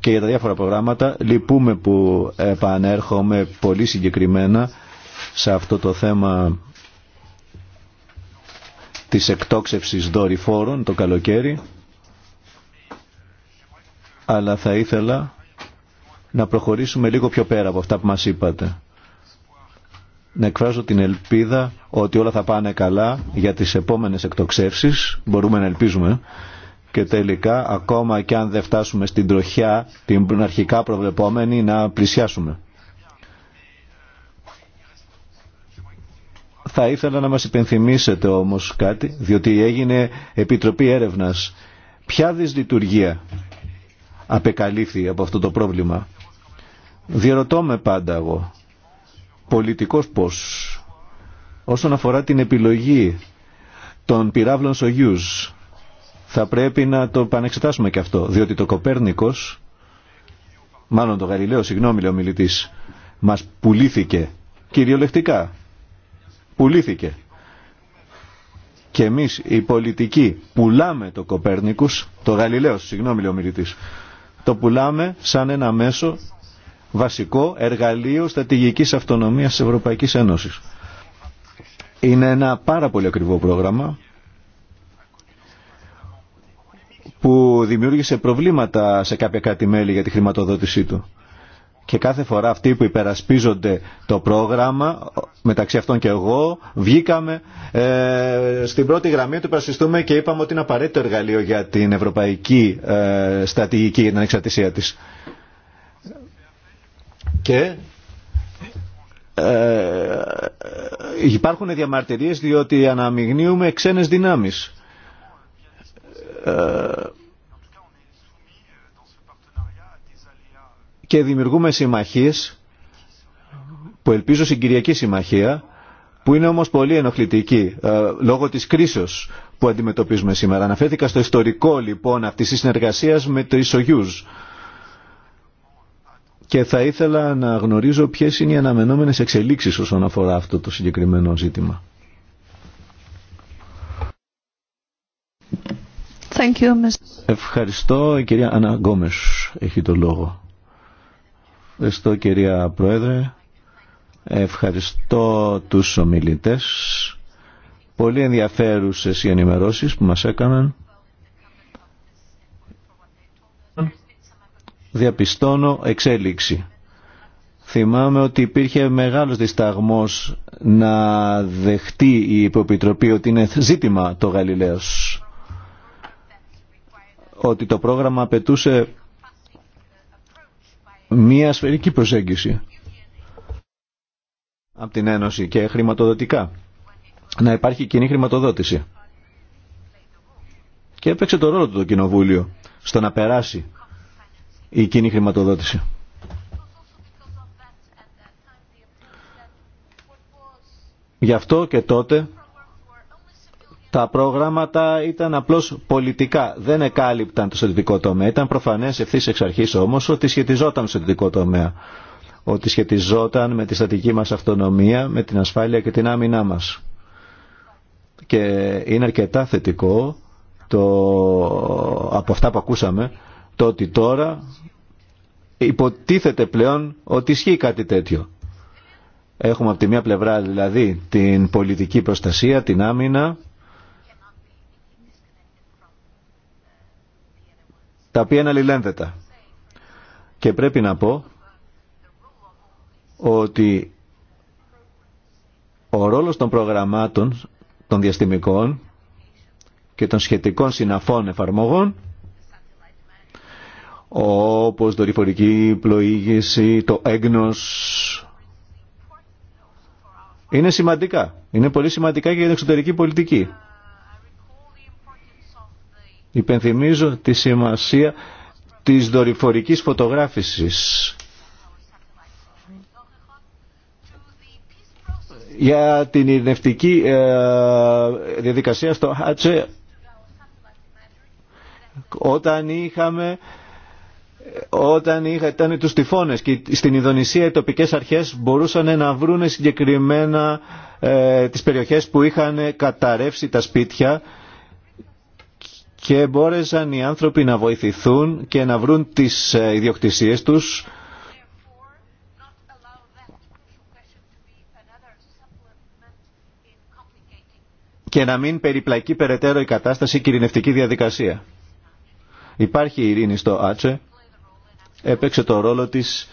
και για τα διάφορα προγράμματα. Λυπούμε που επανέρχομαι πολύ συγκεκριμένα σε αυτό το θέμα της εκτόξευσης δορυφόρων το καλοκαίρι αλλά θα ήθελα να προχωρήσουμε λίγο πιο πέρα από αυτά που μας είπατε. Να εκφράζω την ελπίδα ότι όλα θα πάνε καλά για τις επόμενες εκτοξεύσεις, μπορούμε να ελπίζουμε, και τελικά ακόμα και αν δεν φτάσουμε στην τροχιά, την αρχικά προβλεπόμενη, να πλησιάσουμε. Θα ήθελα να μας υπενθυμίσετε όμως κάτι, διότι έγινε Επιτροπή Έρευνας. Ποια δυσλειτουργία απεκαλύφθη από αυτό το πρόβλημα. Διερωτώ με πάντα εγώ, πολιτικός πώς, όσον αφορά την επιλογή των πυράβλων Σογιούς, θα πρέπει να το πανεξετάσουμε και αυτό, διότι το Κοπέρνικος, μάλλον το Γαλιλαίο, συγγνώμη λέει ο μιλητής, μας πουλήθηκε κυριολεκτικά πουλήθηκε. Και εμείς οι πολιτικοί πουλάμε το Κοπέρνικους, το Γαλιλαίος, συγγνώμη λέω το πουλάμε σαν ένα μέσο βασικό εργαλείο στρατηγικής αυτονομίας της Ευρωπαϊκής Ένωσης. Είναι ένα πάρα πολύ ακριβό πρόγραμμα που δημιούργησε προβλήματα σε κάποια κάτι μέλη για τη χρηματοδότησή του και κάθε φορά αυτοί που υπερασπίζονται το πρόγραμμα, μεταξύ αυτών και εγώ, βγήκαμε ε, στην πρώτη γραμμή του υπερασπιστούμε και είπαμε ότι είναι απαραίτητο εργαλείο για την ευρωπαϊκή ε, στρατηγική, για την ανεξαρτησία της. Και ε, υπάρχουν διαμαρτυρίες διότι αναμειγνύουμε ξένες δυνάμεις. Ε, και δημιουργούμε συμμαχίες που ελπίζω στην Κυριακή Συμμαχία που είναι όμως πολύ ενοχλητική ε, λόγω της κρίσεως που αντιμετωπίζουμε σήμερα. Αναφέρθηκα στο ιστορικό λοιπόν αυτής της συνεργασίας με το Ισογιούς και θα ήθελα να γνωρίζω ποιες είναι οι αναμενόμενες εξελίξεις όσον αφορά αυτό το συγκεκριμένο ζήτημα. Thank you, Ευχαριστώ. Η κυρία Γκόμες έχει το λόγο. Ευχαριστώ κυρία Πρόεδρε. Ευχαριστώ τους ομιλητές. Πολύ ενδιαφέρουσες οι ενημερώσεις που μας έκαναν. Διαπιστώνω εξέλιξη. Θυμάμαι ότι υπήρχε μεγάλος δισταγμός να δεχτεί η Υποπιτροπή ότι είναι ζήτημα το Γαλιλαίος. Ότι το πρόγραμμα απαιτούσε μία σφαιρική προσέγγιση από την Ένωση και χρηματοδοτικά. Να υπάρχει κοινή χρηματοδότηση. Και έπαιξε το ρόλο του το Κοινοβούλιο στο να περάσει η κοινή χρηματοδότηση. Γι' αυτό και τότε τα προγράμματα ήταν απλώς πολιτικά, δεν εκάλυπταν το στρατιωτικό τομέα. Ήταν προφανές ευθύς εξ αρχής όμως ότι σχετιζόταν το στρατιωτικό τομέα. Ότι σχετιζόταν με τη στατική μας αυτονομία, με την ασφάλεια και την άμυνά μας. Και είναι αρκετά θετικό το, από αυτά που ακούσαμε το ότι τώρα υποτίθεται πλέον ότι ισχύει κάτι τέτοιο. Έχουμε από τη μία πλευρά δηλαδή την πολιτική προστασία, την άμυνα τα οποία είναι αλληλένδετα. Και πρέπει να πω ότι ο ρόλος των προγραμμάτων, των διαστημικών και των σχετικών συναφών εφαρμογών όπως δορυφορική πλοήγηση, το έγνος είναι σημαντικά. Είναι πολύ σημαντικά και για την εξωτερική πολιτική. Υπενθυμίζω τη σημασία της δορυφορικής φωτογράφησης για την ειρηνευτική ε, διαδικασία στο Χάτσε όταν είχαμε όταν ήταν τους τυφώνες και στην Ινδονησία οι τοπικές αρχές μπορούσαν να βρουν συγκεκριμένα ε, τις περιοχές που είχαν καταρρεύσει τα σπίτια και μπόρεσαν οι άνθρωποι να βοηθηθούν και να βρουν τις ε, ιδιοκτησίες τους και να μην περιπλακεί περαιτέρω η κατάσταση η κυρινευτική διαδικασία. Υπάρχει η ειρήνη στο Άτσε, έπαιξε το ρόλο της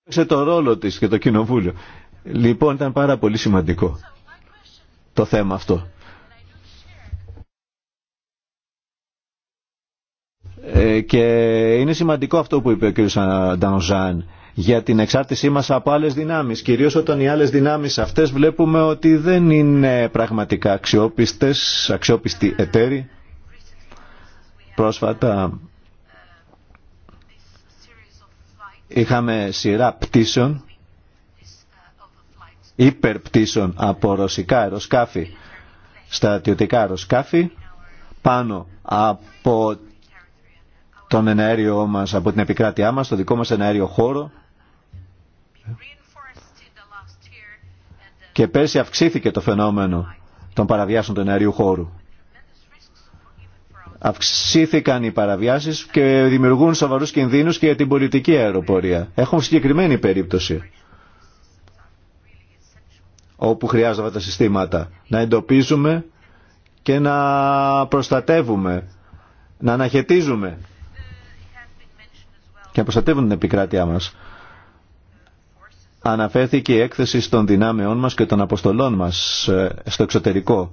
έπαιξε το ρόλο της και το κοινοβούλιο. Λοιπόν, ήταν πάρα πολύ σημαντικό το θέμα αυτό. Ε, και είναι σημαντικό αυτό που είπε ο κ. Ντανζάν για την εξάρτησή μας από άλλες δυνάμεις. Κυρίως όταν οι άλλες δυνάμεις αυτές βλέπουμε ότι δεν είναι πραγματικά αξιόπιστες, αξιόπιστοι εταίροι. Πρόσφατα είχαμε σειρά πτήσεων υπερπτήσεων από ρωσικά αεροσκάφη, στρατιωτικά αεροσκάφη, πάνω από τον εναέριό μας, από την επικράτειά μας, το δικό μας εναέριο χώρο. Και πέρσι αυξήθηκε το φαινόμενο των παραβιάσεων του εναερίου χώρου. Αυξήθηκαν οι παραβιάσεις και δημιουργούν σοβαρούς κινδύνους και για την πολιτική αεροπορία. Έχουν συγκεκριμένη περίπτωση όπου χρειάζονται τα συστήματα. Να εντοπίζουμε και να προστατεύουμε, να αναχαιτίζουμε και να προστατεύουν την επικράτειά μας. Αναφέρθηκε η έκθεση των δυνάμεών μας και των αποστολών μας ε, στο εξωτερικό.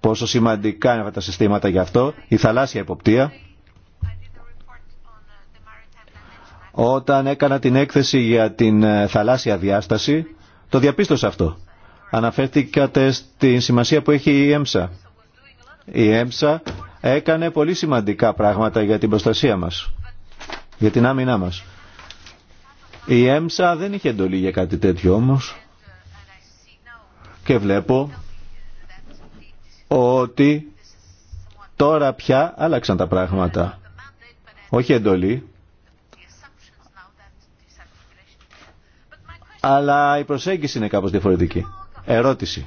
Πόσο σημαντικά είναι αυτά τα συστήματα γι' αυτό. Η θαλάσσια υποπτία. Όταν έκανα την έκθεση για την ε, θαλάσσια διάσταση, το διαπίστωσα αυτό. Αναφέρθηκατε στην σημασία που έχει η ΕΜΣΑ. Η ΕΜΣΑ έκανε πολύ σημαντικά πράγματα για την προστασία μας, για την άμυνά μας. Η ΕΜΣΑ δεν είχε εντολή για κάτι τέτοιο όμως και βλέπω ότι τώρα πια άλλαξαν τα πράγματα. Όχι εντολή, αλλά η προσέγγιση είναι κάπως διαφορετική. Ερώτηση.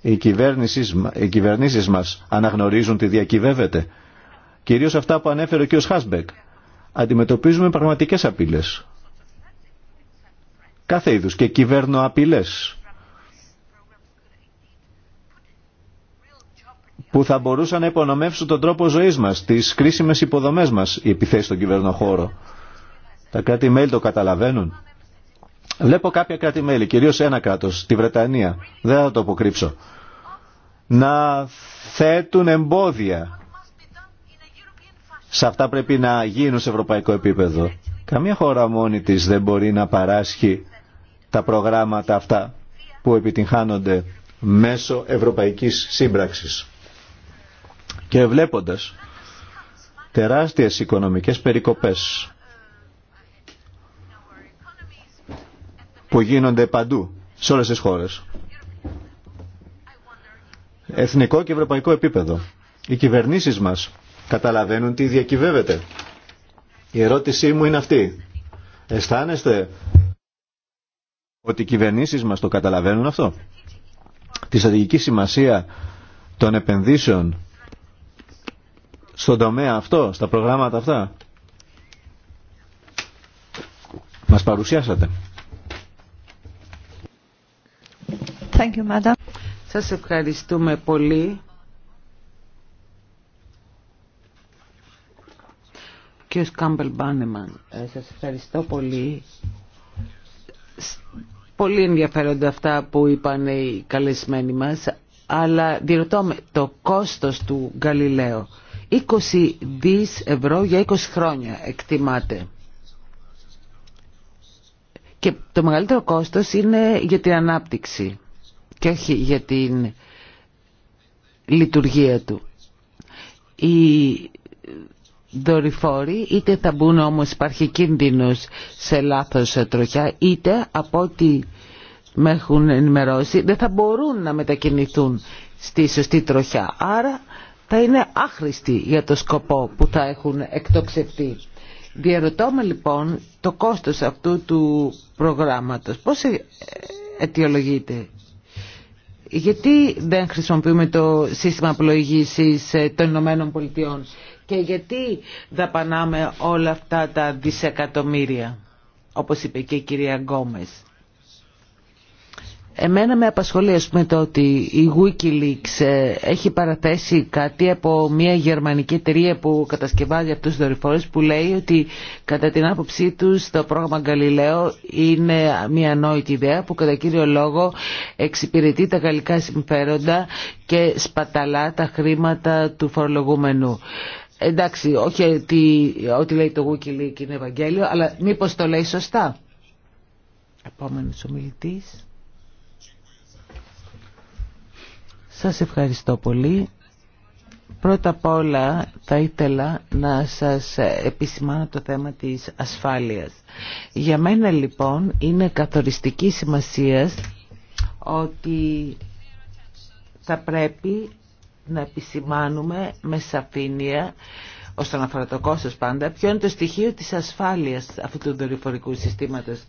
Οι, οι κυβερνήσεις μας αναγνωρίζουν τι διακυβεύεται. Κυρίως αυτά που ανέφερε ο κ. Χάσμπεκ. Αντιμετωπίζουμε πραγματικές απειλές. Κάθε είδους και κυβερνοαπειλές. που θα μπορούσαν να υπονομεύσουν τον τρόπο ζωής μας, τις κρίσιμες υποδομές μας, οι επιθέσεις στον κυβερνοχώρο. Τα κράτη-μέλη το καταλαβαίνουν. Βλέπω κάποια κράτη-μέλη, κυρίως ένα κράτο, τη Βρετανία, δεν θα το αποκρύψω, να θέτουν εμπόδια. Σε αυτά πρέπει να γίνουν σε ευρωπαϊκό επίπεδο. Καμία χώρα μόνη της δεν μπορεί να παράσχει τα προγράμματα αυτά που επιτυγχάνονται μέσω ευρωπαϊκής σύμπραξης. Και βλέποντας τεράστιες οικονομικές περικοπές που γίνονται παντού, σε όλες τις χώρες. Εθνικό και ευρωπαϊκό επίπεδο. Οι κυβερνήσεις μας καταλαβαίνουν τι διακυβεύεται. Η ερώτησή μου είναι αυτή. Αισθάνεστε ότι οι κυβερνήσεις μας το καταλαβαίνουν αυτό. Τη στρατηγική σημασία των επενδύσεων στον τομέα αυτό, στα προγράμματα αυτά. Μας παρουσιάσατε. Thank you, madam. Σας ευχαριστούμε πολύ. Κύριος Κάμπελ Μπάνεμαν, ε, σας ευχαριστώ πολύ. Πολύ ενδιαφέροντα αυτά που είπαν οι καλεσμένοι μας, αλλά διερωτώ με το κόστος του Γαλιλαίου. 20 δις ευρώ για 20 χρόνια εκτιμάται. Και το μεγαλύτερο κόστος είναι για την ανάπτυξη και όχι για την λειτουργία του. Οι δορυφόροι είτε θα μπουν όμως υπάρχει κίνδυνος σε λάθος τροχιά είτε από ό,τι με έχουν ενημερώσει δεν θα μπορούν να μετακινηθούν στη σωστή τροχιά. Άρα θα είναι άχρηστοι για το σκοπό που θα έχουν εκτοξευτεί. Διερωτώμε λοιπόν το κόστος αυτού του προγράμματος. Πώς ε, αιτιολογείται γιατί δεν χρησιμοποιούμε το σύστημα απλοηγήσης ε, των Ηνωμένων Πολιτειών και γιατί δαπανάμε όλα αυτά τα δισεκατομμύρια, όπως είπε και η κυρία Γκόμες. Εμένα με απασχολεί ας πούμε το ότι η Wikileaks ε, έχει παραθέσει κάτι από μια γερμανική εταιρεία που κατασκευάζει αυτούς τους δορυφόρους που λέει ότι κατά την άποψή τους το πρόγραμμα Galileo είναι μια νόητη ιδέα που κατά κύριο λόγο εξυπηρετεί τα γαλλικά συμφέροντα και σπαταλά τα χρήματα του φορολογούμενου. Εντάξει, όχι ότι, ό,τι λέει το Wikileaks είναι Ευαγγέλιο, αλλά μήπως το λέει σωστά. Επόμενος ομιλητής. Σας ευχαριστώ πολύ. Πρώτα απ' όλα θα ήθελα να σας επισημάνω το θέμα της ασφάλειας. Για μένα λοιπόν είναι καθοριστική σημασίας ότι θα πρέπει να επισημάνουμε με σαφήνεια όσον αφορά το κόστος πάντα, ποιο είναι το στοιχείο της ασφάλειας αυτού του δορυφορικού συστήματος.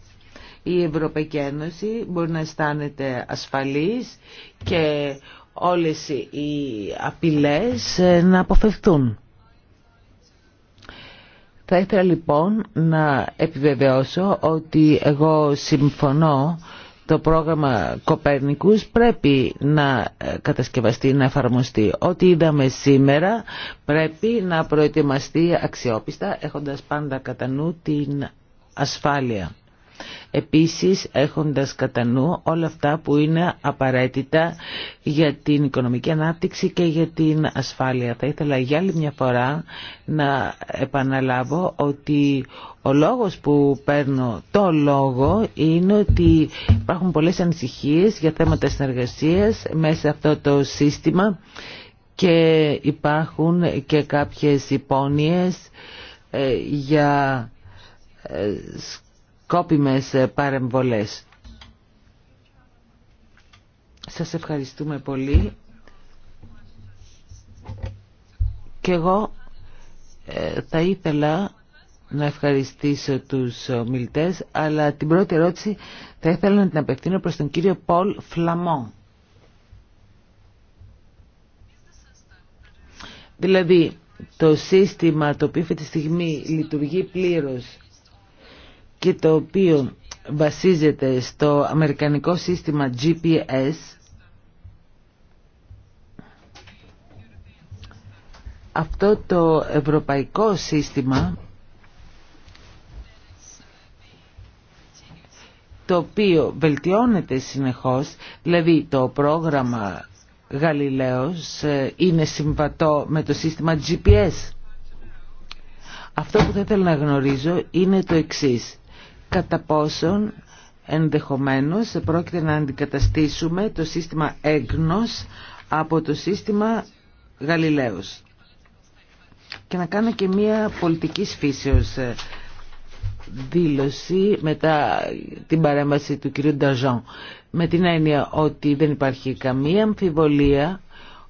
Η Ευρωπαϊκή Ένωση μπορεί να αισθάνεται ασφαλής και όλες οι απειλές ε, να αποφευθούν. Θα ήθελα λοιπόν να επιβεβαιώσω ότι εγώ συμφωνώ το πρόγραμμα Κοπέρνικους πρέπει να ε, κατασκευαστεί, να εφαρμοστεί. Ό,τι είδαμε σήμερα πρέπει να προετοιμαστεί αξιόπιστα έχοντας πάντα κατά νου την ασφάλεια. Επίσης έχοντας κατά νου όλα αυτά που είναι απαραίτητα για την οικονομική ανάπτυξη και για την ασφάλεια. Θα ήθελα για άλλη μια φορά να επαναλάβω ότι ο λόγος που παίρνω το λόγο είναι ότι υπάρχουν πολλές ανησυχίες για θέματα συνεργασίας μέσα σε αυτό το σύστημα και υπάρχουν και κάποιες υπόνοιες ε, για ε, σκόπιμες ε, παρεμβολές. Σας ευχαριστούμε πολύ. Και εγώ ε, θα ήθελα να ευχαριστήσω τους μιλτές, αλλά την πρώτη ερώτηση θα ήθελα να την απευθύνω προς τον κύριο Πολ Φλαμό. Δηλαδή, το σύστημα το οποίο αυτή τη στιγμή λειτουργεί πλήρως και το οποίο βασίζεται στο αμερικανικό σύστημα GPS αυτό το ευρωπαϊκό σύστημα το οποίο βελτιώνεται συνεχώς, δηλαδή το πρόγραμμα Γαλιλαίος ε, είναι συμβατό με το σύστημα GPS. Αυτό που θα ήθελα να γνωρίζω είναι το εξής κατά πόσον ενδεχομένως πρόκειται να αντικαταστήσουμε το σύστημα έγνος από το σύστημα Γαλιλαίος. Και να κάνω και μία πολιτική φύσεως ε, δήλωση μετά την παρέμβαση του κ. Νταζόν με την έννοια ότι δεν υπάρχει καμία αμφιβολία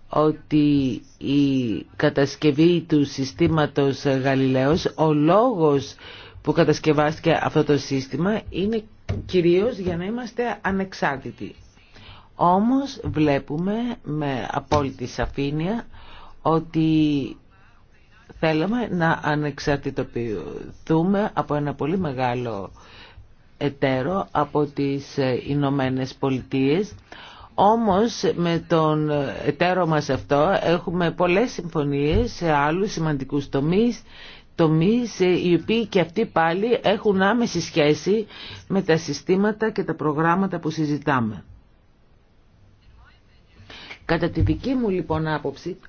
ότι η κατασκευή του συστήματος Γαλιλαίος ο λόγος που κατασκευάστηκε αυτό το σύστημα είναι κυρίως για να είμαστε ανεξάρτητοι. Όμως βλέπουμε με απόλυτη σαφήνεια ότι θέλαμε να ανεξαρτητοποιηθούμε από ένα πολύ μεγάλο εταίρο από τις Ηνωμένε Πολιτείες όμως με τον εταίρο μας αυτό έχουμε πολλές συμφωνίες σε άλλους σημαντικούς τομείς τομείς ε, οι οποίοι και αυτοί πάλι έχουν άμεση σχέση με τα συστήματα και τα προγράμματα που συζητάμε. Κατά τη δική μου λοιπόν άποψη,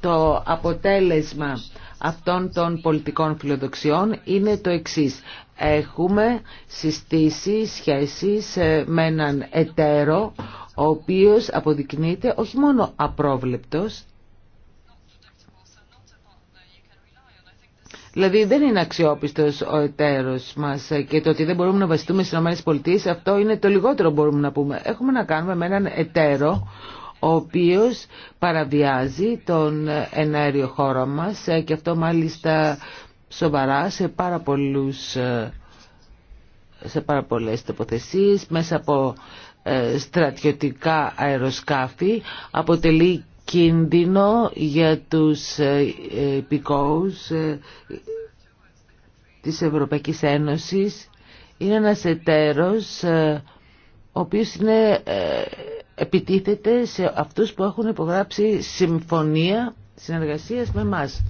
το αποτέλεσμα αυτών των πολιτικών φιλοδοξιών είναι το εξής. Έχουμε συστήσει σχέσεις ε, με έναν εταίρο, ο οποίος αποδεικνύεται όχι μόνο απρόβλεπτος, Δηλαδή δεν είναι αξιόπιστος ο εταίρος μας και το ότι δεν μπορούμε να βασιστούμε στις ΗΠΑ αυτό είναι το λιγότερο μπορούμε να πούμε. Έχουμε να κάνουμε με έναν εταίρο ο οποίος παραβιάζει τον ενέριο χώρο μας ε, και αυτό μάλιστα σοβαρά σε πάρα πολλούς ε, σε πάρα πολλές τοποθεσίες μέσα από ε, στρατιωτικά αεροσκάφη αποτελεί κίνδυνο για τους ε, υπηκόους ε, της Ευρωπαϊκής Ένωσης. Είναι ένας εταίρος ε, ο οποίος είναι, επιτίθεται σε αυτούς που έχουν υπογράψει συμφωνία συνεργασίας με μας.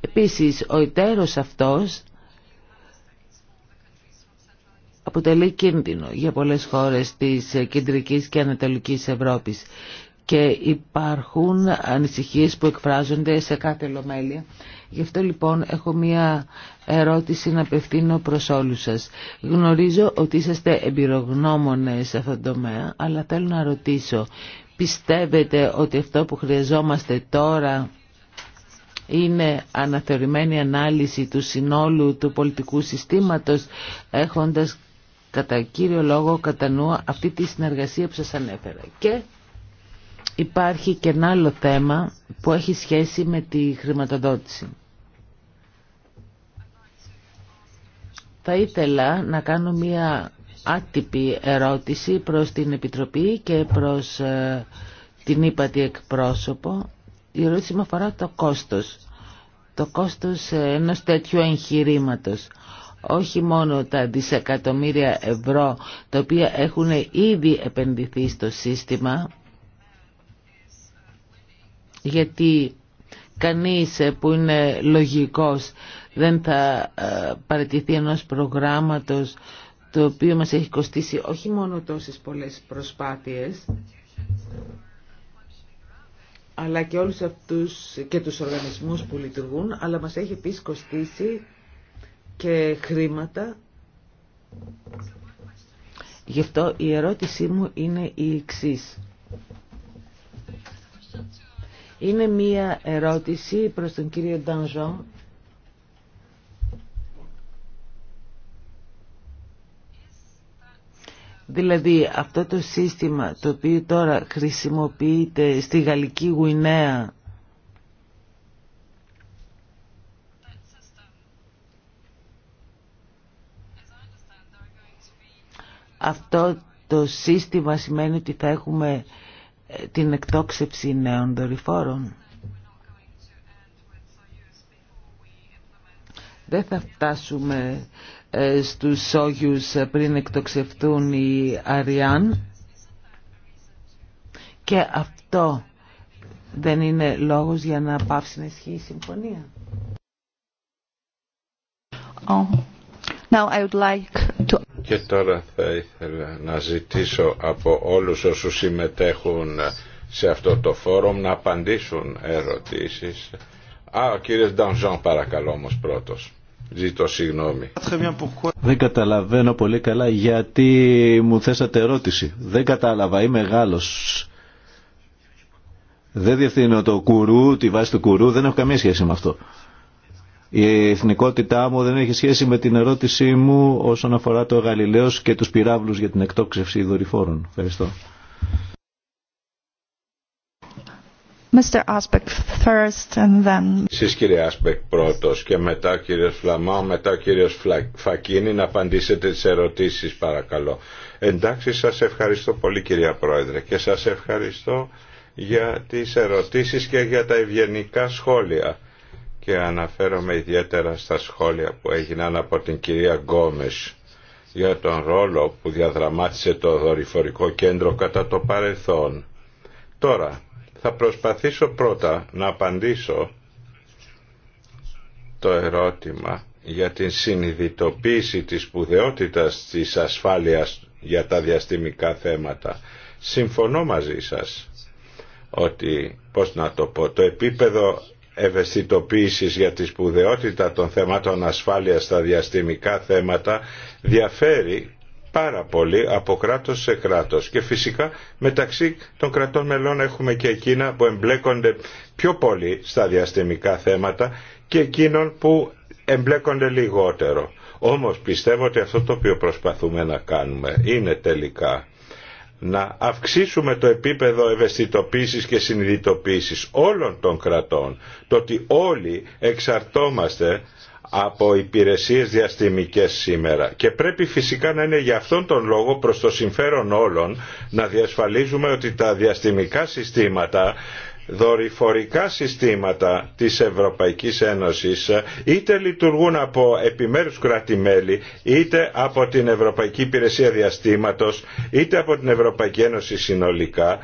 Επίσης, ο εταίρος αυτός αποτελεί κίνδυνο για πολλές χώρες της Κεντρικής και Ανατολικής Ευρώπης και υπάρχουν ανησυχίες που εκφράζονται σε κάθε λομέλεια. Γι' αυτό λοιπόν έχω μία ερώτηση να απευθύνω προς όλους σας. Γνωρίζω ότι είσαστε εμπειρογνώμονες σε αυτό τον τομέα, αλλά θέλω να ρωτήσω, πιστεύετε ότι αυτό που χρειαζόμαστε τώρα είναι αναθεωρημένη ανάλυση του συνόλου του πολιτικού συστήματος έχοντας κατά κύριο λόγο κατά νου αυτή τη συνεργασία που σας ανέφερα. Και υπάρχει και ένα άλλο θέμα που έχει σχέση με τη χρηματοδότηση. Θα ήθελα να κάνω μία άτυπη ερώτηση προς την Επιτροπή και προς ε, την ύπατη εκπρόσωπο. Η ερώτηση μου αφορά το κόστος. Το κόστος ε, ενός τέτοιου εγχειρήματο. Όχι μόνο τα δισεκατομμύρια ευρώ τα οποία έχουν ήδη επενδυθεί στο σύστημα γιατί κανείς που είναι λογικός δεν θα ε, παρατηθεί ενός προγράμματος το οποίο μας έχει κοστίσει όχι μόνο τόσες πολλές προσπάθειες αλλά και όλους αυτούς και τους οργανισμούς που λειτουργούν αλλά μας έχει επίση κοστίσει και χρήματα γι' αυτό η ερώτησή μου είναι η εξής είναι μία ερώτηση προς τον κύριο Ντανζό. Δηλαδή αυτό το σύστημα το οποίο τώρα χρησιμοποιείται στη Γαλλική Γουινέα αυτό το σύστημα σημαίνει ότι θα έχουμε την εκτόξευση νέων δορυφόρων. Δεν θα φτάσουμε ε, στους Σόγιους πριν εκτοξευτούν οι Αριάν και αυτό δεν είναι λόγος για να πάψει να ισχύει η συμφωνία. Oh. Now I would like to... Και τώρα θα ήθελα να ζητήσω από όλους όσους συμμετέχουν σε αυτό το φόρουμ να απαντήσουν ερωτήσεις. Α, ο κύριος Ντανζόν παρακαλώ όμως πρώτος. Ζήτω συγγνώμη. Δεν καταλαβαίνω πολύ καλά γιατί μου θέσατε ερώτηση. Δεν κατάλαβα, είμαι Γάλλος. Δεν διευθύνω το κουρού, τη βάση του κουρού, δεν έχω καμία σχέση με αυτό. Η εθνικότητά μου δεν έχει σχέση με την ερώτησή μου όσον αφορά το Γαλιλαίος και τους πυράβλους για την εκτόξευση δορυφόρων. Ευχαριστώ. Mr. first and then... κύριε Άσπεκ πρώτος και μετά ο κύριος Φλαμάου, μετά ο κύριος Φακίνη να απαντήσετε τις ερωτήσεις παρακαλώ. Εντάξει σας ευχαριστώ πολύ κυρία Πρόεδρε και σας ευχαριστώ για τις ερωτήσεις και για τα ευγενικά σχόλια και αναφέρομαι ιδιαίτερα στα σχόλια που έγιναν από την κυρία Γκόμες για τον ρόλο που διαδραμάτισε το δορυφορικό κέντρο κατά το παρελθόν. Τώρα, θα προσπαθήσω πρώτα να απαντήσω το ερώτημα για την συνειδητοποίηση της σπουδαιότητας της ασφάλειας για τα διαστημικά θέματα. Συμφωνώ μαζί σας ότι, πώς να το πω, το επίπεδο ευαισθητοποίησης για τη σπουδαιότητα των θεμάτων ασφάλειας στα διαστημικά θέματα διαφέρει πάρα πολύ από κράτος σε κράτος και φυσικά μεταξύ των κρατών μελών έχουμε και εκείνα που εμπλέκονται πιο πολύ στα διαστημικά θέματα και εκείνων που εμπλέκονται λιγότερο. Όμως πιστεύω ότι αυτό το οποίο προσπαθούμε να κάνουμε είναι τελικά να αυξήσουμε το επίπεδο ευαισθητοποίησης και συνειδητοποίησης όλων των κρατών. Το ότι όλοι εξαρτόμαστε από υπηρεσίες διαστημικές σήμερα και πρέπει φυσικά να είναι για αυτόν τον λόγο προς το συμφέρον όλων να διασφαλίζουμε ότι τα διαστημικά συστήματα δορυφορικά συστήματα της Ευρωπαϊκής Ένωσης είτε λειτουργούν από επιμέρους κράτη-μέλη είτε από την Ευρωπαϊκή Υπηρεσία Διαστήματος είτε από την Ευρωπαϊκή Ένωση συνολικά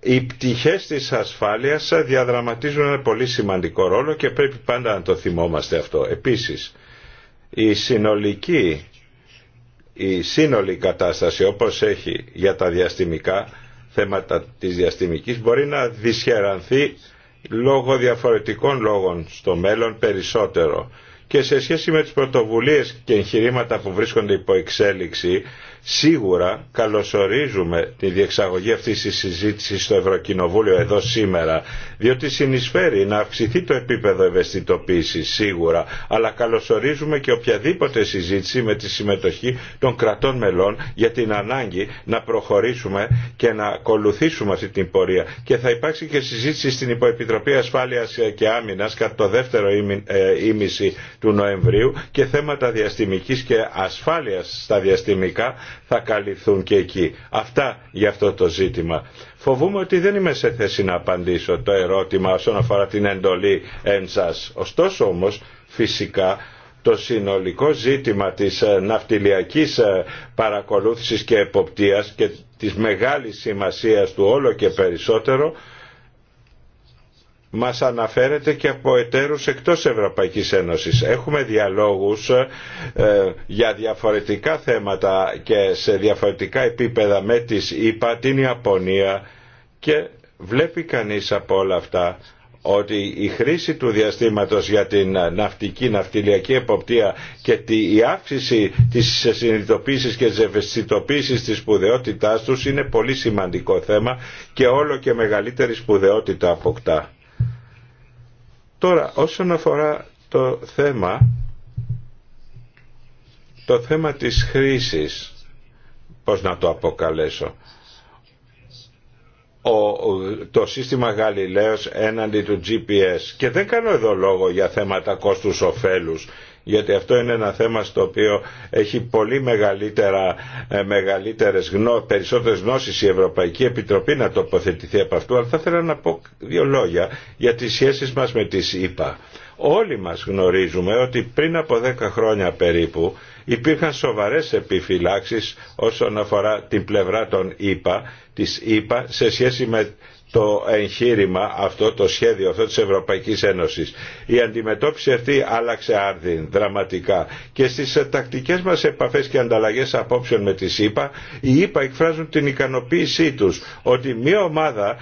οι πτυχές της ασφάλειας διαδραματίζουν ένα πολύ σημαντικό ρόλο και πρέπει πάντα να το θυμόμαστε αυτό. Επίσης, η συνολική η σύνολη κατάσταση όπως έχει για τα διαστημικά θέματα της διαστημικής μπορεί να δυσχερανθεί λόγω διαφορετικών λόγων στο μέλλον περισσότερο. Και σε σχέση με τις πρωτοβουλίες και εγχειρήματα που βρίσκονται υπό εξέλιξη Σίγουρα καλωσορίζουμε τη διεξαγωγή αυτής της συζήτησης στο Ευρωκοινοβούλιο εδώ σήμερα, διότι συνεισφέρει να αυξηθεί το επίπεδο ευαισθητοποίηση σίγουρα, αλλά καλωσορίζουμε και οποιαδήποτε συζήτηση με τη συμμετοχή των κρατών μελών για την ανάγκη να προχωρήσουμε και να ακολουθήσουμε αυτή την πορεία. Και θα υπάρξει και συζήτηση στην Υποεπιτροπή Ασφάλειας και Άμυνας κατά το δεύτερο ε, ήμιση του Νοεμβρίου και θέματα διαστημικής και ασφάλειας στα διαστημικά θα καλυφθούν και εκεί. Αυτά για αυτό το ζήτημα. Φοβούμαι ότι δεν είμαι σε θέση να απαντήσω το ερώτημα όσον αφορά την εντολή ένσας. Ωστόσο όμως φυσικά το συνολικό ζήτημα της ε, ναυτιλιακής ε, παρακολούθησης και εποπτείας και της μεγάλης σημασίας του όλο και περισσότερο μας αναφέρεται και από εταίρους εκτός Ευρωπαϊκής Ένωσης. Έχουμε διαλόγους ε, για διαφορετικά θέματα και σε διαφορετικά επίπεδα με τις ΗΠΑ, την Ιαπωνία και βλέπει κανείς από όλα αυτά ότι η χρήση του διαστήματος για την ναυτική, ναυτιλιακή εποπτεία και η αύξηση της συνειδητοποίησης και της ευαισθητοποίησης της σπουδαιότητάς τους είναι πολύ σημαντικό θέμα και όλο και μεγαλύτερη σπουδαιότητα αποκτά. Τώρα, όσον αφορά το θέμα, το θέμα της χρήσης, πώς να το αποκαλέσω, το σύστημα Γαλιλαίος έναντι του GPS και δεν κάνω εδώ λόγο για θέματα κόστους-οφέλους γιατί αυτό είναι ένα θέμα στο οποίο έχει πολύ μεγαλύτερα, ε, μεγαλύτερες γνώ, περισσότερες γνώσεις η Ευρωπαϊκή Επιτροπή να τοποθετηθεί από αυτού, αλλά θα ήθελα να πω δύο λόγια για τις σχέσεις μας με τις ΗΠΑ. Όλοι μας γνωρίζουμε ότι πριν από 10 χρόνια περίπου υπήρχαν σοβαρές επιφυλάξεις όσον αφορά την πλευρά των ΗΠΑ, της ΗΠΑ σε σχέση με το εγχείρημα αυτό, το σχέδιο αυτό της Ευρωπαϊκής Ένωσης. Η αντιμετώπιση αυτή άλλαξε άρδιν δραματικά και στις ε, τακτικές μας επαφές και ανταλλαγές απόψεων με τη ΣΥΠΑ οι ΙΠΑ εκφράζουν την ικανοποίησή τους ότι μια ομάδα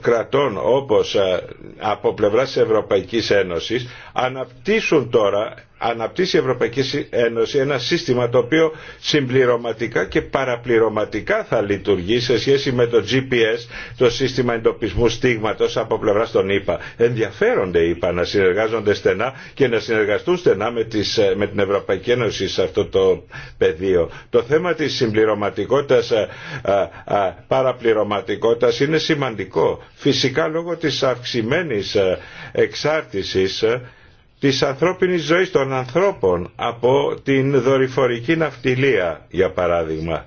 κρατών όπως ε, από πλευράς της Ευρωπαϊκής Ένωσης αναπτύσσουν τώρα αναπτύσσει η Ευρωπαϊκή Ένωση ένα σύστημα το οποίο συμπληρωματικά και παραπληρωματικά θα λειτουργεί σε σχέση με το GPS, το σύστημα εντοπισμού στίγματος από πλευρά των ΗΠΑ. Ενδιαφέρονται οι ΗΠΑ να συνεργάζονται στενά και να συνεργαστούν στενά με, τις, ε, με την Ευρωπαϊκή Ένωση σε αυτό το πεδίο. Το θέμα της συμπληρωματικότητας, ε, ε, παραπληρωματικότητας είναι σημαντικό. Φυσικά λόγω της αυξημένης εξάρτησης της ανθρώπινης ζωής των ανθρώπων από την δορυφορική ναυτιλία για παράδειγμα.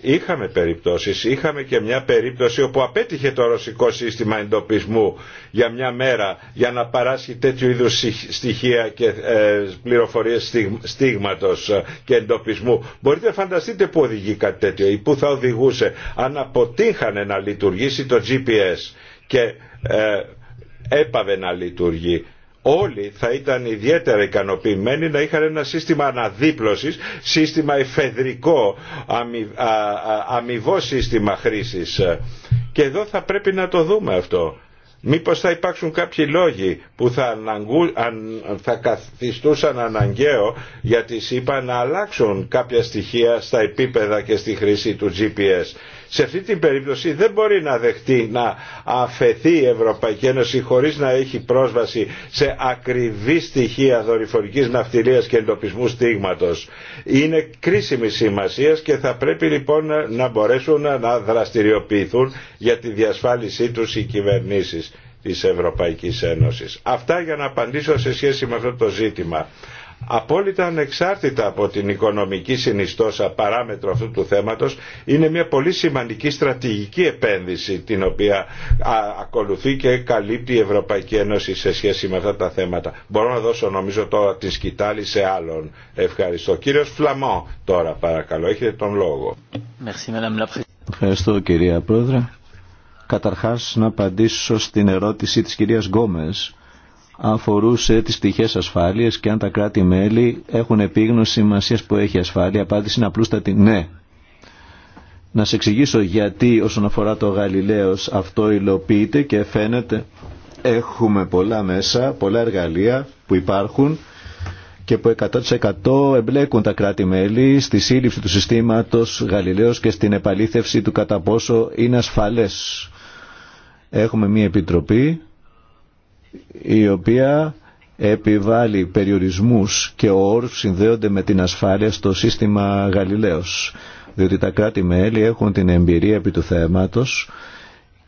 Είχαμε περιπτώσεις, είχαμε και μια περίπτωση όπου απέτυχε το ρωσικό σύστημα εντοπισμού για μια μέρα για να παράσχει τέτοιου είδους στοιχεία και ε, πληροφορίες στίγματος ε, και εντοπισμού. Μπορείτε να φανταστείτε που οδηγεί κάτι τέτοιο ή που θα οδηγούσε αν αποτύχανε να λειτουργήσει το GPS και ε, έπαβε να λειτουργεί όλοι θα ήταν ιδιαίτερα ικανοποιημένοι να είχαν ένα σύστημα αναδίπλωσης, σύστημα εφεδρικό, αμοιβό σύστημα χρήσης. Και εδώ θα πρέπει να το δούμε αυτό. Μήπως θα υπάρξουν κάποιοι λόγοι που θα, αναγκού, αν, θα καθιστούσαν αναγκαίο για τις να αλλάξουν κάποια στοιχεία στα επίπεδα και στη χρήση του GPS σε αυτή την περίπτωση δεν μπορεί να δεχτεί να αφαιθεί η Ευρωπαϊκή Ένωση χωρίς να έχει πρόσβαση σε ακριβή στοιχεία δορυφορικής ναυτιλίας και εντοπισμού στίγματος. Είναι κρίσιμη σημασία και θα πρέπει λοιπόν να μπορέσουν να δραστηριοποιηθούν για τη διασφάλισή τους οι κυβερνήσεις της Ευρωπαϊκής Ένωσης. Αυτά για να απαντήσω σε σχέση με αυτό το ζήτημα απόλυτα ανεξάρτητα από την οικονομική συνιστόσα παράμετρο αυτού του θέματος είναι μια πολύ σημαντική στρατηγική επένδυση την οποία ακολουθεί και καλύπτει η Ευρωπαϊκή Ένωση σε σχέση με αυτά τα θέματα. Μπορώ να δώσω νομίζω τώρα τη σκητάλη σε άλλον. Ευχαριστώ. Κύριος Φλαμό τώρα παρακαλώ. Έχετε τον λόγο. Ευχαριστώ κυρία Πρόεδρε. Καταρχάς να απαντήσω στην ερώτηση της κυρίας Γκόμες αφορούσε τις πτυχές ασφάλειας και αν τα κράτη-μέλη έχουν επίγνωση σημασίας που έχει ασφάλεια. Απάντηση είναι απλούστατη ναι. Να σε εξηγήσω γιατί όσον αφορά το Γαλιλαίος αυτό υλοποιείται και φαίνεται έχουμε πολλά μέσα, πολλά εργαλεία που υπάρχουν και που 100% εμπλέκουν τα κράτη-μέλη στη σύλληψη του συστήματος Γαλιλαίος και στην επαλήθευση του κατά πόσο είναι ασφαλές. Έχουμε μία επιτροπή η οποία επιβάλλει περιορισμούς και όρους συνδέονται με την ασφάλεια στο σύστημα Γαλιλαίος. Διότι τα κράτη-μέλη έχουν την εμπειρία επί του θέματος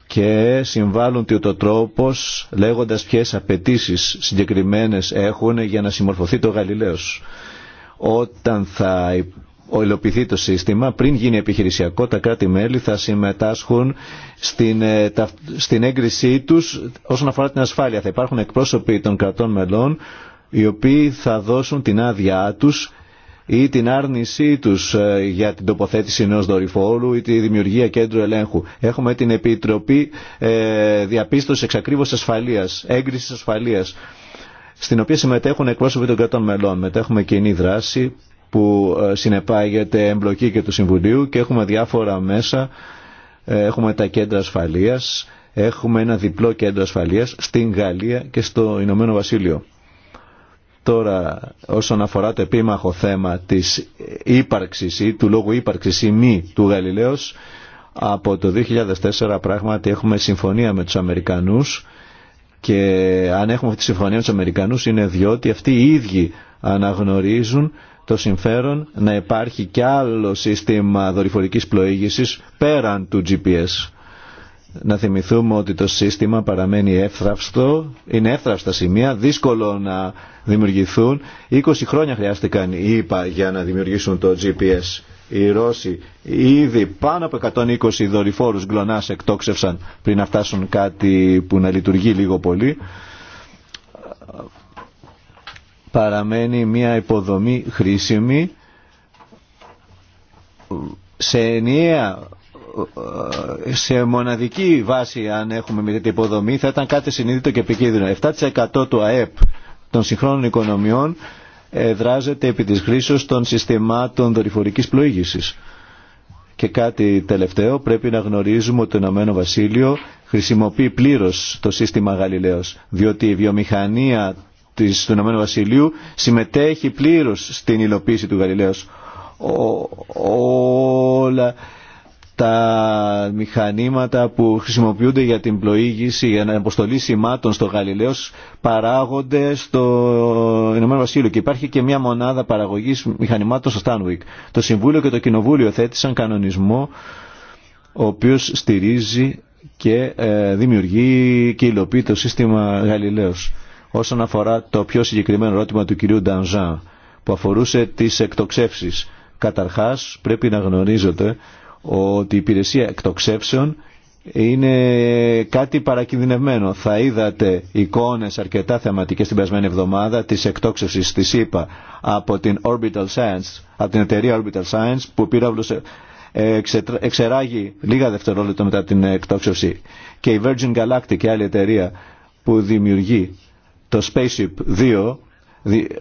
και συμβάλλουν τι ο τρόπος λέγοντας ποιες απαιτήσει συγκεκριμένες έχουν για να συμμορφωθεί το Γαλιλαίος. Όταν θα ολοποιηθεί το σύστημα, πριν γίνει επιχειρησιακό, τα κράτη-μέλη θα συμμετάσχουν στην, ε, στην έγκρισή τους όσον αφορά την ασφάλεια. Θα υπάρχουν εκπρόσωποι των κρατών μελών, οι οποίοι θα δώσουν την άδειά τους ή την άρνησή τους ε, για την τοποθέτηση ενό δορυφόρου ή τη δημιουργία κέντρου ελέγχου. Έχουμε την Επιτροπή ε, Διαπίστωση Εξακρίβωσης Ασφαλείας, Έγκρισης Ασφαλείας, στην οποία συμμετέχουν εκπρόσωποι των κρατών μελών. Μετέχουμε κοινή δράση που ε, συνεπάγεται εμπλοκή και του Συμβουλίου και έχουμε διάφορα μέσα, ε, έχουμε τα κέντρα ασφαλείας, έχουμε ένα διπλό κέντρο ασφαλείας στην Γαλλία και στο Ηνωμένο Βασίλειο. Τώρα, όσον αφορά το επίμαχο θέμα της ύπαρξης ή του λόγου ύπαρξης ή μη του Γαλιλαίος, από το 2004 πράγματι έχουμε συμφωνία με τους Αμερικανούς και αν έχουμε αυτή τη συμφωνία με τους Αμερικανούς είναι διότι αυτοί οι ίδιοι αναγνωρίζουν το συμφέρον να υπάρχει και άλλο σύστημα δορυφορικής πλοήγησης πέραν του GPS. Να θυμηθούμε ότι το σύστημα παραμένει εύθραυστο, είναι εύθραυστα σημεία, δύσκολο να δημιουργηθούν. 20 χρόνια χρειάστηκαν οι ΙΠΑ για να δημιουργήσουν το GPS. Οι Ρώσοι ήδη πάνω από 120 δορυφόρους γκλονάς εκτόξευσαν πριν να φτάσουν κάτι που να λειτουργεί λίγο πολύ παραμένει μια υποδομή χρήσιμη σε ενιαία σε μοναδική βάση αν έχουμε μια τέτοια υποδομή θα ήταν κάτι συνείδητο και επικίνδυνο. 7% του ΑΕΠ των συγχρόνων οικονομιών δράζεται επί της χρήσης των συστημάτων δορυφορικής πλοήγησης. Και κάτι τελευταίο, πρέπει να γνωρίζουμε ότι το Ηνωμένο Βασίλειο χρησιμοποιεί πλήρως το σύστημα Γαλιλαίος, διότι η βιομηχανία της, του Ηνωμένου Βασιλείου συμμετέχει πλήρως στην υλοποίηση του Γαλιλαίου. Όλα τα μηχανήματα που χρησιμοποιούνται για την πλοήγηση, για την αποστολή σημάτων στο Γαλιλαίο παράγονται στο Ηνωμένο Βασίλειο και υπάρχει και μια μονάδα παραγωγής μηχανημάτων στο Στάνουικ. Το Συμβούλιο και το Κοινοβούλιο θέτησαν κανονισμό ο οποίος στηρίζει και ε, δημιουργεί και υλοποιεί το σύστημα Γαλιλαίος όσον αφορά το πιο συγκεκριμένο ερώτημα του κυρίου Ντανζάν που αφορούσε τις εκτοξεύσεις. Καταρχάς πρέπει να γνωρίζετε ότι η υπηρεσία εκτοξεύσεων είναι κάτι παρακινδυνευμένο. Θα είδατε εικόνες αρκετά θεματικές την περασμένη εβδομάδα της εκτόξευσης της ΕΠΑ από την Orbital Science, από την εταιρεία Orbital Science που πύραυλωσε εξεράγει λίγα δευτερόλεπτα μετά την εκτόξευση και η Virgin Galactic και άλλη εταιρεία που δημιουργεί το Spaceship 2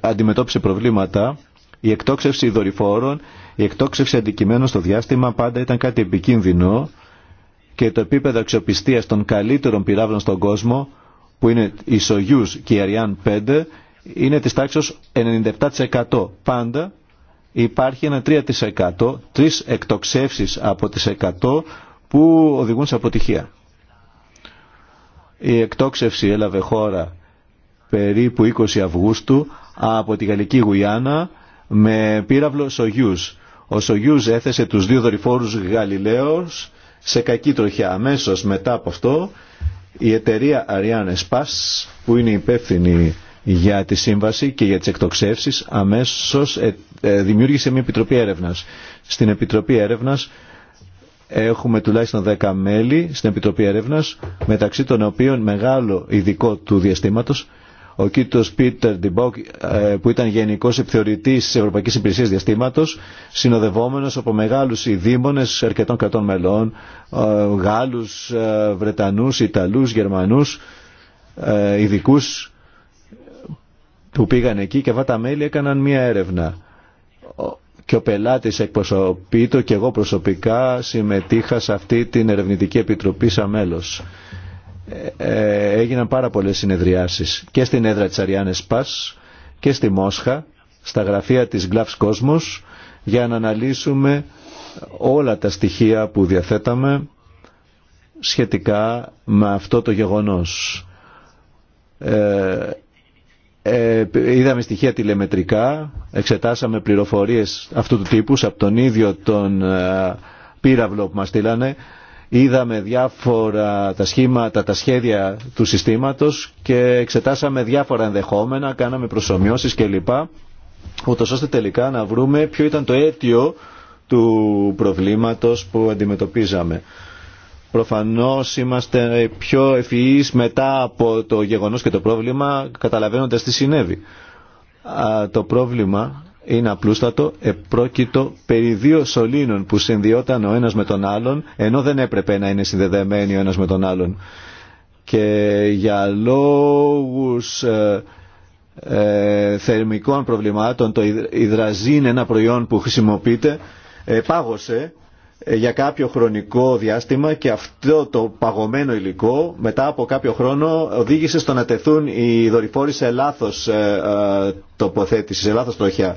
αντιμετώπισε προβλήματα. Η εκτόξευση δορυφόρων, η εκτόξευση αντικειμένων στο διάστημα πάντα ήταν κάτι επικίνδυνο και το επίπεδο αξιοπιστία των καλύτερων πυράβλων στον κόσμο, που είναι η Σογιούς και η Αριάν 5, είναι της τάξης 97%. Πάντα υπάρχει ένα 3%, τρεις εκτοξεύσεις από τις 100 που οδηγούν σε αποτυχία. Η εκτόξευση έλαβε χώρα περίπου 20 Αυγούστου από τη Γαλλική Γουιάννα με πύραυλο Σογιούς. Ο Σογιούς έθεσε τους δύο δορυφόρους Γαλιλαίος σε κακή τροχιά. Αμέσως μετά από αυτό η εταιρεία Ariane Spass που είναι υπεύθυνη για τη σύμβαση και για τις εκτοξεύσεις αμέσως ε, ε, δημιούργησε μια επιτροπή έρευνας. Στην επιτροπή έρευνας έχουμε τουλάχιστον 10 μέλη στην επιτροπή έρευνας μεταξύ των οποίων μεγάλο ειδικό του διαστήματος ο κ. Πίτερ Ντιμπόκ, ε, που ήταν Γενικό Επιθεωρητή τη Ευρωπαϊκή Υπηρεσία Διαστήματο, συνοδευόμενο από μεγάλου ειδήμονε αρκετών κρατών μελών, ε, Γάλλου, ε, Βρετανού, Ιταλού, Γερμανού, ειδικού που πήγαν εκεί και αυτά τα μέλη έκαναν μία έρευνα. Και ο πελάτη εκπροσωπεί και εγώ προσωπικά συμμετείχα σε αυτή την ερευνητική επιτροπή σαν μέλος. Ε, ε, έγιναν πάρα πολλές συνεδριάσεις και στην έδρα της Αριάνες Πας και στη Μόσχα, στα γραφεία της Γκλαφς Κόσμος για να αναλύσουμε όλα τα στοιχεία που διαθέταμε σχετικά με αυτό το γεγονός. Ε, ε, είδαμε στοιχεία τηλεμετρικά, εξετάσαμε πληροφορίες αυτού του τύπου από τον ίδιο τον ε, πύραυλο που μας στείλανε Είδαμε διάφορα τα σχήματα, τα σχέδια του συστήματος και εξετάσαμε διάφορα ενδεχόμενα, κάναμε προσωμιώσεις κλπ. Ούτως ώστε τελικά να βρούμε ποιο ήταν το αίτιο του προβλήματος που αντιμετωπίζαμε. Προφανώς είμαστε πιο ευφυείς μετά από το γεγονός και το πρόβλημα καταλαβαίνοντας τι συνέβη. Το πρόβλημα είναι απλούστατο, επρόκειτο περί δύο σωλήνων που συνδυόταν ο ένας με τον άλλον, ενώ δεν έπρεπε να είναι συνδεδεμένοι ο ένας με τον άλλον. Και για λόγους ε, ε, θερμικών προβλημάτων, το υδραζίν, ένα προϊόν που χρησιμοποιείται, ε, πάγωσε ε, για κάποιο χρονικό διάστημα και αυτό το παγωμένο υλικό μετά από κάποιο χρόνο οδήγησε στο να τεθούν οι δορυφόροι σε λάθος ε, ε, τοποθέτηση, σε λάθος τροχιά.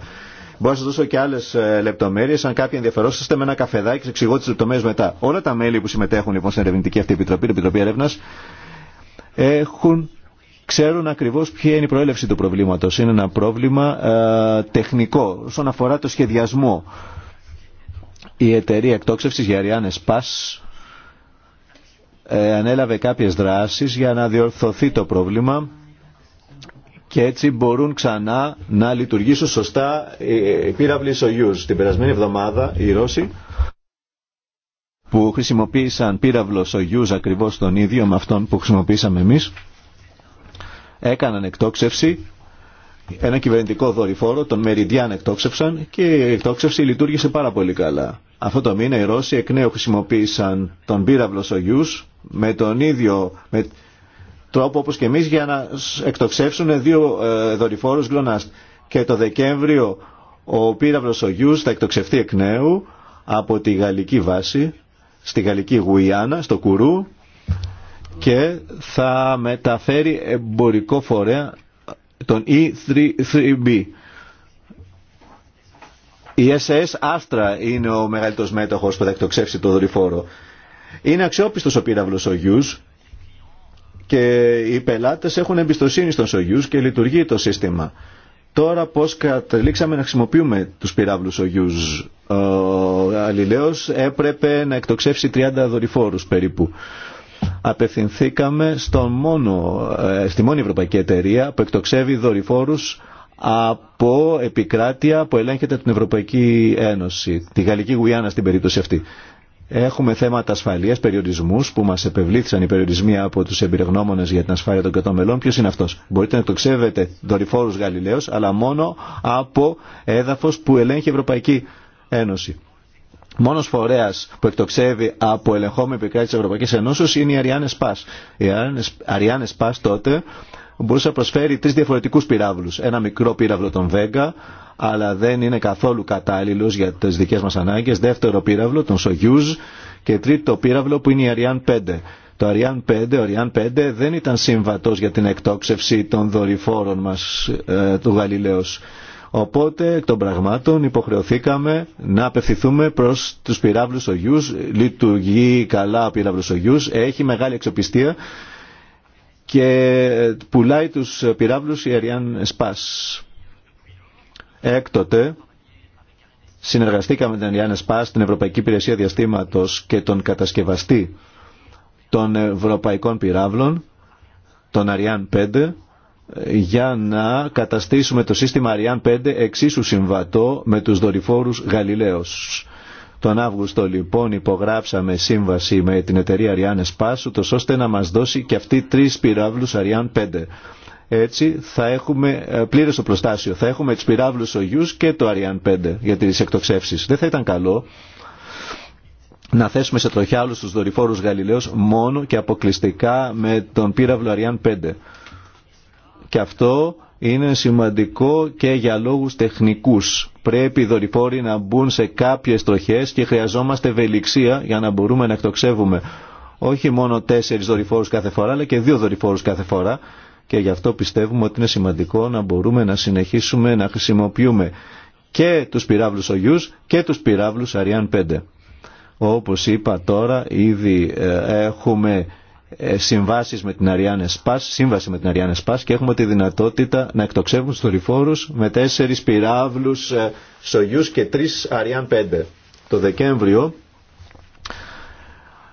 Μπορώ να σα δώσω και άλλε λεπτομέρειε. Αν κάποιοι ενδιαφερόσαστε με ένα καφεδάκι, σα εξηγώ τι λεπτομέρειε μετά. Όλα τα μέλη που συμμετέχουν λοιπόν στην ερευνητική αυτή επιτροπή, την Επιτροπή Έρευνα, ξέρουν ακριβώ ποια είναι η προέλευση του προβλήματο. Είναι ένα πρόβλημα τεχνικό, όσον αφορά το σχεδιασμό η εταιρεία εκτόξευσης για Πας ε, ανέλαβε κάποιες δράσεις για να διορθωθεί το πρόβλημα και έτσι μπορούν ξανά να λειτουργήσουν σωστά οι πύραυλοι Σογιούς. Την περασμένη εβδομάδα οι Ρώσοι που χρησιμοποίησαν πύραυλο Σογιούς ακριβώς τον ίδιο με αυτόν που χρησιμοποίησαμε εμείς έκαναν εκτόξευση ένα κυβερνητικό δορυφόρο, τον μεριδιάν εκτόξευσαν και η εκτόξευση λειτουργήσε πάρα πολύ καλά. Αυτό το μήνα οι Ρώσοι εκ νέου χρησιμοποίησαν τον πύραυλο Σογιούς με τον ίδιο με τρόπο όπως και εμείς για να εκτοξεύσουν δύο ε, δορυφόρους Και το Δεκέμβριο ο πύραυλος Σογιούς θα εκτοξευτεί εκ νέου από τη γαλλική βάση στη γαλλική Γουιάννα, στο Κουρού και θα μεταφέρει εμπορικό φορέα τον E3B η SS Άστρα είναι ο μεγαλύτερος μέτοχος που θα εκτοξεύσει το δορυφόρο. Είναι αξιόπιστος ο πύραυλος Σογιούς και οι πελάτες έχουν εμπιστοσύνη στον Σογιούς και λειτουργεί το σύστημα. Τώρα πώς καταλήξαμε να χρησιμοποιούμε τους πυράβλους Σογιούς. Ο έπρεπε να εκτοξεύσει 30 δορυφόρους περίπου. Απευθυνθήκαμε στον μόνο, ε, στη μόνη ευρωπαϊκή εταιρεία που εκτοξεύει δορυφόρους από επικράτεια που ελέγχεται την Ευρωπαϊκή Ένωση, τη Γαλλική Γουιάννα στην περίπτωση αυτή. Έχουμε θέματα ασφαλεία, περιορισμού που μα επευλήθησαν οι περιορισμοί από του εμπειρογνώμονε για την ασφάλεια των κρατών μελών. Ποιο είναι αυτό. Μπορείτε να το ξέρετε δορυφόρου Γαλιλαίο, αλλά μόνο από έδαφο που ελέγχει η Ευρωπαϊκή Ένωση. Μόνο φορέα που εκτοξεύει από ελεγχόμενη επικράτηση τη Ευρωπαϊκή Ένωση είναι η Αριάνε Πα. Η Αριάννε τότε μπορούσε να προσφέρει τρεις διαφορετικούς πυράβλους. Ένα μικρό πύραυλο των Βέγκα, αλλά δεν είναι καθόλου κατάλληλος για τις δικές μας ανάγκες. Δεύτερο πύραυλο, τον Σογιούζ. Και τρίτο πύραυλο που είναι η Αριάν 5. Το Αριάν 5, ο Αριάν 5 δεν ήταν σύμβατος για την εκτόξευση των δορυφόρων μας ε, του Γαλιλαίος. Οπότε εκ των πραγμάτων υποχρεωθήκαμε να απευθυνθούμε προς τους πυράβλους Σογιούς. Λειτουργεί καλά ο πυράβλος Σογιούς, έχει μεγάλη εξοπιστία και πουλάει τους πυράβλους η Αριάν Σπάς. Έκτοτε συνεργαστήκαμε με την Αριάν Σπάς, την Ευρωπαϊκή Υπηρεσία Διαστήματος και τον κατασκευαστή των Ευρωπαϊκών Πυράβλων, τον Αριάν 5, για να καταστήσουμε το σύστημα Αριάν 5 εξίσου συμβατό με τους δορυφόρους Γαλιλαίος. Τον Αύγουστο λοιπόν υπογράψαμε σύμβαση με την εταιρεία Αριάν Εσπάσου, ώστε να μας δώσει και αυτή τρεις πυράβλους Αριάν 5. Έτσι θα έχουμε ε, πλήρες το προστάσιο. Θα έχουμε τις πυράβλους Ογιούς και το Αριάν 5 για τις εκτοξεύσεις. Δεν θα ήταν καλό να θέσουμε σε τροχιά όλους τους δορυφόρους Γαλιλαίος μόνο και αποκλειστικά με τον πύραυλο Αριάν 5. Και αυτό είναι σημαντικό και για λόγους τεχνικούς. Πρέπει οι δορυφόροι να μπουν σε κάποιες τροχές και χρειαζόμαστε ευελιξία για να μπορούμε να εκτοξεύουμε όχι μόνο τέσσερις δορυφόρους κάθε φορά, αλλά και δύο δορυφόρους κάθε φορά. Και γι' αυτό πιστεύουμε ότι είναι σημαντικό να μπορούμε να συνεχίσουμε να χρησιμοποιούμε και τους πυράβλους Ογιούς και τους πυράβλους Αριάν 5. Όπως είπα τώρα, ήδη ε, έχουμε ε, συμβάσεις με την Αριάνε Σπάς, σύμβαση με την Αριάνε Σπάς και έχουμε τη δυνατότητα να εκτοξεύουμε στους δορυφόρους με τέσσερις πυράβλους ε, Σογιούς και τρεις Αριάν 5. Το Δεκέμβριο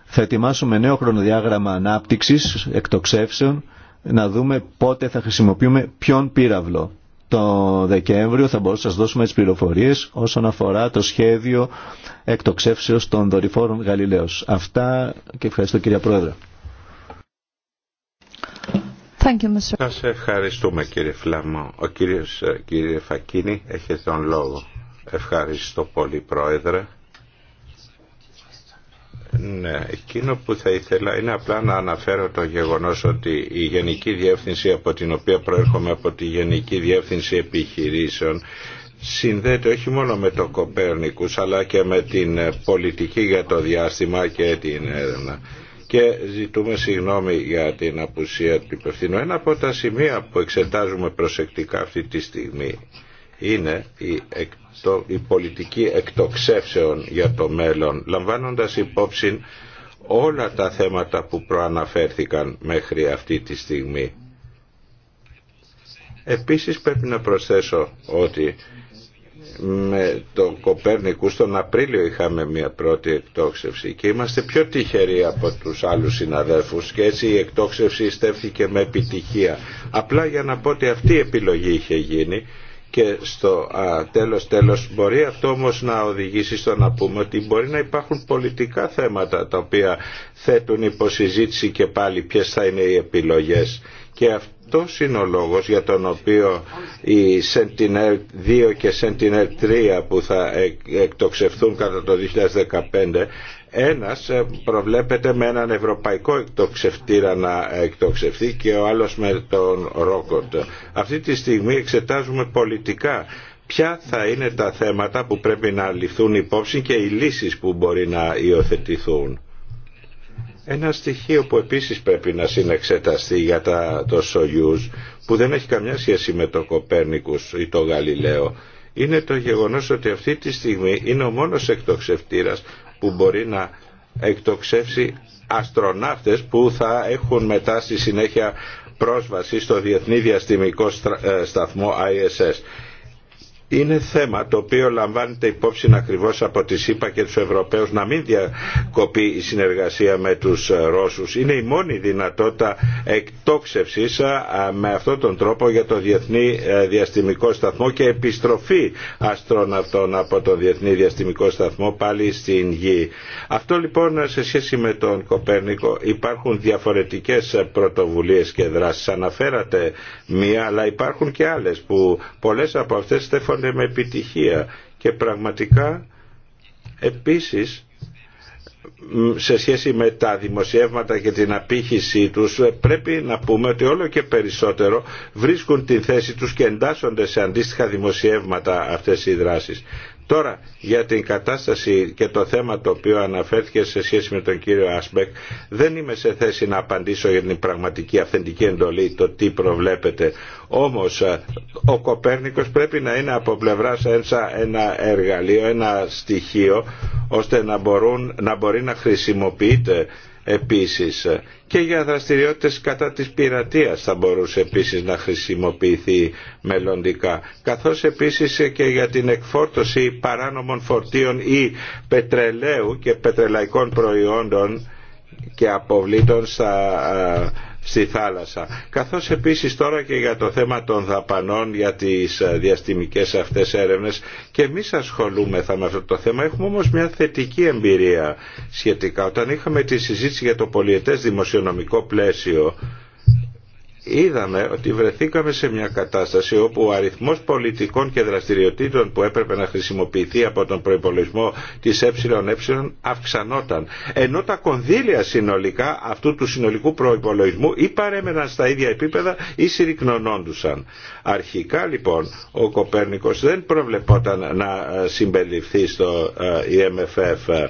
θα ετοιμάσουμε νέο χρονοδιάγραμμα ανάπτυξης, εκτοξεύσεων, να δούμε πότε θα χρησιμοποιούμε ποιον πύραυλο. Το Δεκέμβριο θα μπορούσαμε να σας δώσουμε τις πληροφορίες όσον αφορά το σχέδιο εκτοξεύσεως των δορυφόρων Γαλιλαίος. Αυτά και ευχαριστώ κυρία Πρόεδρε. Σας ευχαριστούμε κύριε Φλαμό. Ο κύριος, ε, κύριε Φακίνη έχει τον λόγο. Ευχαριστώ πολύ πρόεδρε. Ναι, εκείνο που θα ήθελα είναι απλά να αναφέρω το γεγονός ότι η Γενική Διεύθυνση από την οποία προέρχομαι από τη Γενική Διεύθυνση Επιχειρήσεων συνδέεται όχι μόνο με το Κοπέρνικους αλλά και με την πολιτική για το διάστημα και την έρευνα και ζητούμε συγγνώμη για την απουσία του υπευθύνου. Ένα από τα σημεία που εξετάζουμε προσεκτικά αυτή τη στιγμή είναι η, η πολιτική εκτοξεύσεων για το μέλλον, λαμβάνοντας υπόψη όλα τα θέματα που προαναφέρθηκαν μέχρι αυτή τη στιγμή. Επίσης πρέπει να προσθέσω ότι με τον Κοπέρνικου στον Απρίλιο είχαμε μια πρώτη εκτόξευση και είμαστε πιο τυχεροί από τους άλλους συναδέλφους και έτσι η εκτόξευση στέφθηκε με επιτυχία. Απλά για να πω ότι αυτή η επιλογή είχε γίνει και στο τέλος τέλος μπορεί αυτό όμως να οδηγήσει στο να πούμε ότι μπορεί να υπάρχουν πολιτικά θέματα τα οποία θέτουν υποσυζήτηση και πάλι ποιες θα είναι οι επιλογές και το είναι ο λόγος για τον οποίο οι Sentinel-2 και Sentinel-3 που θα εκτοξευθούν κατά το 2015 ένας ε, προβλέπεται με έναν ευρωπαϊκό εκτοξευτήρα να εκτοξευθεί και ο άλλος με τον ρόκοτ. Αυτή τη στιγμή εξετάζουμε πολιτικά ποια θα είναι τα θέματα που πρέπει να ληφθούν υπόψη και οι λύσεις που μπορεί να υιοθετηθούν. Ένα στοιχείο που επίσης πρέπει να συνεξεταστεί για τα, το Σογιούς που δεν έχει καμιά σχέση με το Κοπέρνικους ή το Γαλιλαίο είναι το γεγονός ότι αυτή τη στιγμή είναι ο μόνος εκτοξευτήρας που μπορεί να εκτοξεύσει αστροναύτες που θα έχουν μετά στη συνέχεια πρόσβαση στο Διεθνή Διαστημικό ε, Σταθμό ISS είναι θέμα το οποίο λαμβάνεται υπόψη ακριβώς από τη ΣΥΠΑ και τους Ευρωπαίους να μην διακοπεί η συνεργασία με τους Ρώσους. Είναι η μόνη δυνατότητα εκτόξευσης με αυτόν τον τρόπο για το Διεθνή ε, Διαστημικό Σταθμό και επιστροφή αυτών από το Διεθνή Διαστημικό Σταθμό πάλι στην Γη. Αυτό λοιπόν σε σχέση με τον Κοπέρνικο υπάρχουν διαφορετικές πρωτοβουλίες και δράσεις. Αναφέρατε μία αλλά υπάρχουν και άλλες που πολλές από αυτές με επιτυχία και πραγματικά επίσης σε σχέση με τα δημοσιεύματα και την απήχησή τους πρέπει να πούμε ότι όλο και περισσότερο βρίσκουν την θέση τους και εντάσσονται σε αντίστοιχα δημοσιεύματα αυτές οι δράσεις. Τώρα για την κατάσταση και το θέμα το οποίο αναφέρθηκε σε σχέση με τον κύριο Άσμπεκ δεν είμαι σε θέση να απαντήσω για την πραγματική αυθεντική εντολή το τι προβλέπετε. Όμως ε, ο Κοπέρνικος πρέπει να είναι από πλευρά ένα εργαλείο, ένα στοιχείο ώστε να, μπορούν, να μπορεί να χρησιμοποιείται επίσης και για δραστηριότητες κατά της πειρατείας θα μπορούσε επίσης να χρησιμοποιηθεί μελλοντικά καθώς επίσης και για την εκφόρτωση παράνομων φορτίων ή πετρελαίου και πετρελαϊκών προϊόντων και αποβλήτων στα στη θάλασσα. Καθώς επίσης τώρα και για το θέμα των δαπανών για τις ε, διαστημικές αυτές έρευνες και εμείς ασχολούμεθα με αυτό το θέμα. Έχουμε όμως μια θετική εμπειρία σχετικά. Όταν είχαμε τη συζήτηση για το πολιετές δημοσιονομικό πλαίσιο είδαμε ότι βρεθήκαμε σε μια κατάσταση όπου ο αριθμός πολιτικών και δραστηριοτήτων που έπρεπε να χρησιμοποιηθεί από τον προϋπολογισμό της ΕΕ αυξανόταν. Ενώ τα κονδύλια συνολικά αυτού του συνολικού προϋπολογισμού ή παρέμεναν στα ίδια επίπεδα ή συρρυκνωνόντουσαν. Αρχικά λοιπόν ο Κοπέρνικος δεν προβλεπόταν να συμπεριληφθεί στο IMFF. Ε,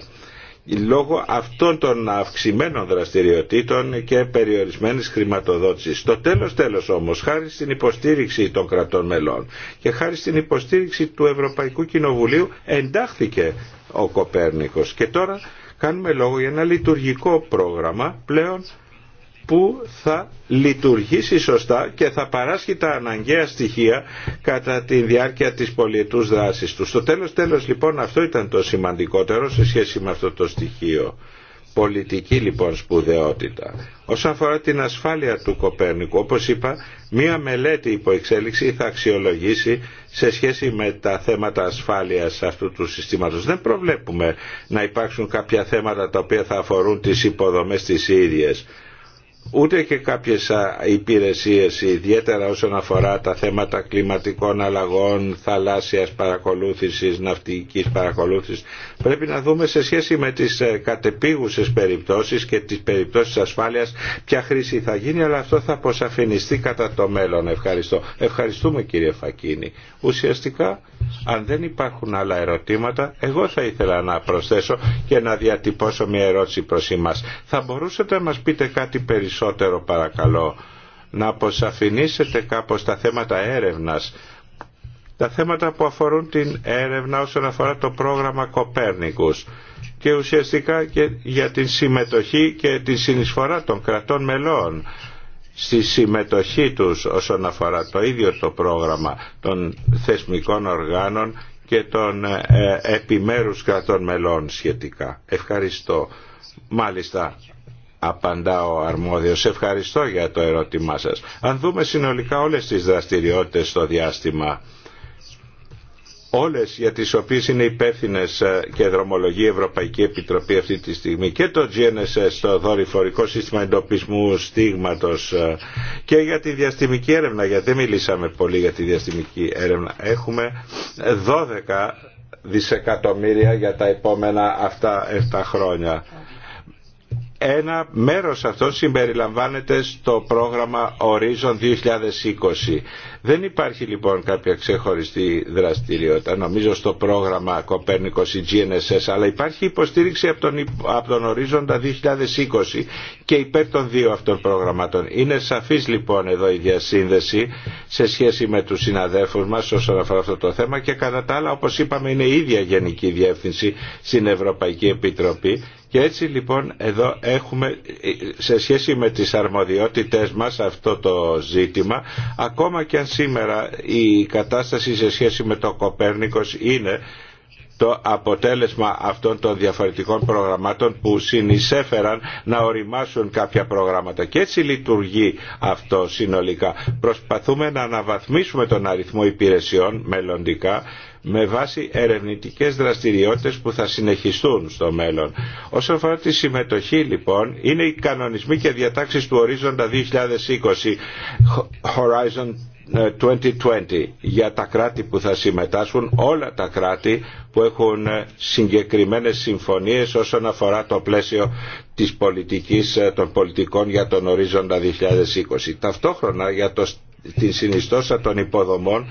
λόγω αυτών των αυξημένων δραστηριοτήτων και περιορισμένης χρηματοδότησης. Στο τέλος τέλος όμως, χάρη στην υποστήριξη των κρατών μελών και χάρη στην υποστήριξη του Ευρωπαϊκού Κοινοβουλίου εντάχθηκε ο Κοπέρνικος και τώρα κάνουμε λόγο για ένα λειτουργικό πρόγραμμα πλέον που θα λειτουργήσει σωστά και θα παράσχει τα αναγκαία στοιχεία κατά τη διάρκεια της πολιετούς δράσης του. Στο τέλος τέλος λοιπόν αυτό ήταν το σημαντικότερο σε σχέση με αυτό το στοιχείο. Πολιτική λοιπόν σπουδαιότητα. Όσον αφορά την ασφάλεια του Κοπέρνικου, όπως είπα, μία μελέτη υποεξέλιξη θα αξιολογήσει σε σχέση με τα θέματα ασφάλειας αυτού του συστήματος. Δεν προβλέπουμε να υπάρξουν κάποια θέματα τα οποία θα αφορούν τις υποδομές τις ίδιες ούτε και κάποιες υπηρεσίες ιδιαίτερα όσον αφορά τα θέματα κλιματικών αλλαγών, θαλάσσιας παρακολούθησης, ναυτικής παρακολούθησης Πρέπει να δούμε σε σχέση με τις ε, κατεπίγουσες περιπτώσεις και τις περιπτώσεις ασφάλειας ποια χρήση θα γίνει, αλλά αυτό θα αποσαφινιστεί κατά το μέλλον. Ευχαριστώ. Ευχαριστούμε κύριε Φακίνη. Ουσιαστικά, αν δεν υπάρχουν άλλα ερωτήματα, εγώ θα ήθελα να προσθέσω και να διατυπώσω μια ερώτηση προς εμάς. Θα μπορούσατε να μας πείτε κάτι περισσότερο παρακαλώ, να αποσαφηνίσετε κάπως τα θέματα έρευνας τα θέματα που αφορούν την έρευνα όσον αφορά το πρόγραμμα Κοπέρνικους και ουσιαστικά και για την συμμετοχή και τη συνεισφορά των κρατών μελών στη συμμετοχή τους όσον αφορά το ίδιο το πρόγραμμα των θεσμικών οργάνων και των ε, επιμέρους κρατών μελών σχετικά. Ευχαριστώ. Μάλιστα, απαντά ο Αρμόδιος. Ευχαριστώ για το ερώτημά σας. Αν δούμε συνολικά όλες τις δραστηριότητες στο διάστημα όλες για τις οποίες είναι υπεύθυνε ε, και δρομολογεί η Ευρωπαϊκή Επιτροπή αυτή τη στιγμή και το GNSS, το δορυφορικό σύστημα εντοπισμού στίγματος ε, και για τη διαστημική έρευνα, γιατί δεν μιλήσαμε πολύ για τη διαστημική έρευνα. Έχουμε 12 δισεκατομμύρια για τα επόμενα αυτά 7 χρόνια ένα μέρος αυτών συμπεριλαμβάνεται στο πρόγραμμα Horizon 2020. Δεν υπάρχει λοιπόν κάποια ξεχωριστή δραστηριότητα, νομίζω στο πρόγραμμα Copernicus ή GNSS, αλλά υπάρχει υποστήριξη από τον, από 2020 και υπέρ των δύο αυτών προγραμμάτων. Είναι σαφής λοιπόν εδώ η διασύνδεση σε σχέση με τους συναδέλφους μας όσον αφορά αυτό το θέμα και κατά τα άλλα όπως είπαμε είναι η ίδια Γενική Διεύθυνση στην Ευρωπαϊκή Επιτροπή και έτσι λοιπόν εδώ έχουμε σε σχέση με τις αρμοδιότητες μας αυτό το ζήτημα ακόμα και αν σήμερα η κατάσταση σε σχέση με το Κοπέρνικος είναι το αποτέλεσμα αυτών των διαφορετικών προγραμμάτων που συνεισέφεραν να οριμάσουν κάποια προγράμματα. Και έτσι λειτουργεί αυτό συνολικά. Προσπαθούμε να αναβαθμίσουμε τον αριθμό υπηρεσιών μελλοντικά με βάση ερευνητικές δραστηριότητες που θα συνεχιστούν στο μέλλον. Όσον αφορά τη συμμετοχή λοιπόν, είναι οι κανονισμοί και διατάξεις του ορίζοντα 2020 Horizon 2020 ε, για τα κράτη που θα συμμετάσχουν, όλα τα κράτη που έχουν ε, συγκεκριμένες συμφωνίες όσον αφορά το πλαίσιο της πολιτικής, ε, των πολιτικών για τον ορίζοντα 2020. Ταυτόχρονα για την συνιστόσα των υποδομών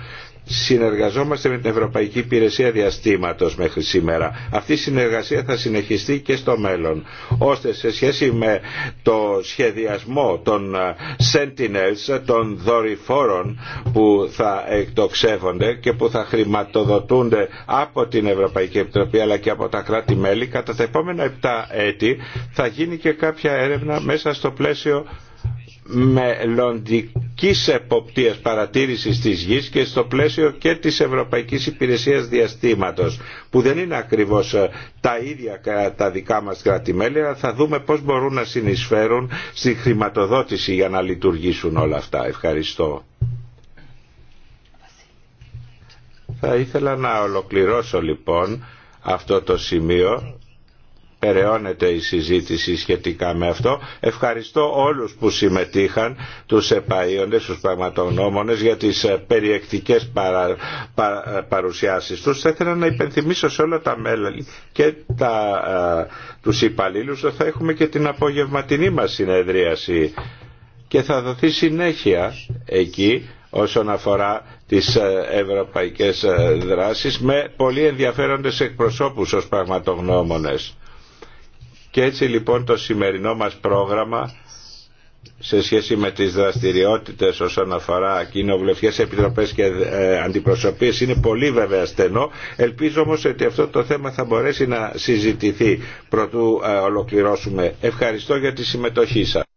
συνεργαζόμαστε με την Ευρωπαϊκή Υπηρεσία Διαστήματος μέχρι σήμερα. Αυτή η συνεργασία θα συνεχιστεί και στο μέλλον, ώστε σε σχέση με το σχεδιασμό των ε, Sentinels, των δορυφόρων που θα εκτοξεύονται και που θα χρηματοδοτούνται από την Ευρωπαϊκή Επιτροπή αλλά και από τα κράτη-μέλη, κατά τα επόμενα 7 έτη θα γίνει και κάποια έρευνα μέσα στο πλαίσιο μελλοντικής εποπτείας παρατήρησης της γης και στο πλαίσιο και της Ευρωπαϊκής Υπηρεσίας Διαστήματος που δεν είναι ακριβώς ε, τα ίδια τα δικά μας κρατημέλη θα δούμε πώς μπορούν να συνεισφέρουν στη χρηματοδότηση για να λειτουργήσουν όλα αυτά. Ευχαριστώ. Θα ήθελα να ολοκληρώσω λοιπόν αυτό το σημείο εραιώνεται η συζήτηση σχετικά με αυτό. Ευχαριστώ όλους που συμμετείχαν, τους επαΐοντες, τους πραγματογνώμονες για τις ε, περιεκτικές παρα, ε, παρουσιάσεις τους. Θα ήθελα να υπενθυμίσω σε όλα τα μέλη και τα, ε, τους υπαλλήλους ότι θα έχουμε και την απογευματινή μας συνεδρίαση και θα δοθεί συνέχεια εκεί όσον αφορά τις ευρωπαϊκές δράσεις με πολύ ενδιαφέροντες εκπροσώπους ως πραγματογνώμονες. Και έτσι λοιπόν το σημερινό μας πρόγραμμα σε σχέση με τις δραστηριότητες όσον αφορά κοινοβουλευτικές επιτροπές και ε, αντιπροσωπείες είναι πολύ βέβαια στενό. Ελπίζω όμως ότι αυτό το θέμα θα μπορέσει να συζητηθεί πρωτού ε, ολοκληρώσουμε. Ευχαριστώ για τη συμμετοχή σας.